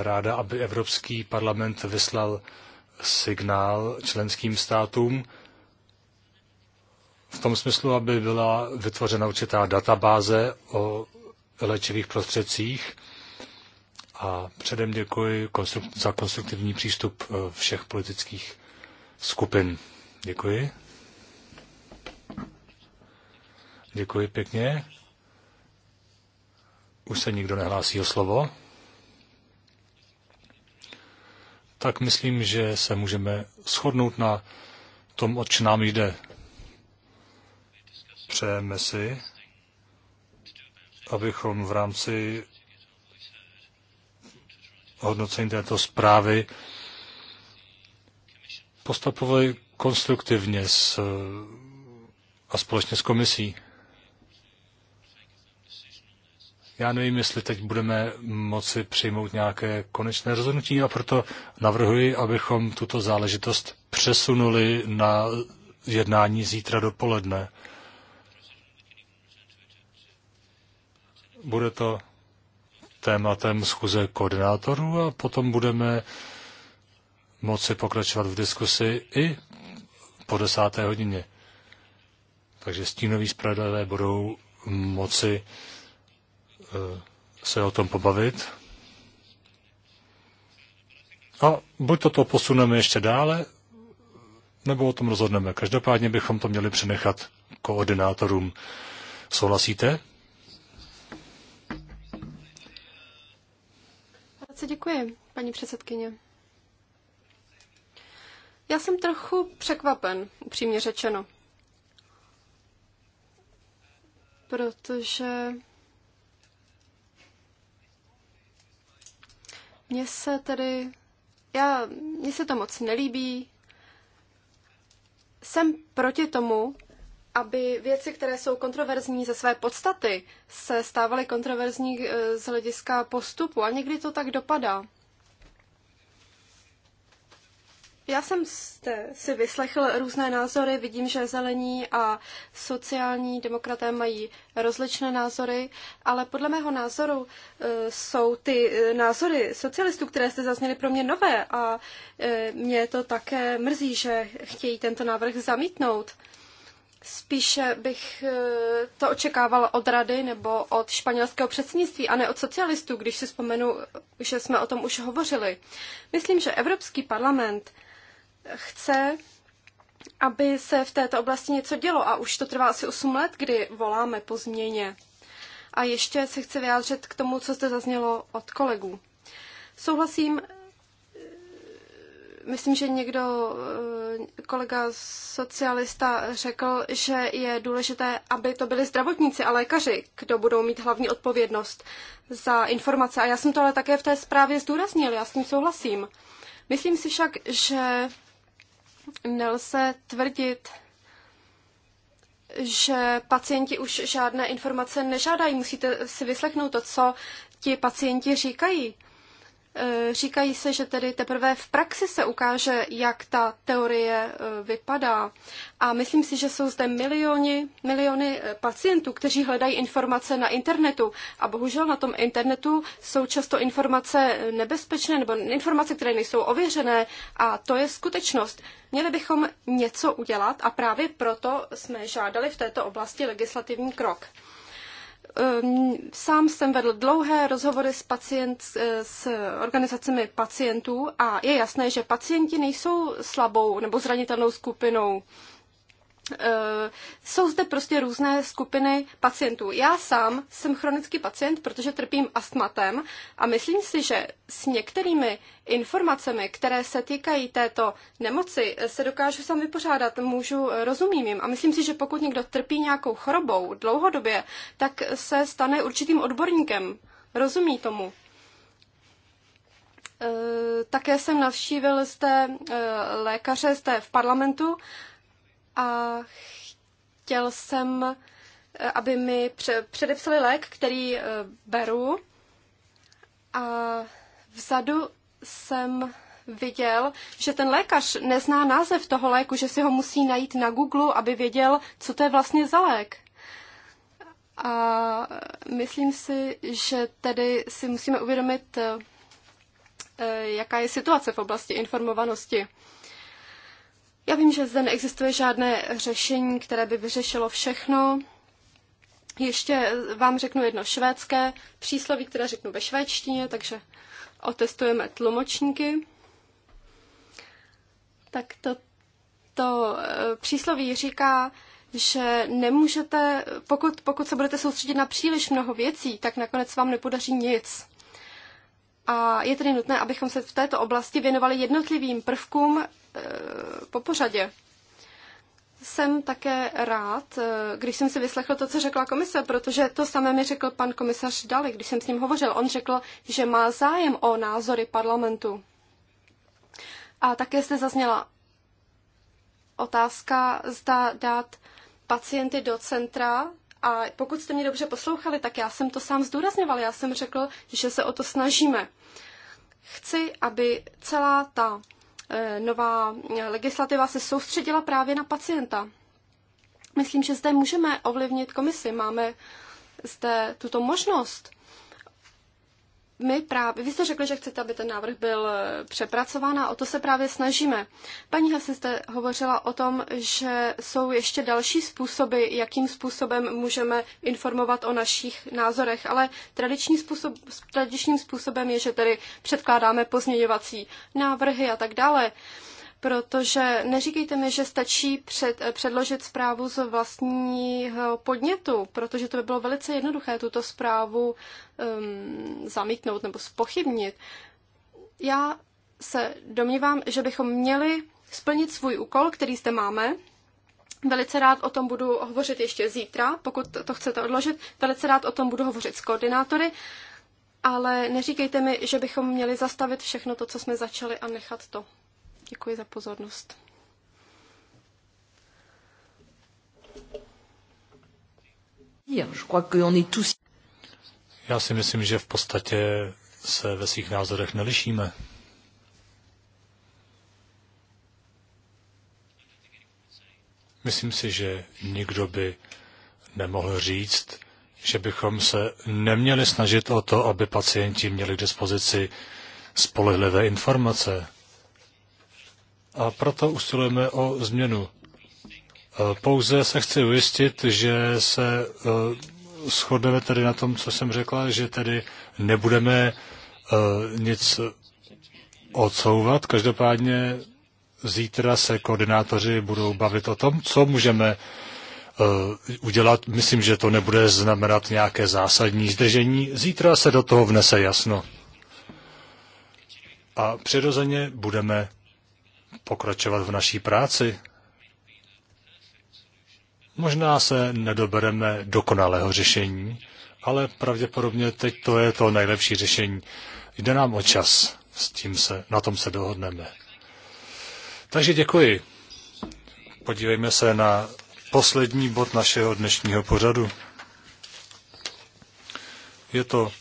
ráda, aby Evropský parlament vyslal signál členským státům v tom smyslu, aby byla vytvořena určitá databáze o léčivých prostředcích. A předem děkuji za konstruktivní přístup eh, všech politických skupin. Děkuji. Děkuji pěkně. Už se nikdo nehlásí o slovo. tak myslím, že se můžeme shodnout na tom, o nám jde. Přejeme si, abychom v rámci hodnocení této zprávy postupovali konstruktivně s, a společně s komisí. Já nevím, jestli teď budeme moci přijmout nějaké konečné rozhodnutí a proto navrhuji, abychom tuto záležitost přesunuli na jednání zítra dopoledne. Bude to tématem schůze koordinátorů a potom budeme moci pokračovat v diskusi i po desáté hodině. Takže stínoví zpravodajové budou moci Eh, se o tom pobavit. A buď toto posuneme ještě dále, nebo o tom rozhodneme. Každopádně bychom to měli přenechat koordinátorům. Souhlasíte? děkuji, paní předsedkyně. Já jsem trochu překvapen, upřímně řečeno. Protože Mně se tedy, já, mně se to moc nelíbí. Jsem proti tomu, aby věci, které jsou kontroverzní ze své podstaty, se stávaly kontroverzní eh, z hlediska postupu. A někdy to tak dopadá. Já jsem si vyslechl různé názory, vidím, že zelení a sociální demokraté mají rozličné názory, ale podle mého názoru e, jsou ty e, názory socialistů, které jste zazněly pro mě nové a e, mě to také mrzí, že chtějí tento návrh zamítnout. Spíše bych to očekával od rady nebo od španělského předsednictví a ne od socialistů, když si vzpomenu, že jsme o tom už hovořili. Myslím, že Evropský parlament chce, aby se v této oblasti něco dělo a už to trvá asi 8 let, kdy voláme po změně. A ještě se chci vyjádřit k tomu, co zde zaznělo od kolegů. Souhlasím, eh, myslím, že někdo, eh, kolega socialista řekl, že je důležité, aby to byli zdravotníci a lékaři, kdo budou mít hlavní odpovědnost za informace. A já jsem to ale také v té zprávě zdůraznil, já s tím souhlasím. Myslím si však, že nelze tvrdit, že pacienti už žádné informace nežádají. Musíte si vyslechnout to, co ti pacienti říkají. Eh, říkají se, že tedy teprve v praxi se ukáže, jak ta teorie eh, vypadá. A myslím si, že jsou zde miliony, miliony eh, pacientů, kteří hledají informace na internetu. A bohužel na tom internetu jsou často informace nebezpečné nebo informace, které nejsou ověřené. A to je skutečnost. Měli bychom něco udělat a právě proto jsme žádali v této oblasti legislativní krok. Ehm, sám jsem vedl dlouhé rozhovory s, pacient, eh, s organizacemi pacientů a je jasné, že pacienti nejsou slabou nebo zranitelnou skupinou Eh, jsou zde prostě různé skupiny pacientů. Já sám jsem chronický pacient, protože trpím astmatem a myslím si, že s některými informacemi, které se týkají této nemoci, eh, se dokážu sám vypořádat, můžu, eh, rozumím jim. A myslím si, že pokud někdo trpí nějakou chorobou dlouhodobě, tak se stane určitým odborníkem. Rozumí tomu. Také jsem navštívil jste lékaře jste v parlamentu a chtěl jsem, eh, aby mi předepsali lék, který eh, beru. A vzadu jsem viděl, že ten lékař nezná název toho léku, že si ho musí najít na Google, aby věděl, co to je vlastně za lék. A myslím si, že tedy si musíme uvědomit, eh, jaká je situace v oblasti informovanosti. Já vím, že zde neexistuje žádné řešení, které by vyřešilo všechno. Ještě vám řeknu jedno švédské přísloví, které řeknu ve švédštině, takže otestujeme tlumočníky. Tak to, to eh, přísloví říká, že nemůžete, pokud, pokud se budete soustředit na příliš mnoho věcí, tak nakonec vám nepodaří nic. A je tedy nutné, abychom se v této oblasti věnovali jednotlivým prvkům eh, po pořadě. Jsem také rád, eh, když jsem si vyslechl to, co řekla komise, protože to samé mi řekl pan komisař Dali, když jsem s ním hovořil. On řekl, že má zájem o názory parlamentu. A také jste zazněla otázka, zda dát pacienty do centra a pokud jste mě dobře poslouchali, tak já jsem to sám zdůrazňoval. Já jsem řekl, že se o to snažíme. Chci, aby celá ta e, nová e, legislativa se soustředila právě na pacienta. Myslím, že zde můžeme ovlivnit komisi. Máme zde tuto možnost my právě, vy jste řekli, že chcete, aby ten návrh byl eh, přepracován a o to se právě snažíme. Paní Hasen jste hovořila o tom, že jsou ještě další způsoby, jakým způsobem můžeme informovat o našich názorech, ale tradiční způsob, tradičním způsobem je, že tedy předkládáme pozměňovací návrhy a tak dále. Uh, protože neříkejte mi, že stačí před, předložit zprávu z vlastního podnětu, protože to by bylo velice jednoduché tuto zprávu um, zamítnout nebo spochybnit. Já se domnívám, že bychom měli splnit svůj úkol, který zde máme. Velice rád o tom budu hovořit ještě zítra, pokud to chcete odložit. Velice rád o tom budu hovořit s koordinátory, ale neříkejte mi, že bychom měli zastavit všechno to, co jsme začali a nechat to Děkuji za pozornost. Já si myslím, že v podstatě se ve svých názorech nelišíme. Myslím si, že nikdo by nemohl říct, že bychom se neměli snažit o to, aby pacienti měli k dispozici spolehlivé informace a proto usilujeme o změnu. E, pouze se chci ujistit, že se e, shodneme tedy na tom, co jsem řekla, že tedy nebudeme e, nic odsouvat. Každopádně zítra se koordinátoři budou bavit o tom, co můžeme udělat. Myslím, že to nebude znamenat nějaké zásadní zdržení. Zítra se do toho vnese jasno. A přirozeně budeme pokračovat v naší práci? Možná se nedobereme dokonalého řešení, ale pravděpodobně teď to je to nejlepší řešení. Jde nám o čas, s tím se, na tom se dohodneme. Takže děkuji. Podívejme se na poslední bod našeho dnešního pořadu. Je to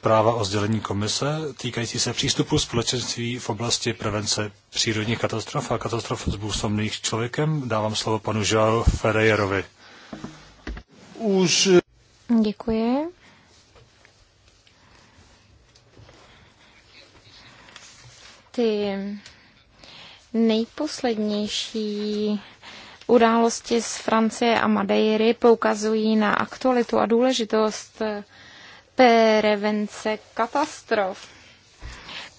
zpráva o sdělení komise týkající se přístupu společenství v oblasti prevence přírodních katastrof a katastrof způsobených člověkem. Dávám slovo panu Joao Ferejerovi. Už... Děkuji. Ty nejposlednější události z Francie a Madeiry poukazují na aktualitu a důležitost prevence katastrof.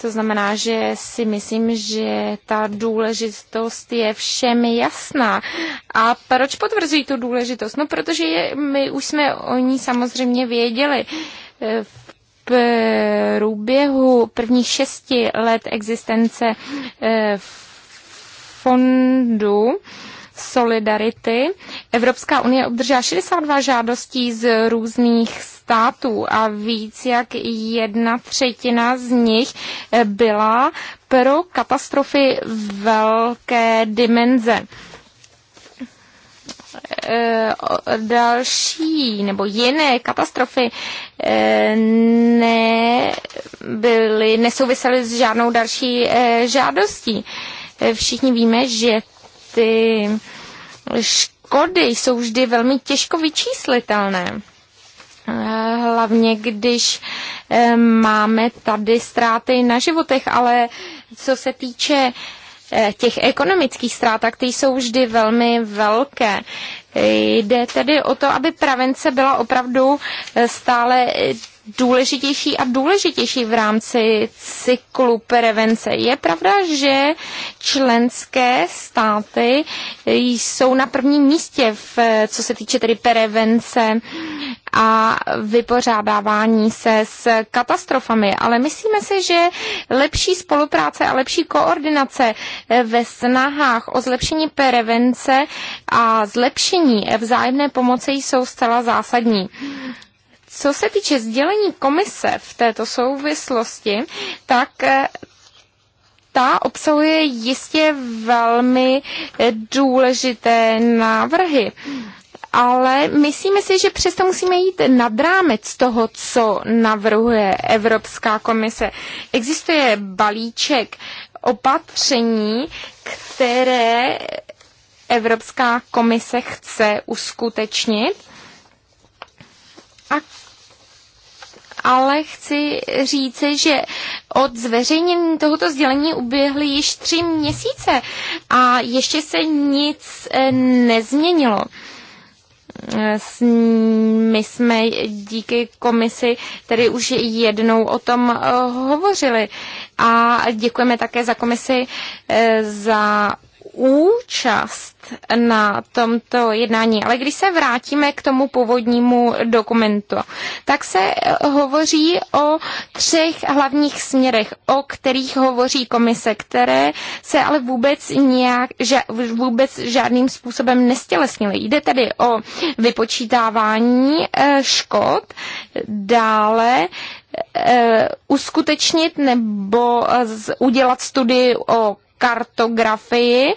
To znamená, že si myslím, že ta důležitost je všem jasná. A proč potvrzují tu důležitost? No, protože my už jsme o ní samozřejmě věděli. V průběhu prvních šesti let existence eh, fondu Solidarity Evropská unie obdržela 62 žádostí z různých států a víc jak jedna třetina z nich eh, byla pro katastrofy velké dimenze eh, další nebo jiné katastrofy eh, nebyly, nesouvisely s žádnou další žádostí. Všichni víme, že ty škody jsou vždy velmi těžko vyčíslitelné. Eh, hlavně když eh, máme tady ztráty na životech, ale co se týče eh, těch ekonomických ztrát, tak ty jsou vždy velmi velké. Jde tedy o to, aby prevence byla opravdu stále důležitější a důležitější v rámci cyklu prevence. Je pravda, že členské státy jsou na prvním místě, v, co se týče tedy prevence a vypořádávání se s katastrofami, ale myslíme si, že lepší spolupráce a lepší koordinace ve snahách o zlepšení prevence a zlepšení vzájemné pomoci jsou zcela zásadní. Co se týče sdělení komise v této souvislosti, tak eh, ta obsahuje jistě velmi eh, důležité návrhy ale myslíme si, že přesto musíme jít nad rámec toho, co navrhuje Evropská komise. Existuje balíček opatření, které Evropská komise chce uskutečnit a ale chci říci, že od zveřejnění tohoto sdělení uběhly již tři měsíce a ještě se nic eh, nezměnilo. Eh, my jsme díky komisi tedy už jednou o tom eh, hovořili a děkujeme také za komisi za účast na tomto jednání. Ale když se vrátíme k tomu původnímu dokumentu, tak se eh, hovoří o třech hlavních směrech, o kterých hovoří komise, které se ale vůbec, nějak, že, vůbec žádným způsobem nestělesnily. Jde tedy o vypočítávání eh, škod, dále eh, uskutečnit nebo udělat studii o kartografii,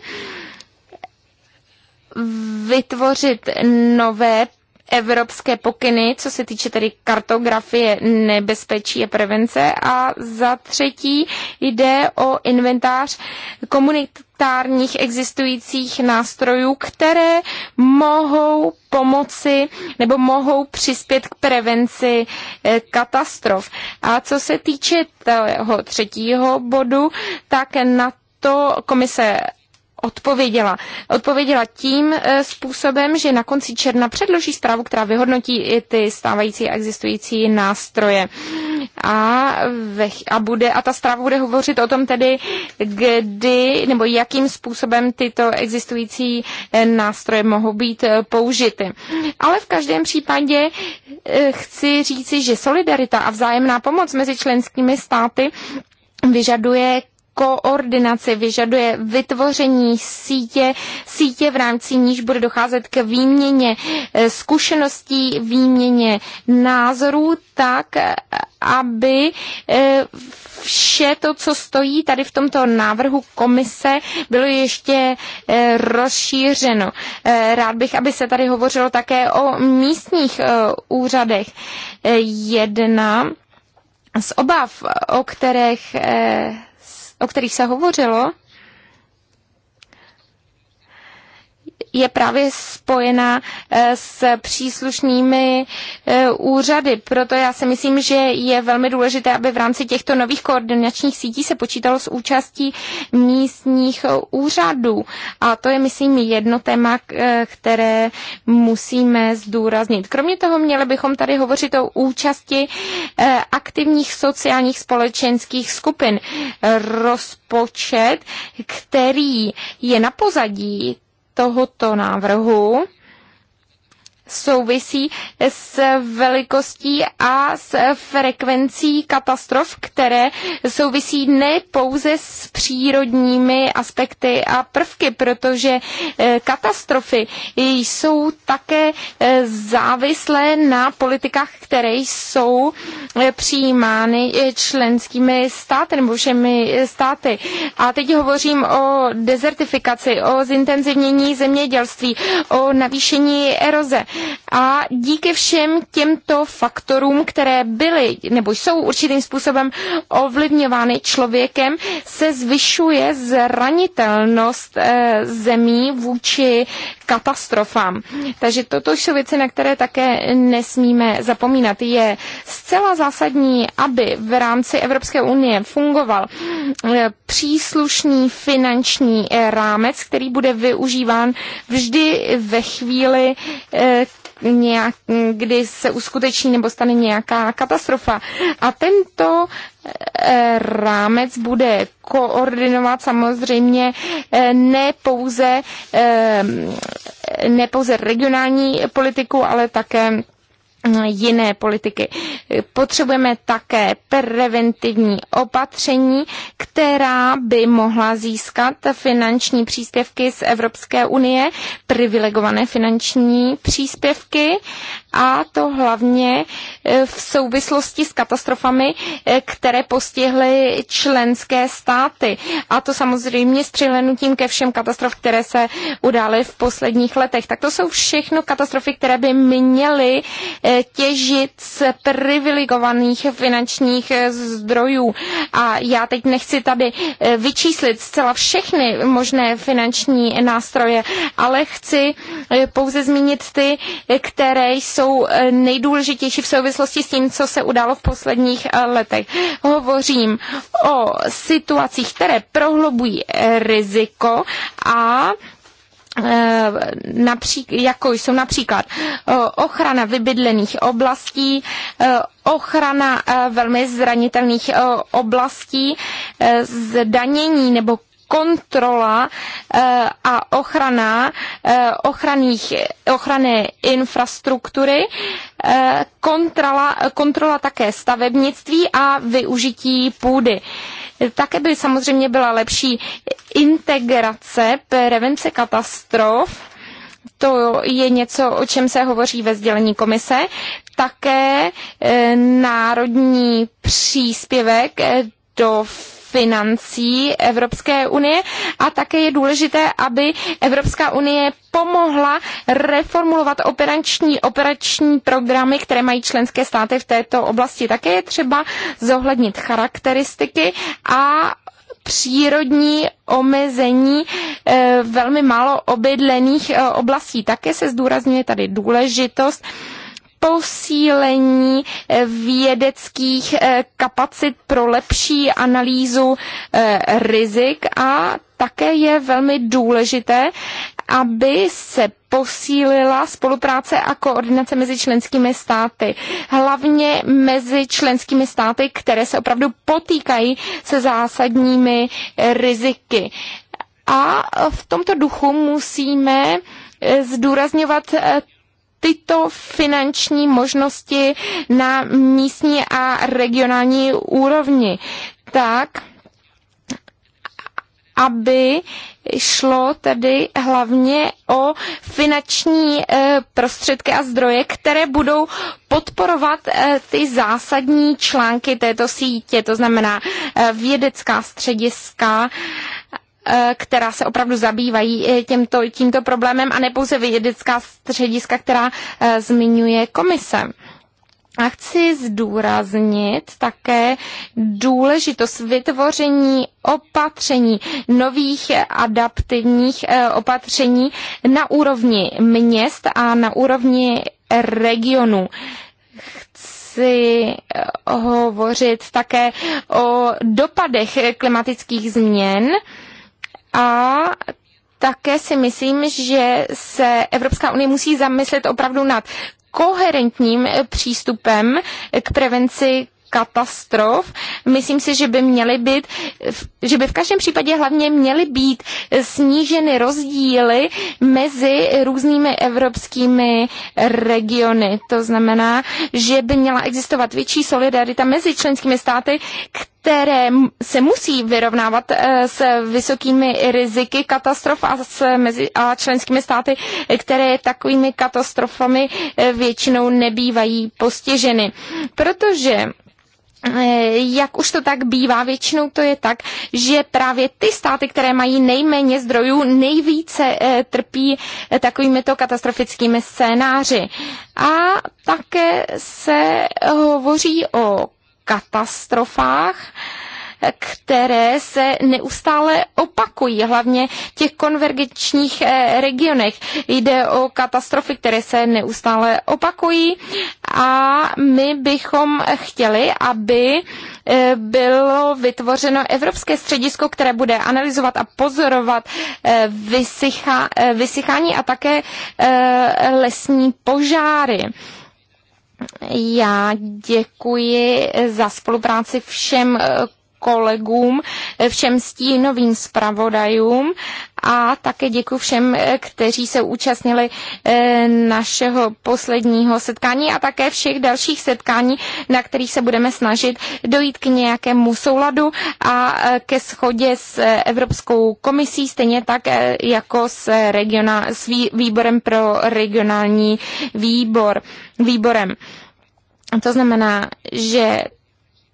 vytvořit nové evropské pokyny, co se týče tedy kartografie nebezpečí a prevence. A za třetí jde o inventář komunitárních existujících nástrojů, které mohou pomoci nebo mohou přispět k prevenci eh, katastrof. A co se týče toho třetího bodu, tak na to komise odpověděla. Odpověděla tím e, způsobem, že na konci června předloží zprávu, která vyhodnotí i ty stávající a existující nástroje. A, ve, a, bude, a ta zpráva bude hovořit o tom tedy, kdy nebo jakým způsobem tyto existující e, nástroje mohou být e, použity. Ale v každém případě chci říci, že solidarita a vzájemná pomoc mezi členskými státy vyžaduje koordinaci, vyžaduje vytvoření sítě, sítě v rámci níž bude docházet k výměně eh, zkušeností, výměně názorů, tak eh, aby eh, vše to, co stojí tady v tomto návrhu komise, bylo ještě rozšířeno. Rád bych, aby se tady hovořilo také o místních úřadech. Jedna z obav, o kterých o kterých se hovořilo, je právě spojena eh, s příslušnými eh, úřady. Proto já si myslím, že je velmi důležité, aby v rámci těchto nových koordinačních sítí se počítalo s účastí místních eh, úřadů. A to je, myslím, jedno téma, které musíme zdůraznit. Kromě toho měli bychom tady hovořit o účasti aktivních sociálních společenských skupin. Rozpočet, který je na pozadí tohoto návrhu souvisí s velikostí a s frekvencí katastrof, které souvisí ne pouze s přírodními aspekty a prvky, protože eh, katastrofy jsou také eh, závislé na politikách, které jsou eh, přijímány členskými státy nebo všemi státy. A teď hovořím o dezertifikaci, o zintenzivnění zemědělství, o navýšení eroze. A díky všem těmto faktorům, které byly nebo jsou určitým způsobem ovlivňovány člověkem, se zvyšuje zranitelnost eh, zemí vůči katastrofám. Takže toto jsou věci, na které také nesmíme zapomínat. Je zcela zásadní, aby v rámci Evropské unie fungoval eh, příslušný finanční eh, rámec, který bude využíván vždy ve chvíli eh, nějak, kdy se uskuteční nebo stane nějaká katastrofa. A tento eh, rámec bude koordinovat samozřejmě eh, ne pouze, eh, ne pouze regionální politiku, ale také No, jiné politiky. Potřebujeme také preventivní opatření, která by mohla získat finanční příspěvky z Evropské unie, privilegované finanční příspěvky a to hlavně e, v souvislosti s katastrofami, e, které postihly členské státy. A to samozřejmě s přihlednutím ke všem katastrof, které se udály v posledních letech. Tak to jsou všechno katastrofy, které by měly e, těžit z privilegovaných finančních zdrojů. A já teď nechci tady vyčíslit zcela všechny možné finanční nástroje, ale chci pouze zmínit ty, které jsou jsou eh, nejdůležitější v souvislosti s tím, co se událo v posledních eh, letech. Hovořím o situacích, které prohlobují eh, riziko a napřík, jako jsou například ochrana vybydlených oblastí, ochrana velmi zranitelných oblastí, zdanění nebo kontrola eh, a ochrana eh, ochranných, ochrany infrastruktury, eh, kontrola, kontrola také stavebnictví a využití půdy. Také by samozřejmě byla lepší integrace prevence katastrof, to je něco, o čem se hovoří ve sdělení komise, také národní příspěvek do financí Evropské unie a také je důležité, aby Evropská unie pomohla reformulovat operační, operační programy, které mají členské státy v této oblasti. Také je třeba zohlednit charakteristiky a přírodní omezení eh, velmi málo obydlených eh, oblastí. Také se zdůrazňuje tady důležitost posílení eh, vědeckých eh, kapacit pro lepší analýzu eh, rizik a také je velmi důležité, aby se posílila spolupráce a koordinace mezi členskými státy. Hlavně mezi členskými státy, které se opravdu potýkají se zásadními riziky. A v tomto duchu musíme zdůrazňovat tyto finanční možnosti na místní a regionální úrovni. Tak, aby šlo tedy hlavně o finanční eh, prostředky a zdroje, které budou podporovat eh, ty zásadní články této sítě, to znamená eh, vědecká střediska, Eh, která se opravdu zabývají eh, těmto, tímto problémem a ne pouze vědecká střediska, která eh, zmiňuje komise. A chci zdůraznit také důležitost vytvoření opatření, nových adaptivních opatření na úrovni měst a na úrovni regionu. Chci hovořit také o dopadech klimatických změn a také si myslím, že se Evropská unie musí zamyslet opravdu nad koherentním přístupem k prevenci katastrof. Myslím si, že by měly být, že by v každém případě hlavně měly být sníženy rozdíly mezi různými evropskými regiony. To znamená, že by měla existovat větší solidarita mezi členskými státy, které se musí vyrovnávat eh, s vysokými riziky katastrof a, s mezi, a členskými státy, které takovými katastrofami eh, většinou nebývají postiženy. Protože Eh, jak už to tak bývá, většinou to je tak, že právě ty státy, které mají nejméně zdrojů, nejvíce eh, trpí eh, takovýmito katastrofickými scénáři. A také se hovoří o katastrofách, které se neustále opakují, hlavně v těch konvergenčních regionech. Jde o katastrofy, které se neustále opakují a my bychom chtěli, aby eh, bylo vytvořeno Evropské středisko, které bude analyzovat a pozorovat eh, vysycha, eh, vysychání a také lesní požáry. Já děkuji za spolupráci všem kolegům, eh, všem stínovým zpravodajům a také děkuji všem, eh, kteří se účastnili eh, našeho posledního setkání a také všech dalších setkání, na kterých se budeme snažit dojít k nějakému souladu a ke schodě s Evropskou komisí, stejně tak jako s, regionál, s výborem pro regionální výbor, výborem. To znamená, že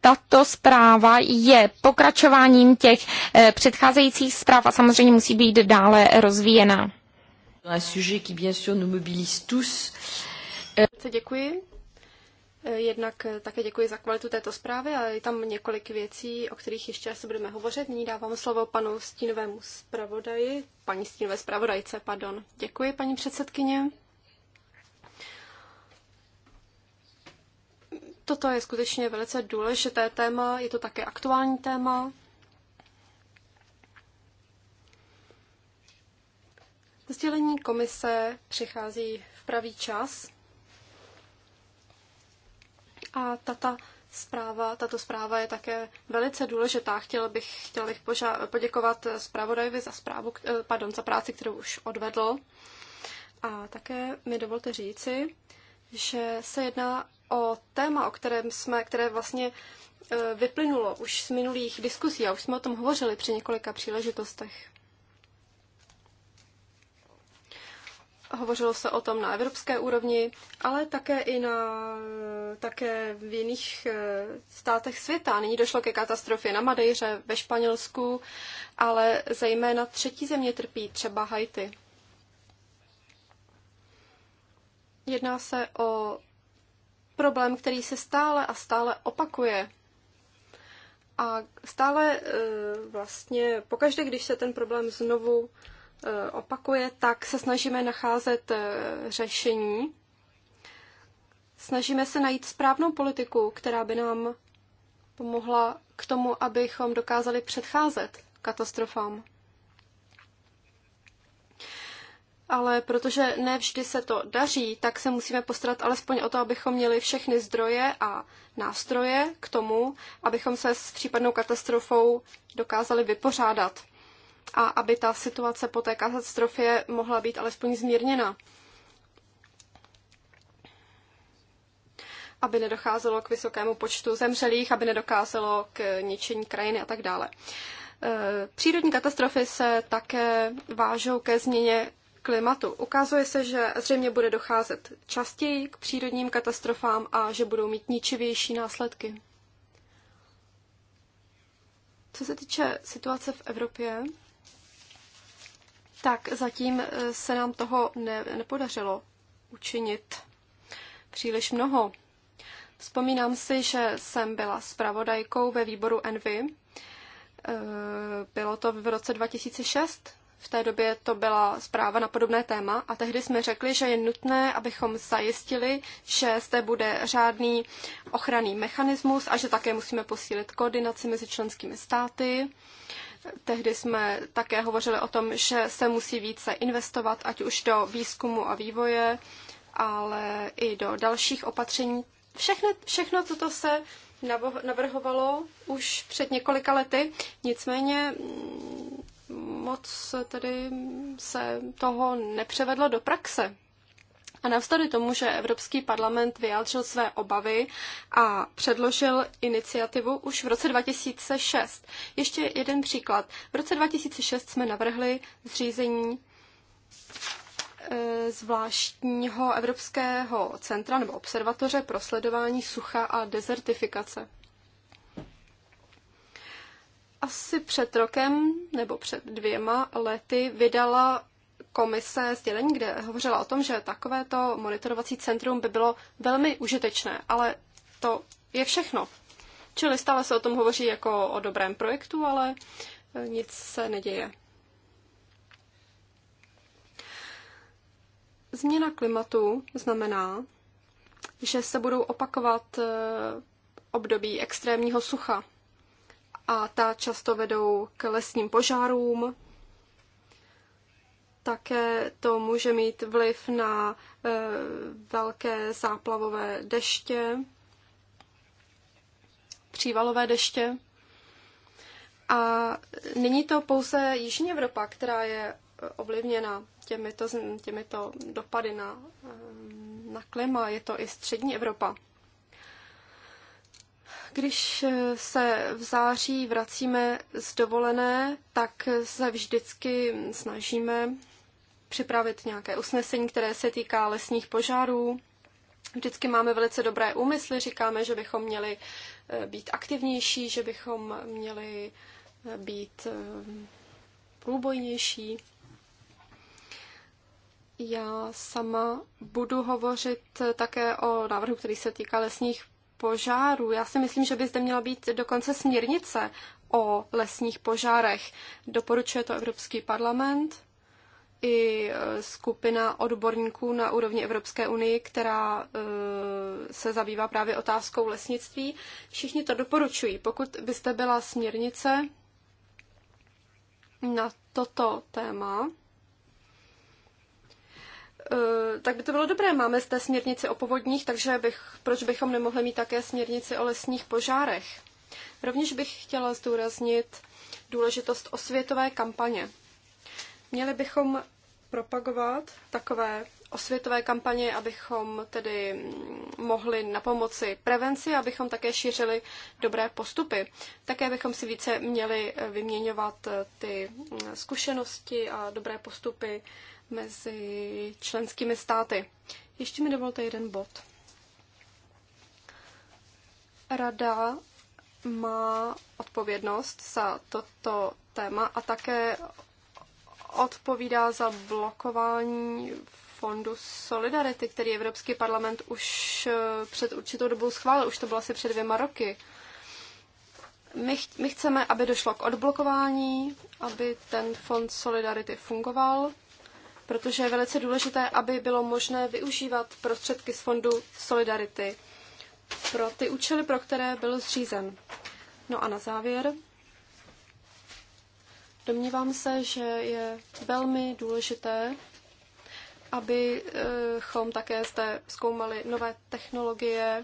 tato zpráva je pokračováním těch eh, předcházejících zpráv a samozřejmě musí být dále rozvíjena. Eh, děkuji. Eh, jednak také děkuji za kvalitu této zprávy, ale je tam několik věcí, o kterých ještě asi budeme hovořit. Nyní dávám slovo panu stínovému zpravodaji, paní stínové zpravodajce, pardon. Děkuji, paní předsedkyně. Toto je skutečně velice důležité téma, je to také aktuální téma. Sdělení komise přichází v pravý čas a tata zpráva, tato zpráva je také velice důležitá. Chtěl bych, chtěl bych poža- poděkovat zpravodajovi za, zprávu, eh, pardon, za práci, kterou už odvedl. A také mi dovolte říci, že se jedná o téma, o kterém jsme, které vlastně e, vyplynulo už z minulých diskusí a už jsme o tom hovořili při několika příležitostech. Hovořilo se o tom na evropské úrovni, ale také i na, také v jiných e, státech světa. Nyní došlo ke katastrofě na Madejře, ve Španělsku, ale zejména třetí země trpí, třeba Haiti. Jedná se o problém, který se stále a stále opakuje. A stále eh, vlastně, pokaždé, když se ten problém znovu eh, opakuje, tak se snažíme nacházet eh, řešení. Snažíme se najít správnou politiku, která by nám pomohla k tomu, abychom dokázali předcházet katastrofám. ale protože ne vždy se to daří, tak se musíme postarat alespoň o to, abychom měli všechny zdroje a nástroje k tomu, abychom se s případnou katastrofou dokázali vypořádat a aby ta situace po té katastrofě mohla být alespoň zmírněna. aby nedocházelo k vysokému počtu zemřelých, aby nedocházelo k ničení krajiny a tak dále. E, přírodní katastrofy se také vážou ke změně klimatu. Ukazuje se, že zřejmě bude docházet častěji k přírodním katastrofám a že budou mít ničivější následky. Co se týče situace v Evropě, tak zatím eh, se nám toho ne, nepodařilo učinit příliš mnoho. Vzpomínám si, že jsem byla zpravodajkou ve výboru Envy. Eh, bylo to v roce 2006 v té době to byla zpráva na podobné téma a tehdy jsme řekli, že je nutné, abychom zajistili, že zde bude řádný ochranný mechanismus a že také musíme posílit koordinaci mezi členskými státy. Tehdy jsme také hovořili o tom, že se musí více investovat, ať už do výzkumu a vývoje, ale i do dalších opatření. Všechno, všechno toto se navrhovalo už před několika lety, nicméně moc tedy se toho nepřevedlo do praxe. A navzdory tomu, že Evropský parlament vyjádřil své obavy a předložil iniciativu už v roce 2006. Ještě jeden příklad. V roce 2006 jsme navrhli zřízení e, zvláštního evropského centra nebo observatoře pro sledování sucha a dezertifikace. Asi před rokem nebo před dvěma lety vydala komise sdělení, kde hovořila o tom, že takovéto monitorovací centrum by bylo velmi užitečné, ale to je všechno. Čili stále se o tom hovoří jako o dobrém projektu, ale eh, nic se neděje. Změna klimatu znamená, že se budou opakovat eh, období extrémního sucha a ta často vedou k lesním požárům. Také to může mít vliv na e, velké záplavové deště, přívalové deště. A není to pouze Jižní Evropa, která je e, ovlivněna těmito, těmito dopady na, e, na klima, je to i Střední Evropa. Když eh, se v září vracíme z dovolené, tak se vždycky snažíme připravit nějaké usnesení, které se týká lesních požárů. Vždycky máme velice dobré úmysly, říkáme, že bychom měli eh, být aktivnější, že bychom měli eh, být průbojnější. Já sama budu hovořit také o návrhu, který se týká lesních požáru. Já si myslím, že by zde měla být dokonce směrnice o lesních požárech. Doporučuje to Evropský parlament i e, skupina odborníků na úrovni Evropské unie, která e, se zabývá právě otázkou lesnictví. Všichni to doporučují. Pokud byste byla směrnice na toto téma, Eh, tak by to bylo dobré. Máme zde směrnici o povodních, takže bych, proč bychom nemohli mít také směrnici o lesních požárech? Rovněž bych chtěla zdůraznit důležitost osvětové kampaně. Měli bychom propagovat takové osvětové kampaně, abychom tedy mm, mohli na pomoci prevenci, abychom také šířili dobré postupy. Také bychom si více měli eh, vyměňovat eh, ty mm, zkušenosti a dobré postupy mezi členskými státy. Ještě mi dovolte jeden bod. Rada má odpovědnost za toto téma a také odpovídá za blokování fondu Solidarity, který Evropský parlament už eh, před určitou dobou schválil, už to bylo asi před dvěma roky. My, ch- my chceme, aby došlo k odblokování, aby ten fond Solidarity fungoval protože je velice důležité, aby bylo možné využívat prostředky z Fondu Solidarity pro ty účely, pro které byl zřízen. No a na závěr. Domnívám se, že je velmi důležité, abychom také zde zkoumali nové technologie,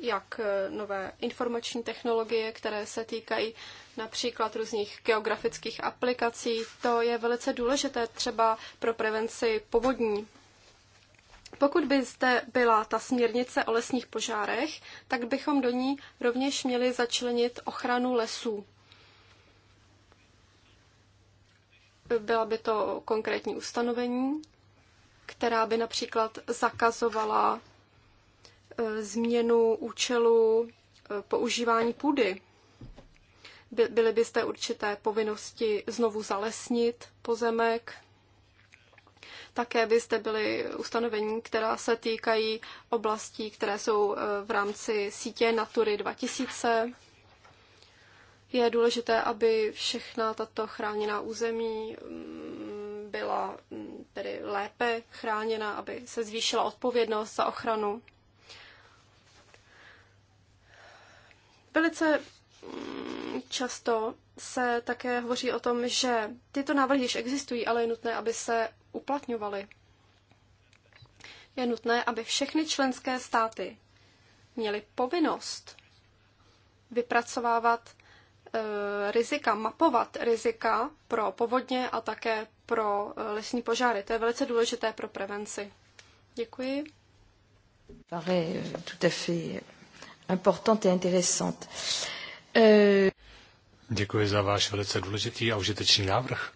jak eh, nové informační technologie, které se týkají například různých geografických aplikací. To je velice důležité třeba pro prevenci povodní. Pokud by zde byla ta směrnice o lesních požárech, tak bychom do ní rovněž měli začlenit ochranu lesů. Byla by to konkrétní ustanovení, která by například zakazovala Eh, změnu účelu eh, používání půdy. Byly byste určité povinnosti znovu zalesnit pozemek. Také byste byly ustanovení, která se týkají oblastí, které jsou eh, v rámci sítě Natury 2000. Je důležité, aby všechna tato chráněná území mm, byla mm, tedy lépe chráněna, aby se zvýšila odpovědnost za ochranu Velice mm, často se také hovoří o tom, že tyto návrhy již existují, ale je nutné, aby se uplatňovaly. Je nutné, aby všechny členské státy měly povinnost vypracovávat e, rizika, mapovat rizika pro povodně a také pro e, lesní požáry. To je velice důležité pro prevenci. Děkuji. Pare, euh, tout à fait euh, importante et intéressante. Euh... Děkuji za váš velice důležitý a užitečný návrh.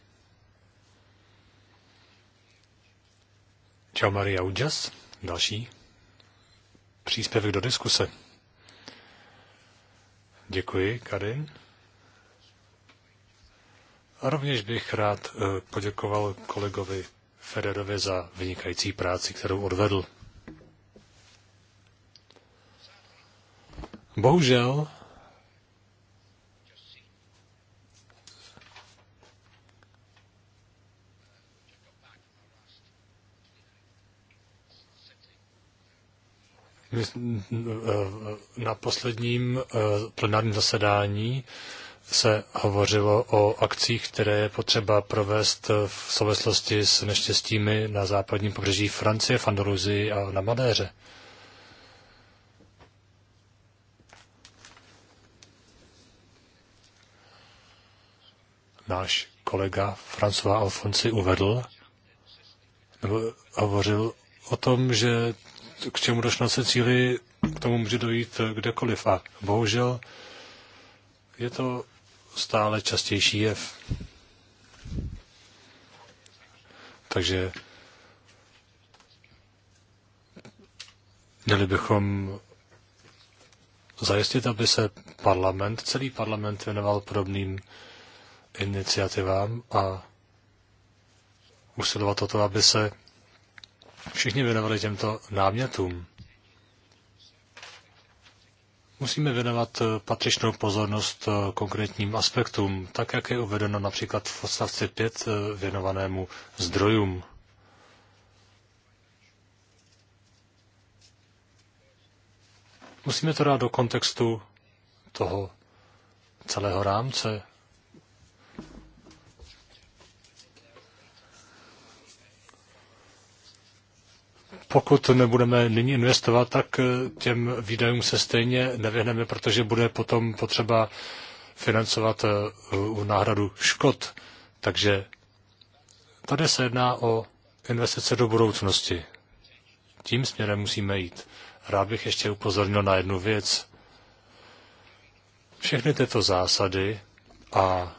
Čau Maria Udžas, další příspěvek do diskuse. Děkuji, Karin. A rovněž bych rád eh, poděkoval kolegovi Federovi za vynikající práci, kterou odvedl. Bohužel na posledním eh, plenárním zasedání se hovořilo o akcích, které je potřeba provést v souvislosti s neštěstími na západním pobřeží Francie, v Andaluzii a na Madéře. náš kolega François Alfonsi uvedl, nebo hovořil o tom, že k čemu došlo se cíli, k tomu může dojít kdekoliv. A bohužel je to stále častější jev. Takže měli bychom zajistit, aby se parlament, celý parlament věnoval podobným iniciativám a usilovat o to, aby se všichni věnovali těmto námětům. Musíme věnovat patřičnou pozornost konkrétním aspektům, tak jak je uvedeno například v odstavci 5 věnovanému zdrojům. Musíme to dát do kontextu toho celého rámce, pokud nebudeme nyní investovat, tak eh, těm výdajům se stejně nevyhneme, protože bude potom potřeba financovat eh, náhradu škod. Takže tady se jedná o investice do budoucnosti. Tím směrem musíme jít. Rád bych ještě upozornil na jednu věc. Všechny tyto zásady a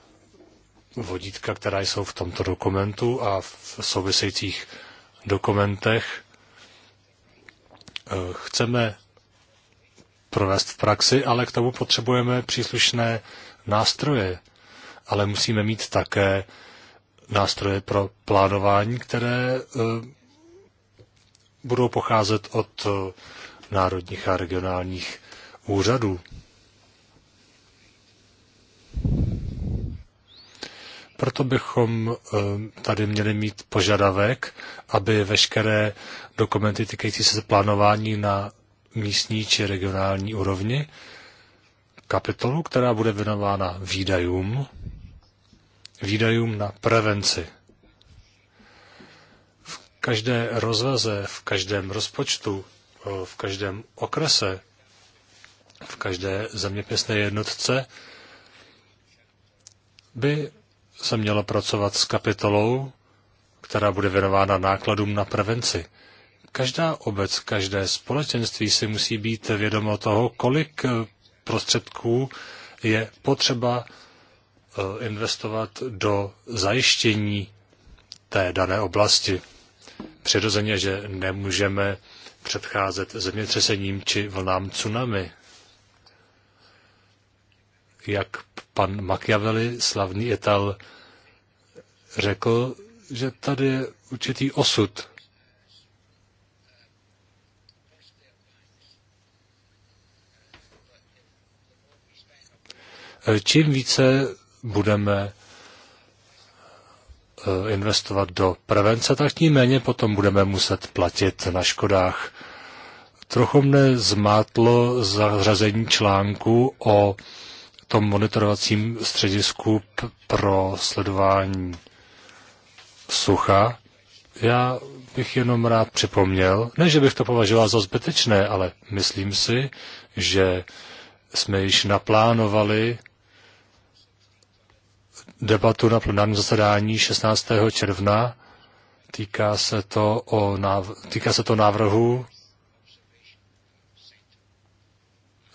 vodítka, která jsou v tomto dokumentu a v souvisejících dokumentech, chceme provést v praxi, ale k tomu potřebujeme příslušné nástroje. Ale musíme mít také nástroje pro plánování, které eh, budou pocházet od eh, národních a regionálních úřadů. Proto bychom eh, tady měli mít požadavek, aby veškeré dokumenty týkající se plánování na místní či regionální úrovni, kapitolu, která bude věnována výdajům, výdajům na prevenci. V každé rozvaze, v každém rozpočtu, eh, v každém okrese, v každé zeměpisné jednotce by se mělo pracovat s kapitolou, která bude věnována nákladům na prevenci. Každá obec, každé společenství si musí být vědomo toho, kolik eh, prostředků je potřeba eh, investovat do zajištění té dané oblasti. Přirozeně, že nemůžeme předcházet zemětřesením či vlnám tsunami. Jak pan Machiavelli, slavný Ital, řekl, že tady je určitý osud. Čím více budeme eh, investovat do prevence, tak tím méně potom budeme muset platit na škodách. Trochu mne zmátlo zařazení článku o tom monitorovacím středisku pro sledování sucha. Já bych jenom rád připomněl, ne, že bych to považoval za zbytečné, ale myslím si, že jsme již naplánovali debatu na plenárním zasedání 16. června. Týká se to, o náv- týká se to návrhu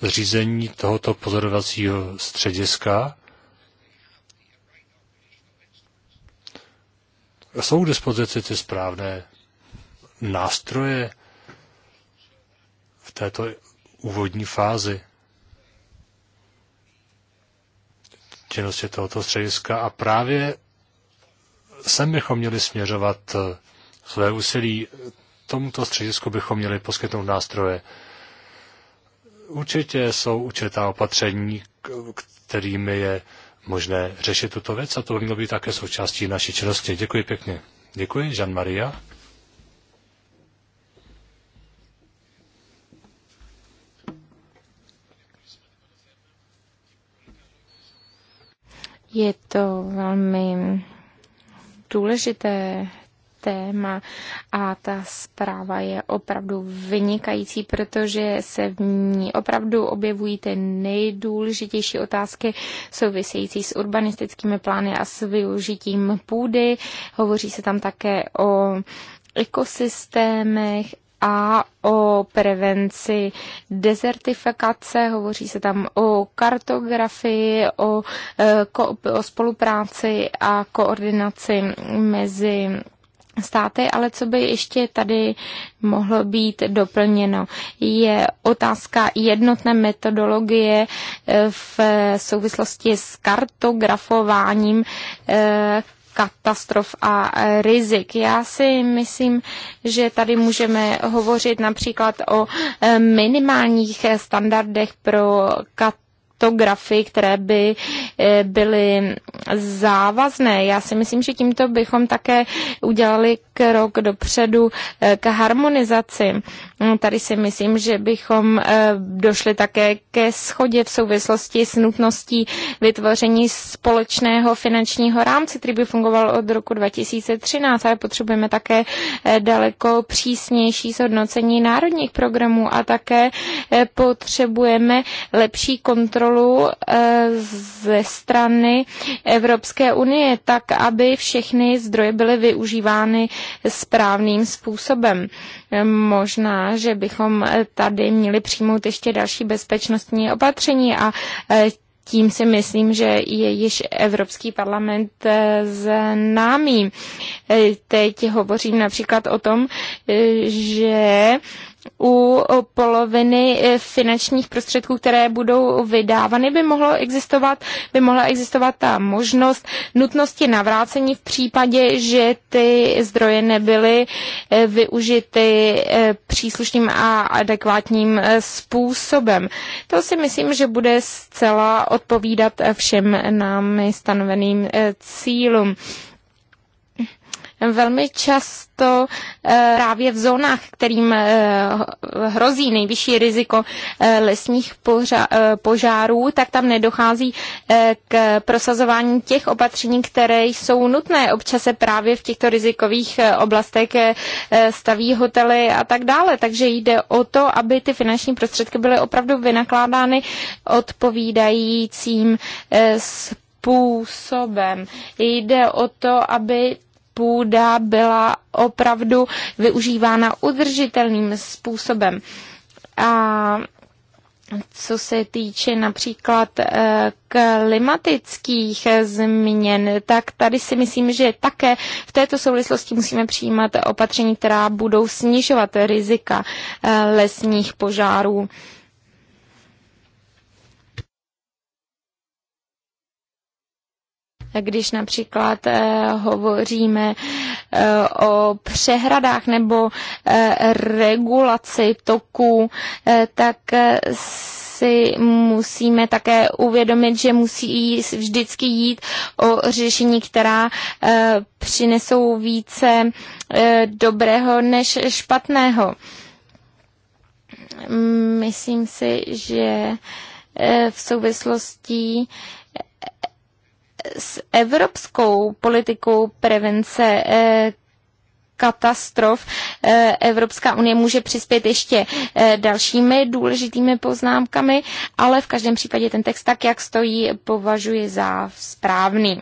zřízení tohoto pozorovacího střediska jsou k dispozici ty správné nástroje v této úvodní fázi činnosti tohoto střediska a právě sem bychom měli směřovat své úsilí. Tomuto středisku bychom měli poskytnout nástroje. Určitě jsou určitá opatření, kterými je možné řešit tuto věc a to by mělo být také součástí naší činnosti. Děkuji pěkně. Děkuji, Jean Maria. Je to velmi důležité téma a ta zpráva je opravdu vynikající, protože se v ní opravdu objevují ty nejdůležitější otázky související s urbanistickými plány a s využitím půdy. Hovoří se tam také o ekosystémech a o prevenci dezertifikace, hovoří se tam o kartografii, o, e, o spolupráci a koordinaci mezi státy, ale co by ještě tady mohlo být doplněno, je otázka jednotné metodologie eh, v souvislosti s kartografováním eh, katastrof a eh, rizik. Já si myslím, že tady můžeme hovořit například o minimálních standardech pro katastrof fotografii, které by eh, byly závazné. Já si myslím, že tímto bychom také udělali krok dopředu eh, k harmonizaci. No, tady si myslím, že bychom eh, došli také ke schodě v souvislosti s nutností vytvoření společného finančního rámce, který by fungoval od roku 2013, ale potřebujeme také daleko přísnější zhodnocení národních programů a také potřebujeme lepší kontrolu kontrolu eh, ze strany Evropské unie, tak aby všechny zdroje byly využívány správným způsobem. Eh, možná, že bychom eh, tady měli přijmout ještě další bezpečnostní opatření a tím si myslím, že je již Evropský parlament známý. Teď hovořím například o tom, že u poloviny eh, finančních prostředků, které budou vydávány, by, mohlo existovat, by mohla existovat ta možnost nutnosti navrácení v případě, že ty zdroje nebyly eh, využity eh, příslušným a adekvátním způsobem. To si myslím, že bude zcela odpovídat všem námi stanoveným cílům velmi často eh, právě v zónách, kterým eh, hrozí nejvyšší riziko eh, lesních požárů, tak tam nedochází k prosazování těch opatření, které jsou nutné. Občas se právě v těchto rizikových oblastech staví hotely a tak dále. Takže jde o to, aby ty finanční prostředky byly opravdu vynakládány odpovídajícím způsobem. Jde o to, aby půda byla opravdu využívána udržitelným způsobem. A co se týče například eh, klimatických změn, tak tady si myslím, že také v této souvislosti musíme přijímat opatření, která budou snižovat rizika eh, lesních požárů. když například eh, hovoříme eh, o přehradách nebo eh, regulaci toků, tak si musíme také uvědomit, že musí vždycky jít o řešení, která přinesou více dobrého než špatného. Myslím si, že v souvislosti s evropskou politikou prevence eh, katastrof eh, Evropská unie může přispět ještě eh, dalšími důležitými poznámkami, ale v každém případě ten text tak, jak stojí, považuji za správný.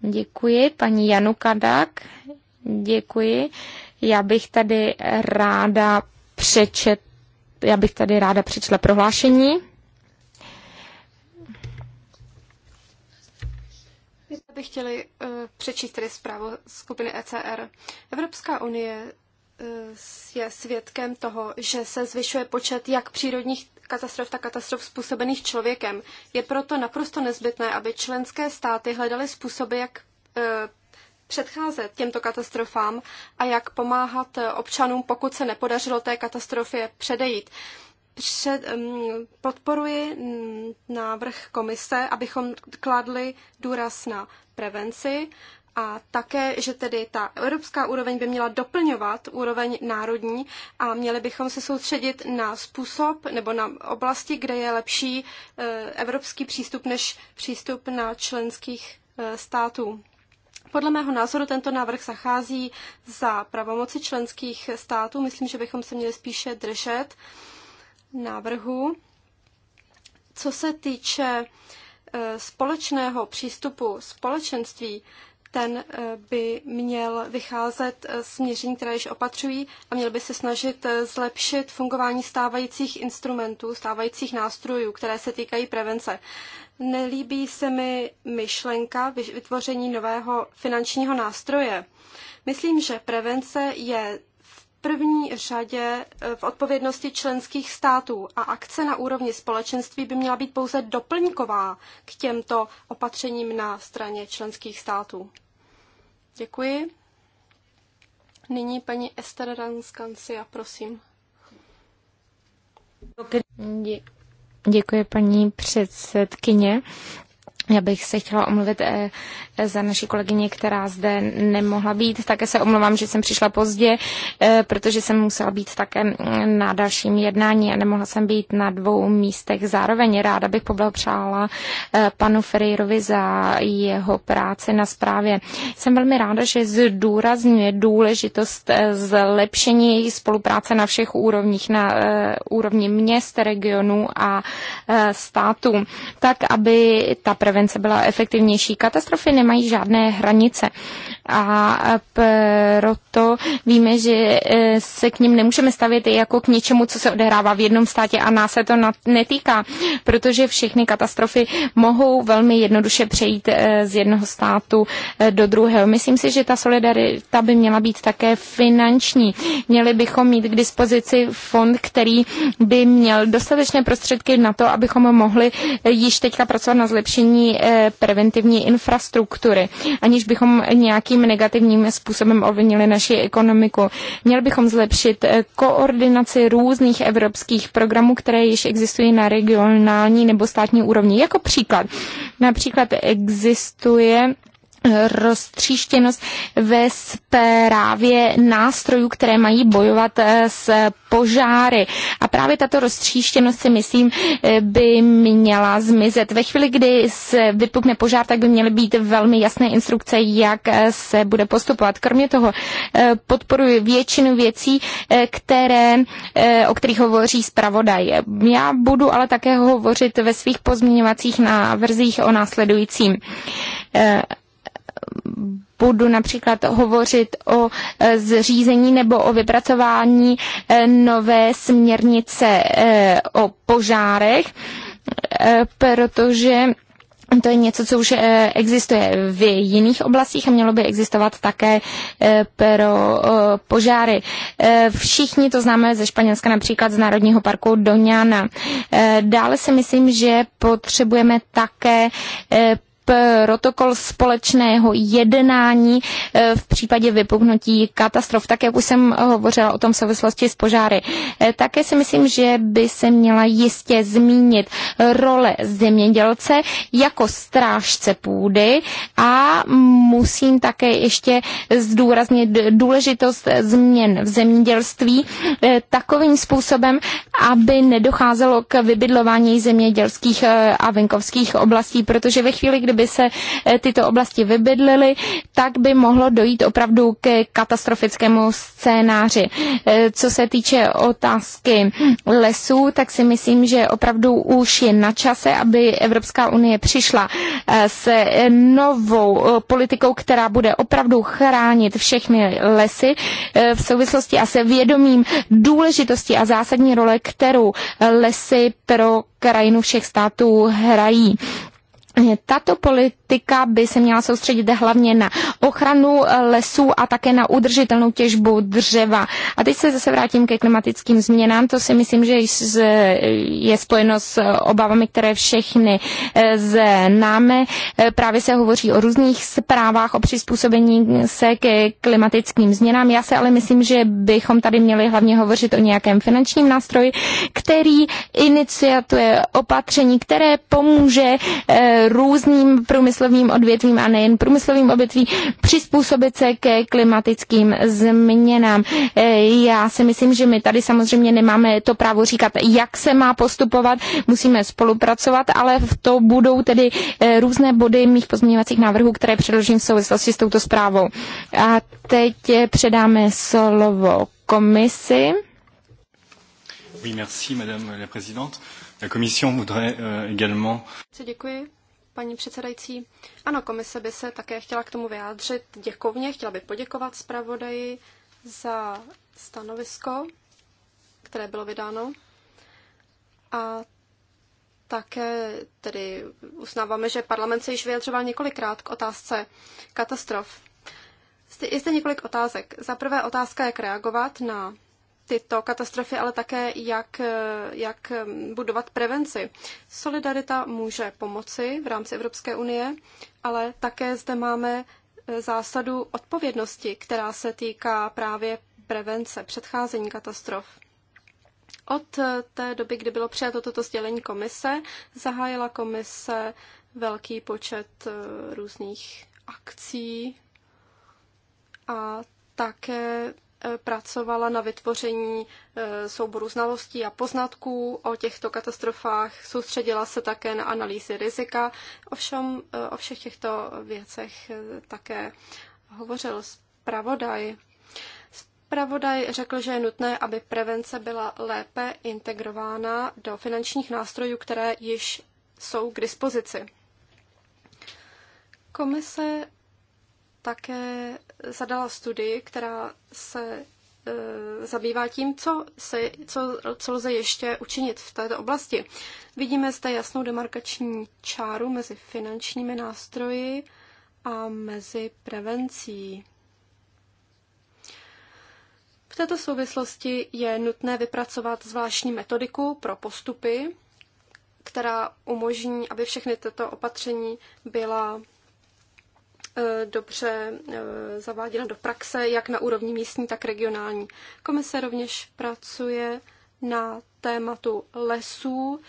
Děkuji, paní Janu Kadak. Děkuji. Já bych tady ráda přečet, já bych tady ráda přečla prohlášení. bych chtěli eh, přečíst tedy zprávu skupiny ECR. Evropská unie eh, je svědkem toho, že se zvyšuje počet jak přírodních katastrof, tak katastrof způsobených člověkem. Je proto naprosto nezbytné, aby členské státy hledaly způsoby, jak eh, předcházet těmto katastrofám a jak pomáhat občanům, pokud se nepodařilo té katastrofě předejít před, podporuji návrh komise, abychom kladli důraz na prevenci a také, že tedy ta evropská úroveň by měla doplňovat úroveň národní a měli bychom se soustředit na způsob nebo na oblasti, kde je lepší eh, evropský přístup než přístup na členských eh, států. Podle mého názoru tento návrh zachází za pravomoci členských států. Myslím, že bychom se měli spíše držet návrhu. Co se týče e, společného přístupu společenství, ten e, by měl vycházet z e, měření, které již opatřují a měl by se snažit zlepšit fungování stávajících instrumentů, stávajících nástrojů, které se týkají prevence. Nelíbí se mi myšlenka vytvoření nového finančního nástroje. Myslím, že prevence je první řadě eh, v odpovědnosti členských států a akce na úrovni společenství by měla být pouze doplňková k těmto opatřením na straně členských států. Děkuji. Nyní paní Ester a prosím. Děkuji, paní předsedkyně. Já bych se chtěla omluvit eh, eh, za naši kolegyni, která zde nemohla být. Také se omlouvám, že jsem přišla pozdě, eh, protože jsem musela být také mm, na dalším jednání a nemohla jsem být na dvou místech. Zároveň ráda bych poblahopřála panu Ferreirovi za jeho práci na zprávě. Jsem velmi ráda, že zdůrazňuje důležitost zlepšení její spolupráce na všech úrovních, na úrovni měst, regionů a států, tak aby ta preventiva prevence byla efektivnější. Katastrofy nemají žádné hranice a proto víme, že eh, se k ním nemůžeme stavět jako k něčemu, co se odehrává v jednom státě a nás se to netýká, protože všechny katastrofy mohou velmi jednoduše přejít eh, z jednoho státu eh, do druhého. Myslím si, že ta solidarita by měla být také finanční. Měli bychom mít k dispozici fond, který by měl dostatečné prostředky na to, abychom mohli již teďka pracovat na zlepšení Eh, preventivní infrastruktury, aniž bychom nějakým negativním způsobem ovinili naši ekonomiku. Měli bychom zlepšit eh, koordinaci různých evropských programů, které již existují na regionální nebo státní úrovni. Jako příklad, například existuje roztříštěnost ve správě nástrojů, které mají bojovat eh, s požáry. A právě tato roztříštěnost si myslím, eh, by měla zmizet. Ve chvíli, kdy se vypukne požár, tak by měly být velmi jasné instrukce, jak eh, se bude postupovat. Kromě toho podporuji většinu věcí, které, o kterých hovoří zpravodaj. Já budu ale také hovořit ve svých pozměňovacích návrzích o následujícím budu například hovořit o e, zřízení nebo o vypracování e, nové směrnice e, o požárech, protože to je něco, co už existuje v jiných oblastích a mělo by existovat také pro požáry. Všichni to známe ze Španělska, například z Národního parku Doňana. Dále si myslím, že potřebujeme také protokol společného jednání eh, v případě vypuknutí katastrof, tak jak už jsem hovořila o tom souvislosti s požáry. Eh, také si myslím, že by se měla jistě zmínit role zemědělce jako strážce půdy a musím také ještě zdůraznit důležitost změn v zemědělství eh, takovým způsobem, aby nedocházelo k vybydlování zemědělských a venkovských oblastí, protože ve chvíli, kdy kdyby se eh, tyto oblasti vybydlily, tak by mohlo dojít opravdu k katastrofickému scénáři. Eh, co se týče otázky lesů, tak si myslím, že opravdu už je na čase, aby Evropská unie přišla eh, s novou politikou, která bude opravdu chránit všechny lesy v souvislosti a se vědomím důležitosti a zásadní role, kterou lesy pro krajinu všech států hrají. Tato politika by se měla soustředit hlavně na ochranu eh, lesů a také na udržitelnou těžbu dřeva. A teď se zase vrátím ke klimatickým změnám. To si myslím, že je spojeno s obavami, které všechny eh, známe. Eh, právě se hovoří o různých zprávách o přizpůsobení se ke klimatickým změnám. Já se ale myslím, že bychom tady měli hlavně hovořit o nějakém finančním nástroji, který iniciatuje opatření, které pomůže různým průmyslovým odvětvím a nejen průmyslovým odvětví přizpůsobit se ke klimatickým změnám. E, já si myslím, že my tady samozřejmě nemáme to právo říkat, jak se má postupovat, musíme spolupracovat, ale v to budou tedy e, různé body mých pozměňovacích návrhů, které předložím v souvislosti s touto zprávou. A teď e, předáme slovo komisi. Oui, merci, madame la présidente. La commission voudrait euh, également... Merci, paní předsedající. Ano, komise by se také chtěla k tomu vyjádřit děkovně, chtěla by poděkovat zpravodaji za stanovisko, které bylo vydáno. A také tedy uznáváme, že parlament se již vyjadřoval několikrát k otázce katastrof. Je zde několik otázek. Za prvé otázka, jak reagovat na tyto katastrofy, ale také jak, jak budovat prevenci. Solidarita může pomoci v rámci Evropské unie, ale také zde máme eh, zásadu odpovědnosti, která se týká právě prevence, předcházení katastrof. Od eh, té doby, kdy bylo přijato toto sdělení komise, zahájila komise velký počet eh, různých akcí a také pracovala na vytvoření eh, souboru znalostí a poznatků o těchto katastrofách, soustředila se také na analýzy rizika. Ovšem eh, o všech těchto věcech eh, také hovořil zpravodaj. Pravodaj řekl, že je nutné, aby prevence byla lépe integrována do finančních nástrojů, které již jsou k dispozici. Komise také zadala studii, která se e, zabývá tím, co, se, co, co lze ještě učinit v této oblasti. Vidíme zde jasnou demarkační čáru mezi finančními nástroji a mezi prevencí. V této souvislosti je nutné vypracovat zvláštní metodiku pro postupy, která umožní, aby všechny tyto opatření byla Eh, dobře eh, zaváděna do praxe, jak na úrovni místní, tak regionální. Komise rovněž pracuje na tématu lesů.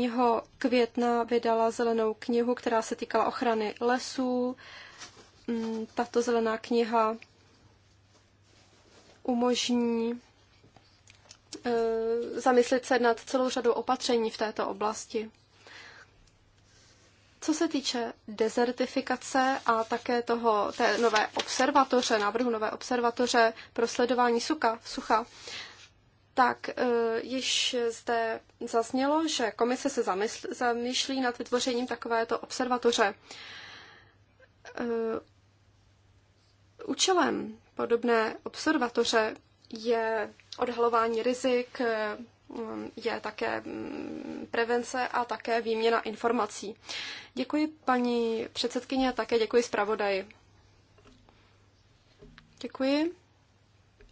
1. května vydala zelenou knihu, která se týkala ochrany lesů. Mm, tato zelená kniha umožní eh, zamyslet se nad celou řadou opatření v této oblasti. Co se týče dezertifikace a také toho, té nové observatoře, návrhu nové observatoře pro sledování suka, sucha, tak e, již zde zaznělo, že komise se zamysl, zamýšlí nad vytvořením takovéto observatoře. E, účelem podobné observatoře je odhalování rizik, je také mm, prevence a také výměna informací. Děkuji paní předsedkyně a také děkuji zpravodaji. Děkuji.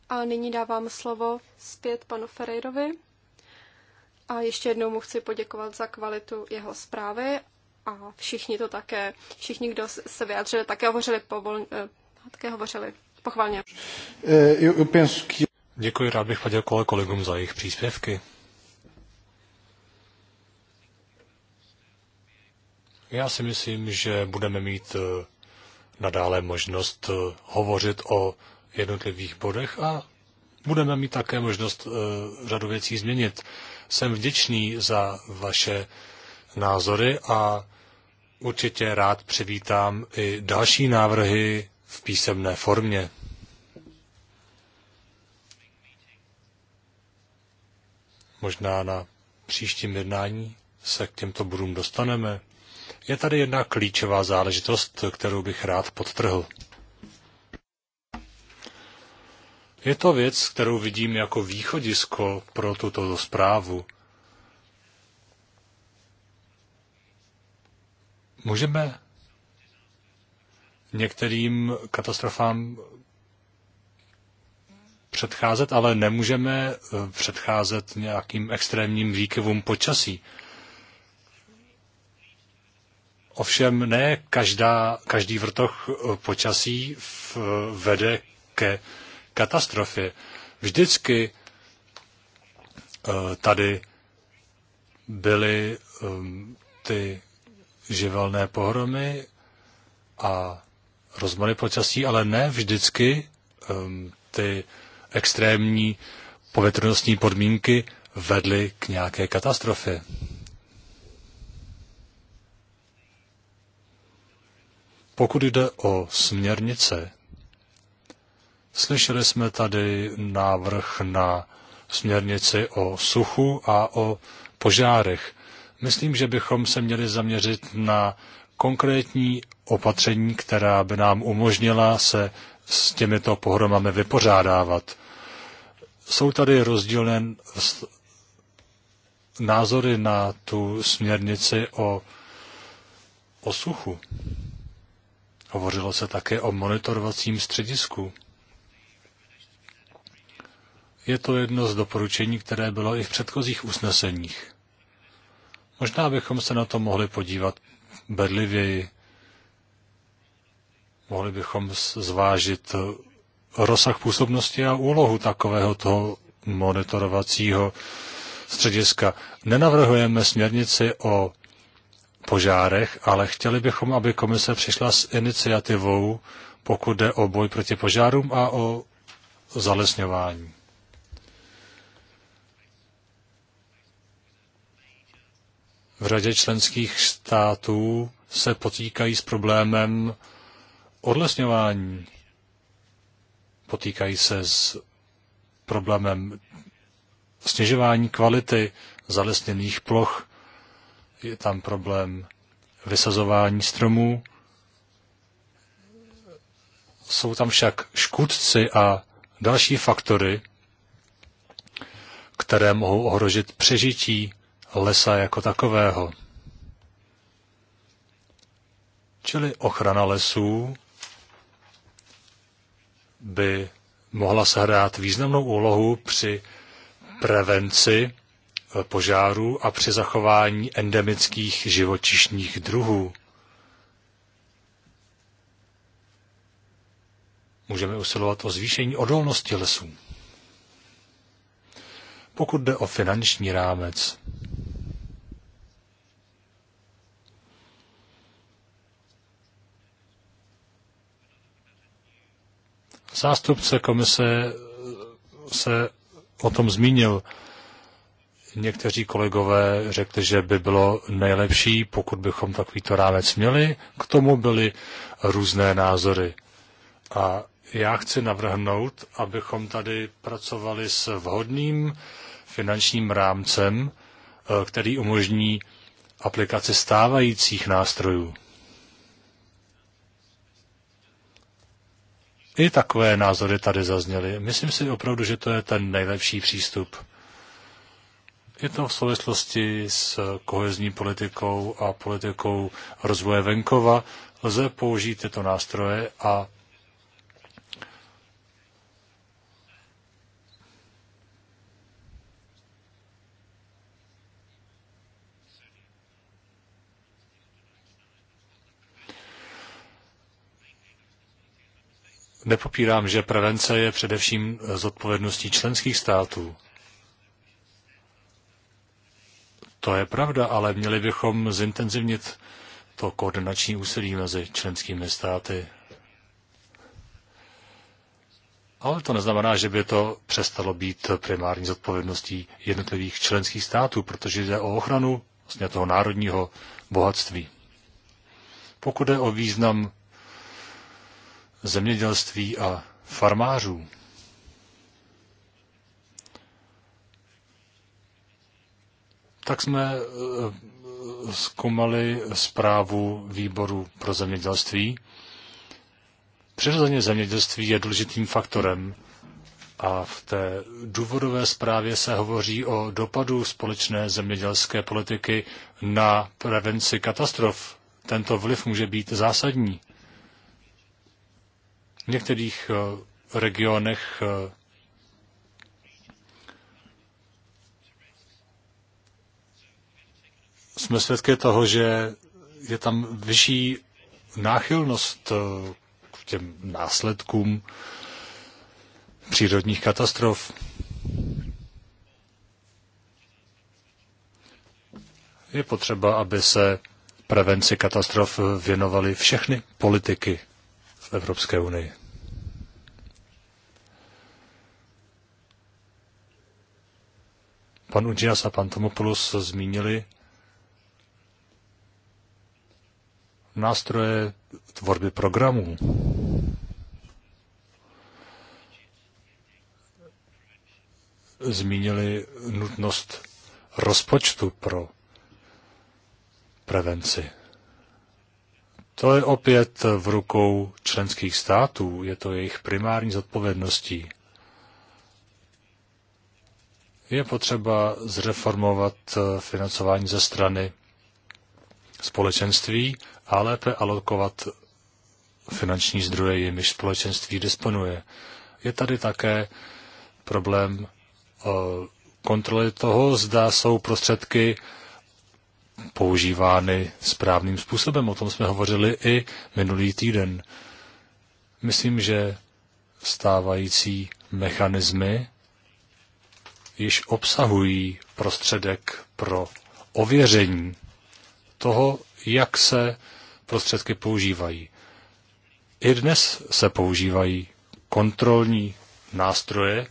A nyní dávám slovo zpět panu Ferreirovi. A ještě jednou mu chci poděkovat za kvalitu jeho zprávy a všichni to také, všichni, kdo se vyjádřili, také hovořili, povol, eh, také hovořili pochválně. Eh, eu penso que Děkuji, rád bych poděkoval kolegům za jejich příspěvky. Já si myslím, že budeme mít eh, nadále možnost eh, hovořit o jednotlivých bodech a budeme mít také možnost eh, řadu věcí změnit. Jsem vděčný za vaše názory a určitě rád přivítám i další návrhy v písemné formě. Možná na příštím jednání se k těmto bodům dostaneme. Je tady jedna klíčová záležitost, kterou bych rád podtrhl. Je to věc, kterou vidím jako východisko pro tuto zprávu. Můžeme některým katastrofám předcházet, ale nemůžeme eh, předcházet nějakým extrémním výkyvům počasí. Ovšem ne každá, každý vrtoch eh, počasí v, vede ke katastrofě. Vždycky eh, tady byly ty živelné pohromy a rozmory počasí, ale ne vždycky ty extrémní povětrnostní podmínky vedly k nějaké katastrofě. Pokud jde o směrnice, slyšeli jsme tady návrh na směrnici o suchu a o požárech. Myslím, že bychom se měli zaměřit na konkrétní opatření, která by nám umožnila se s těmito pohromami vypořádávat. Jsou tady rozdílné názory na tu směrnici o, o suchu. Hovořilo se také o monitorovacím středisku. Je to jedno z doporučení, které bylo i v předchozích usneseních. Možná bychom se na to mohli podívat bedlivěji. Mohli bychom zvážit rozsah působnosti a úlohu takového toho monitorovacího střediska. Nenavrhujeme směrnici o požárech, ale chtěli bychom, aby komise přišla s iniciativou, pokud jde o boj proti požárům a o zalesňování. V řadě členských států se potýkají s problémem odlesňování potýkají se s problémem snižování kvality zalesněných ploch, je tam problém vysazování stromů. Jsou tam však škůdci a další faktory, které mohou ohrožit přežití lesa jako takového. Čili ochrana lesů by mohla sehrát významnou úlohu při prevenci eh, požáru a při zachování endemických živočišních druhů. Můžeme usilovat o zvýšení odolnosti lesů. Pokud jde o finanční rámec, Zástupce komise se o tom zmínil. Někteří kolegové řekli, že by bylo nejlepší, pokud bychom takovýto rámec měli. K tomu byly různé názory. A já chci navrhnout, abychom tady pracovali s vhodným finančním rámcem, eh, který umožní aplikaci stávajících nástrojů. I takové názory tady zazněly. Myslím si opravdu, že to je ten nejlepší přístup. Je to v souvislosti s kohezní politikou a politikou rozvoje venkova. Lze použít tyto nástroje a nepopírám, že prevence je především zodpovědností členských států. To je pravda, ale měli bychom zintenzivnit to koordinační úsilí mezi členskými státy. Ale to neznamená, že by to přestalo být primární zodpovědností jednotlivých členských států, protože jde o ochranu vlastně toho národního bohatství. Pokud je o význam zemědělství a farmářů. Tak jsme eh, zkoumali zprávu výboru pro zemědělství. Přirozeně zemědělství je důležitým faktorem a v té důvodové zprávě se hovoří o dopadu společné zemědělské politiky na prevenci katastrof. Tento vliv může být zásadní některých eh, regionech eh, jsme svědky toho, že je tam vyšší náchylnost eh, k těm následkům přírodních katastrof. Je potřeba, aby se prevenci katastrof věnovaly všechny politiky v Evropské unii. pan Udžias a pan Tomopoulos zmínili nástroje tvorby programů. Zmínili nutnost rozpočtu pro prevenci. To je opět v rukou členských států, je to jejich primární zodpovědností je potřeba zreformovat eh, financování ze strany společenství a lépe alokovat finanční zdroje, jimiž společenství disponuje. Je tady také problém eh, kontroly toho, zda jsou prostředky používány správným způsobem. O tom jsme hovořili i minulý týden. Myslím, že stávající mechanismy již obsahují prostředek pro ověření toho, jak se prostředky používají. I dnes se používají kontrolní nástroje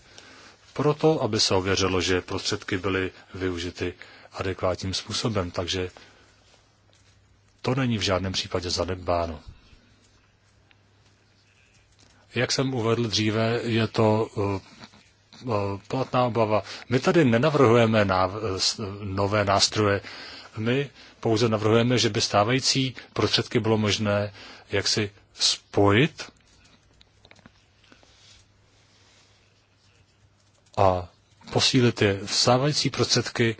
pro to, aby se ověřilo, že prostředky byly využity adekvátním způsobem. Takže to není v žádném případě zanedbáno. Jak jsem uvedl dříve, je to eh, Eh, platná obava. My tady nenavrhujeme náv- eh, nové nástroje. My pouze navrhujeme, že by stávající prostředky bylo možné jaksi spojit a posílit je. Vstávající prostředky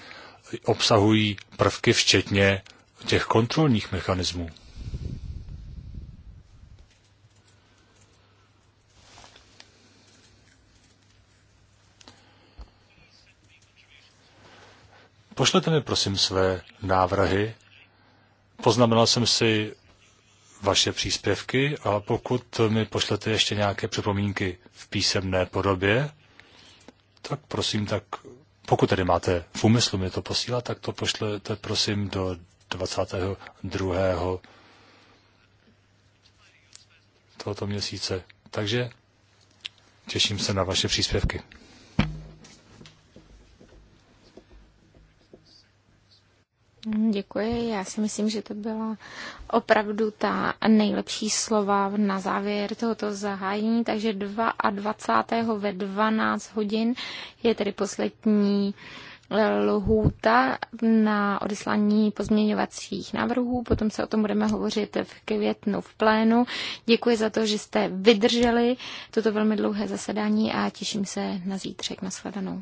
obsahují prvky včetně těch kontrolních mechanismů. Pošlete mi prosím své návrhy. Poznamenal jsem si vaše příspěvky a pokud mi pošlete ještě nějaké připomínky v písemné podobě, tak prosím, tak pokud tedy máte v úmyslu mi to posílat, tak to pošlete prosím do 22. tohoto měsíce. Takže těším se na vaše příspěvky. Děkuji. Já si myslím, že to byla opravdu ta nejlepší slova na závěr tohoto zahájení. Takže 22. ve 12 hodin je tedy poslední eh, lhůta na odeslání pozměňovacích návrhů. Potom se o tom budeme hovořit v květnu v plénu. Děkuji za to, že jste vydrželi toto velmi dlouhé zasedání a těším se na zítřek. Nashledanou.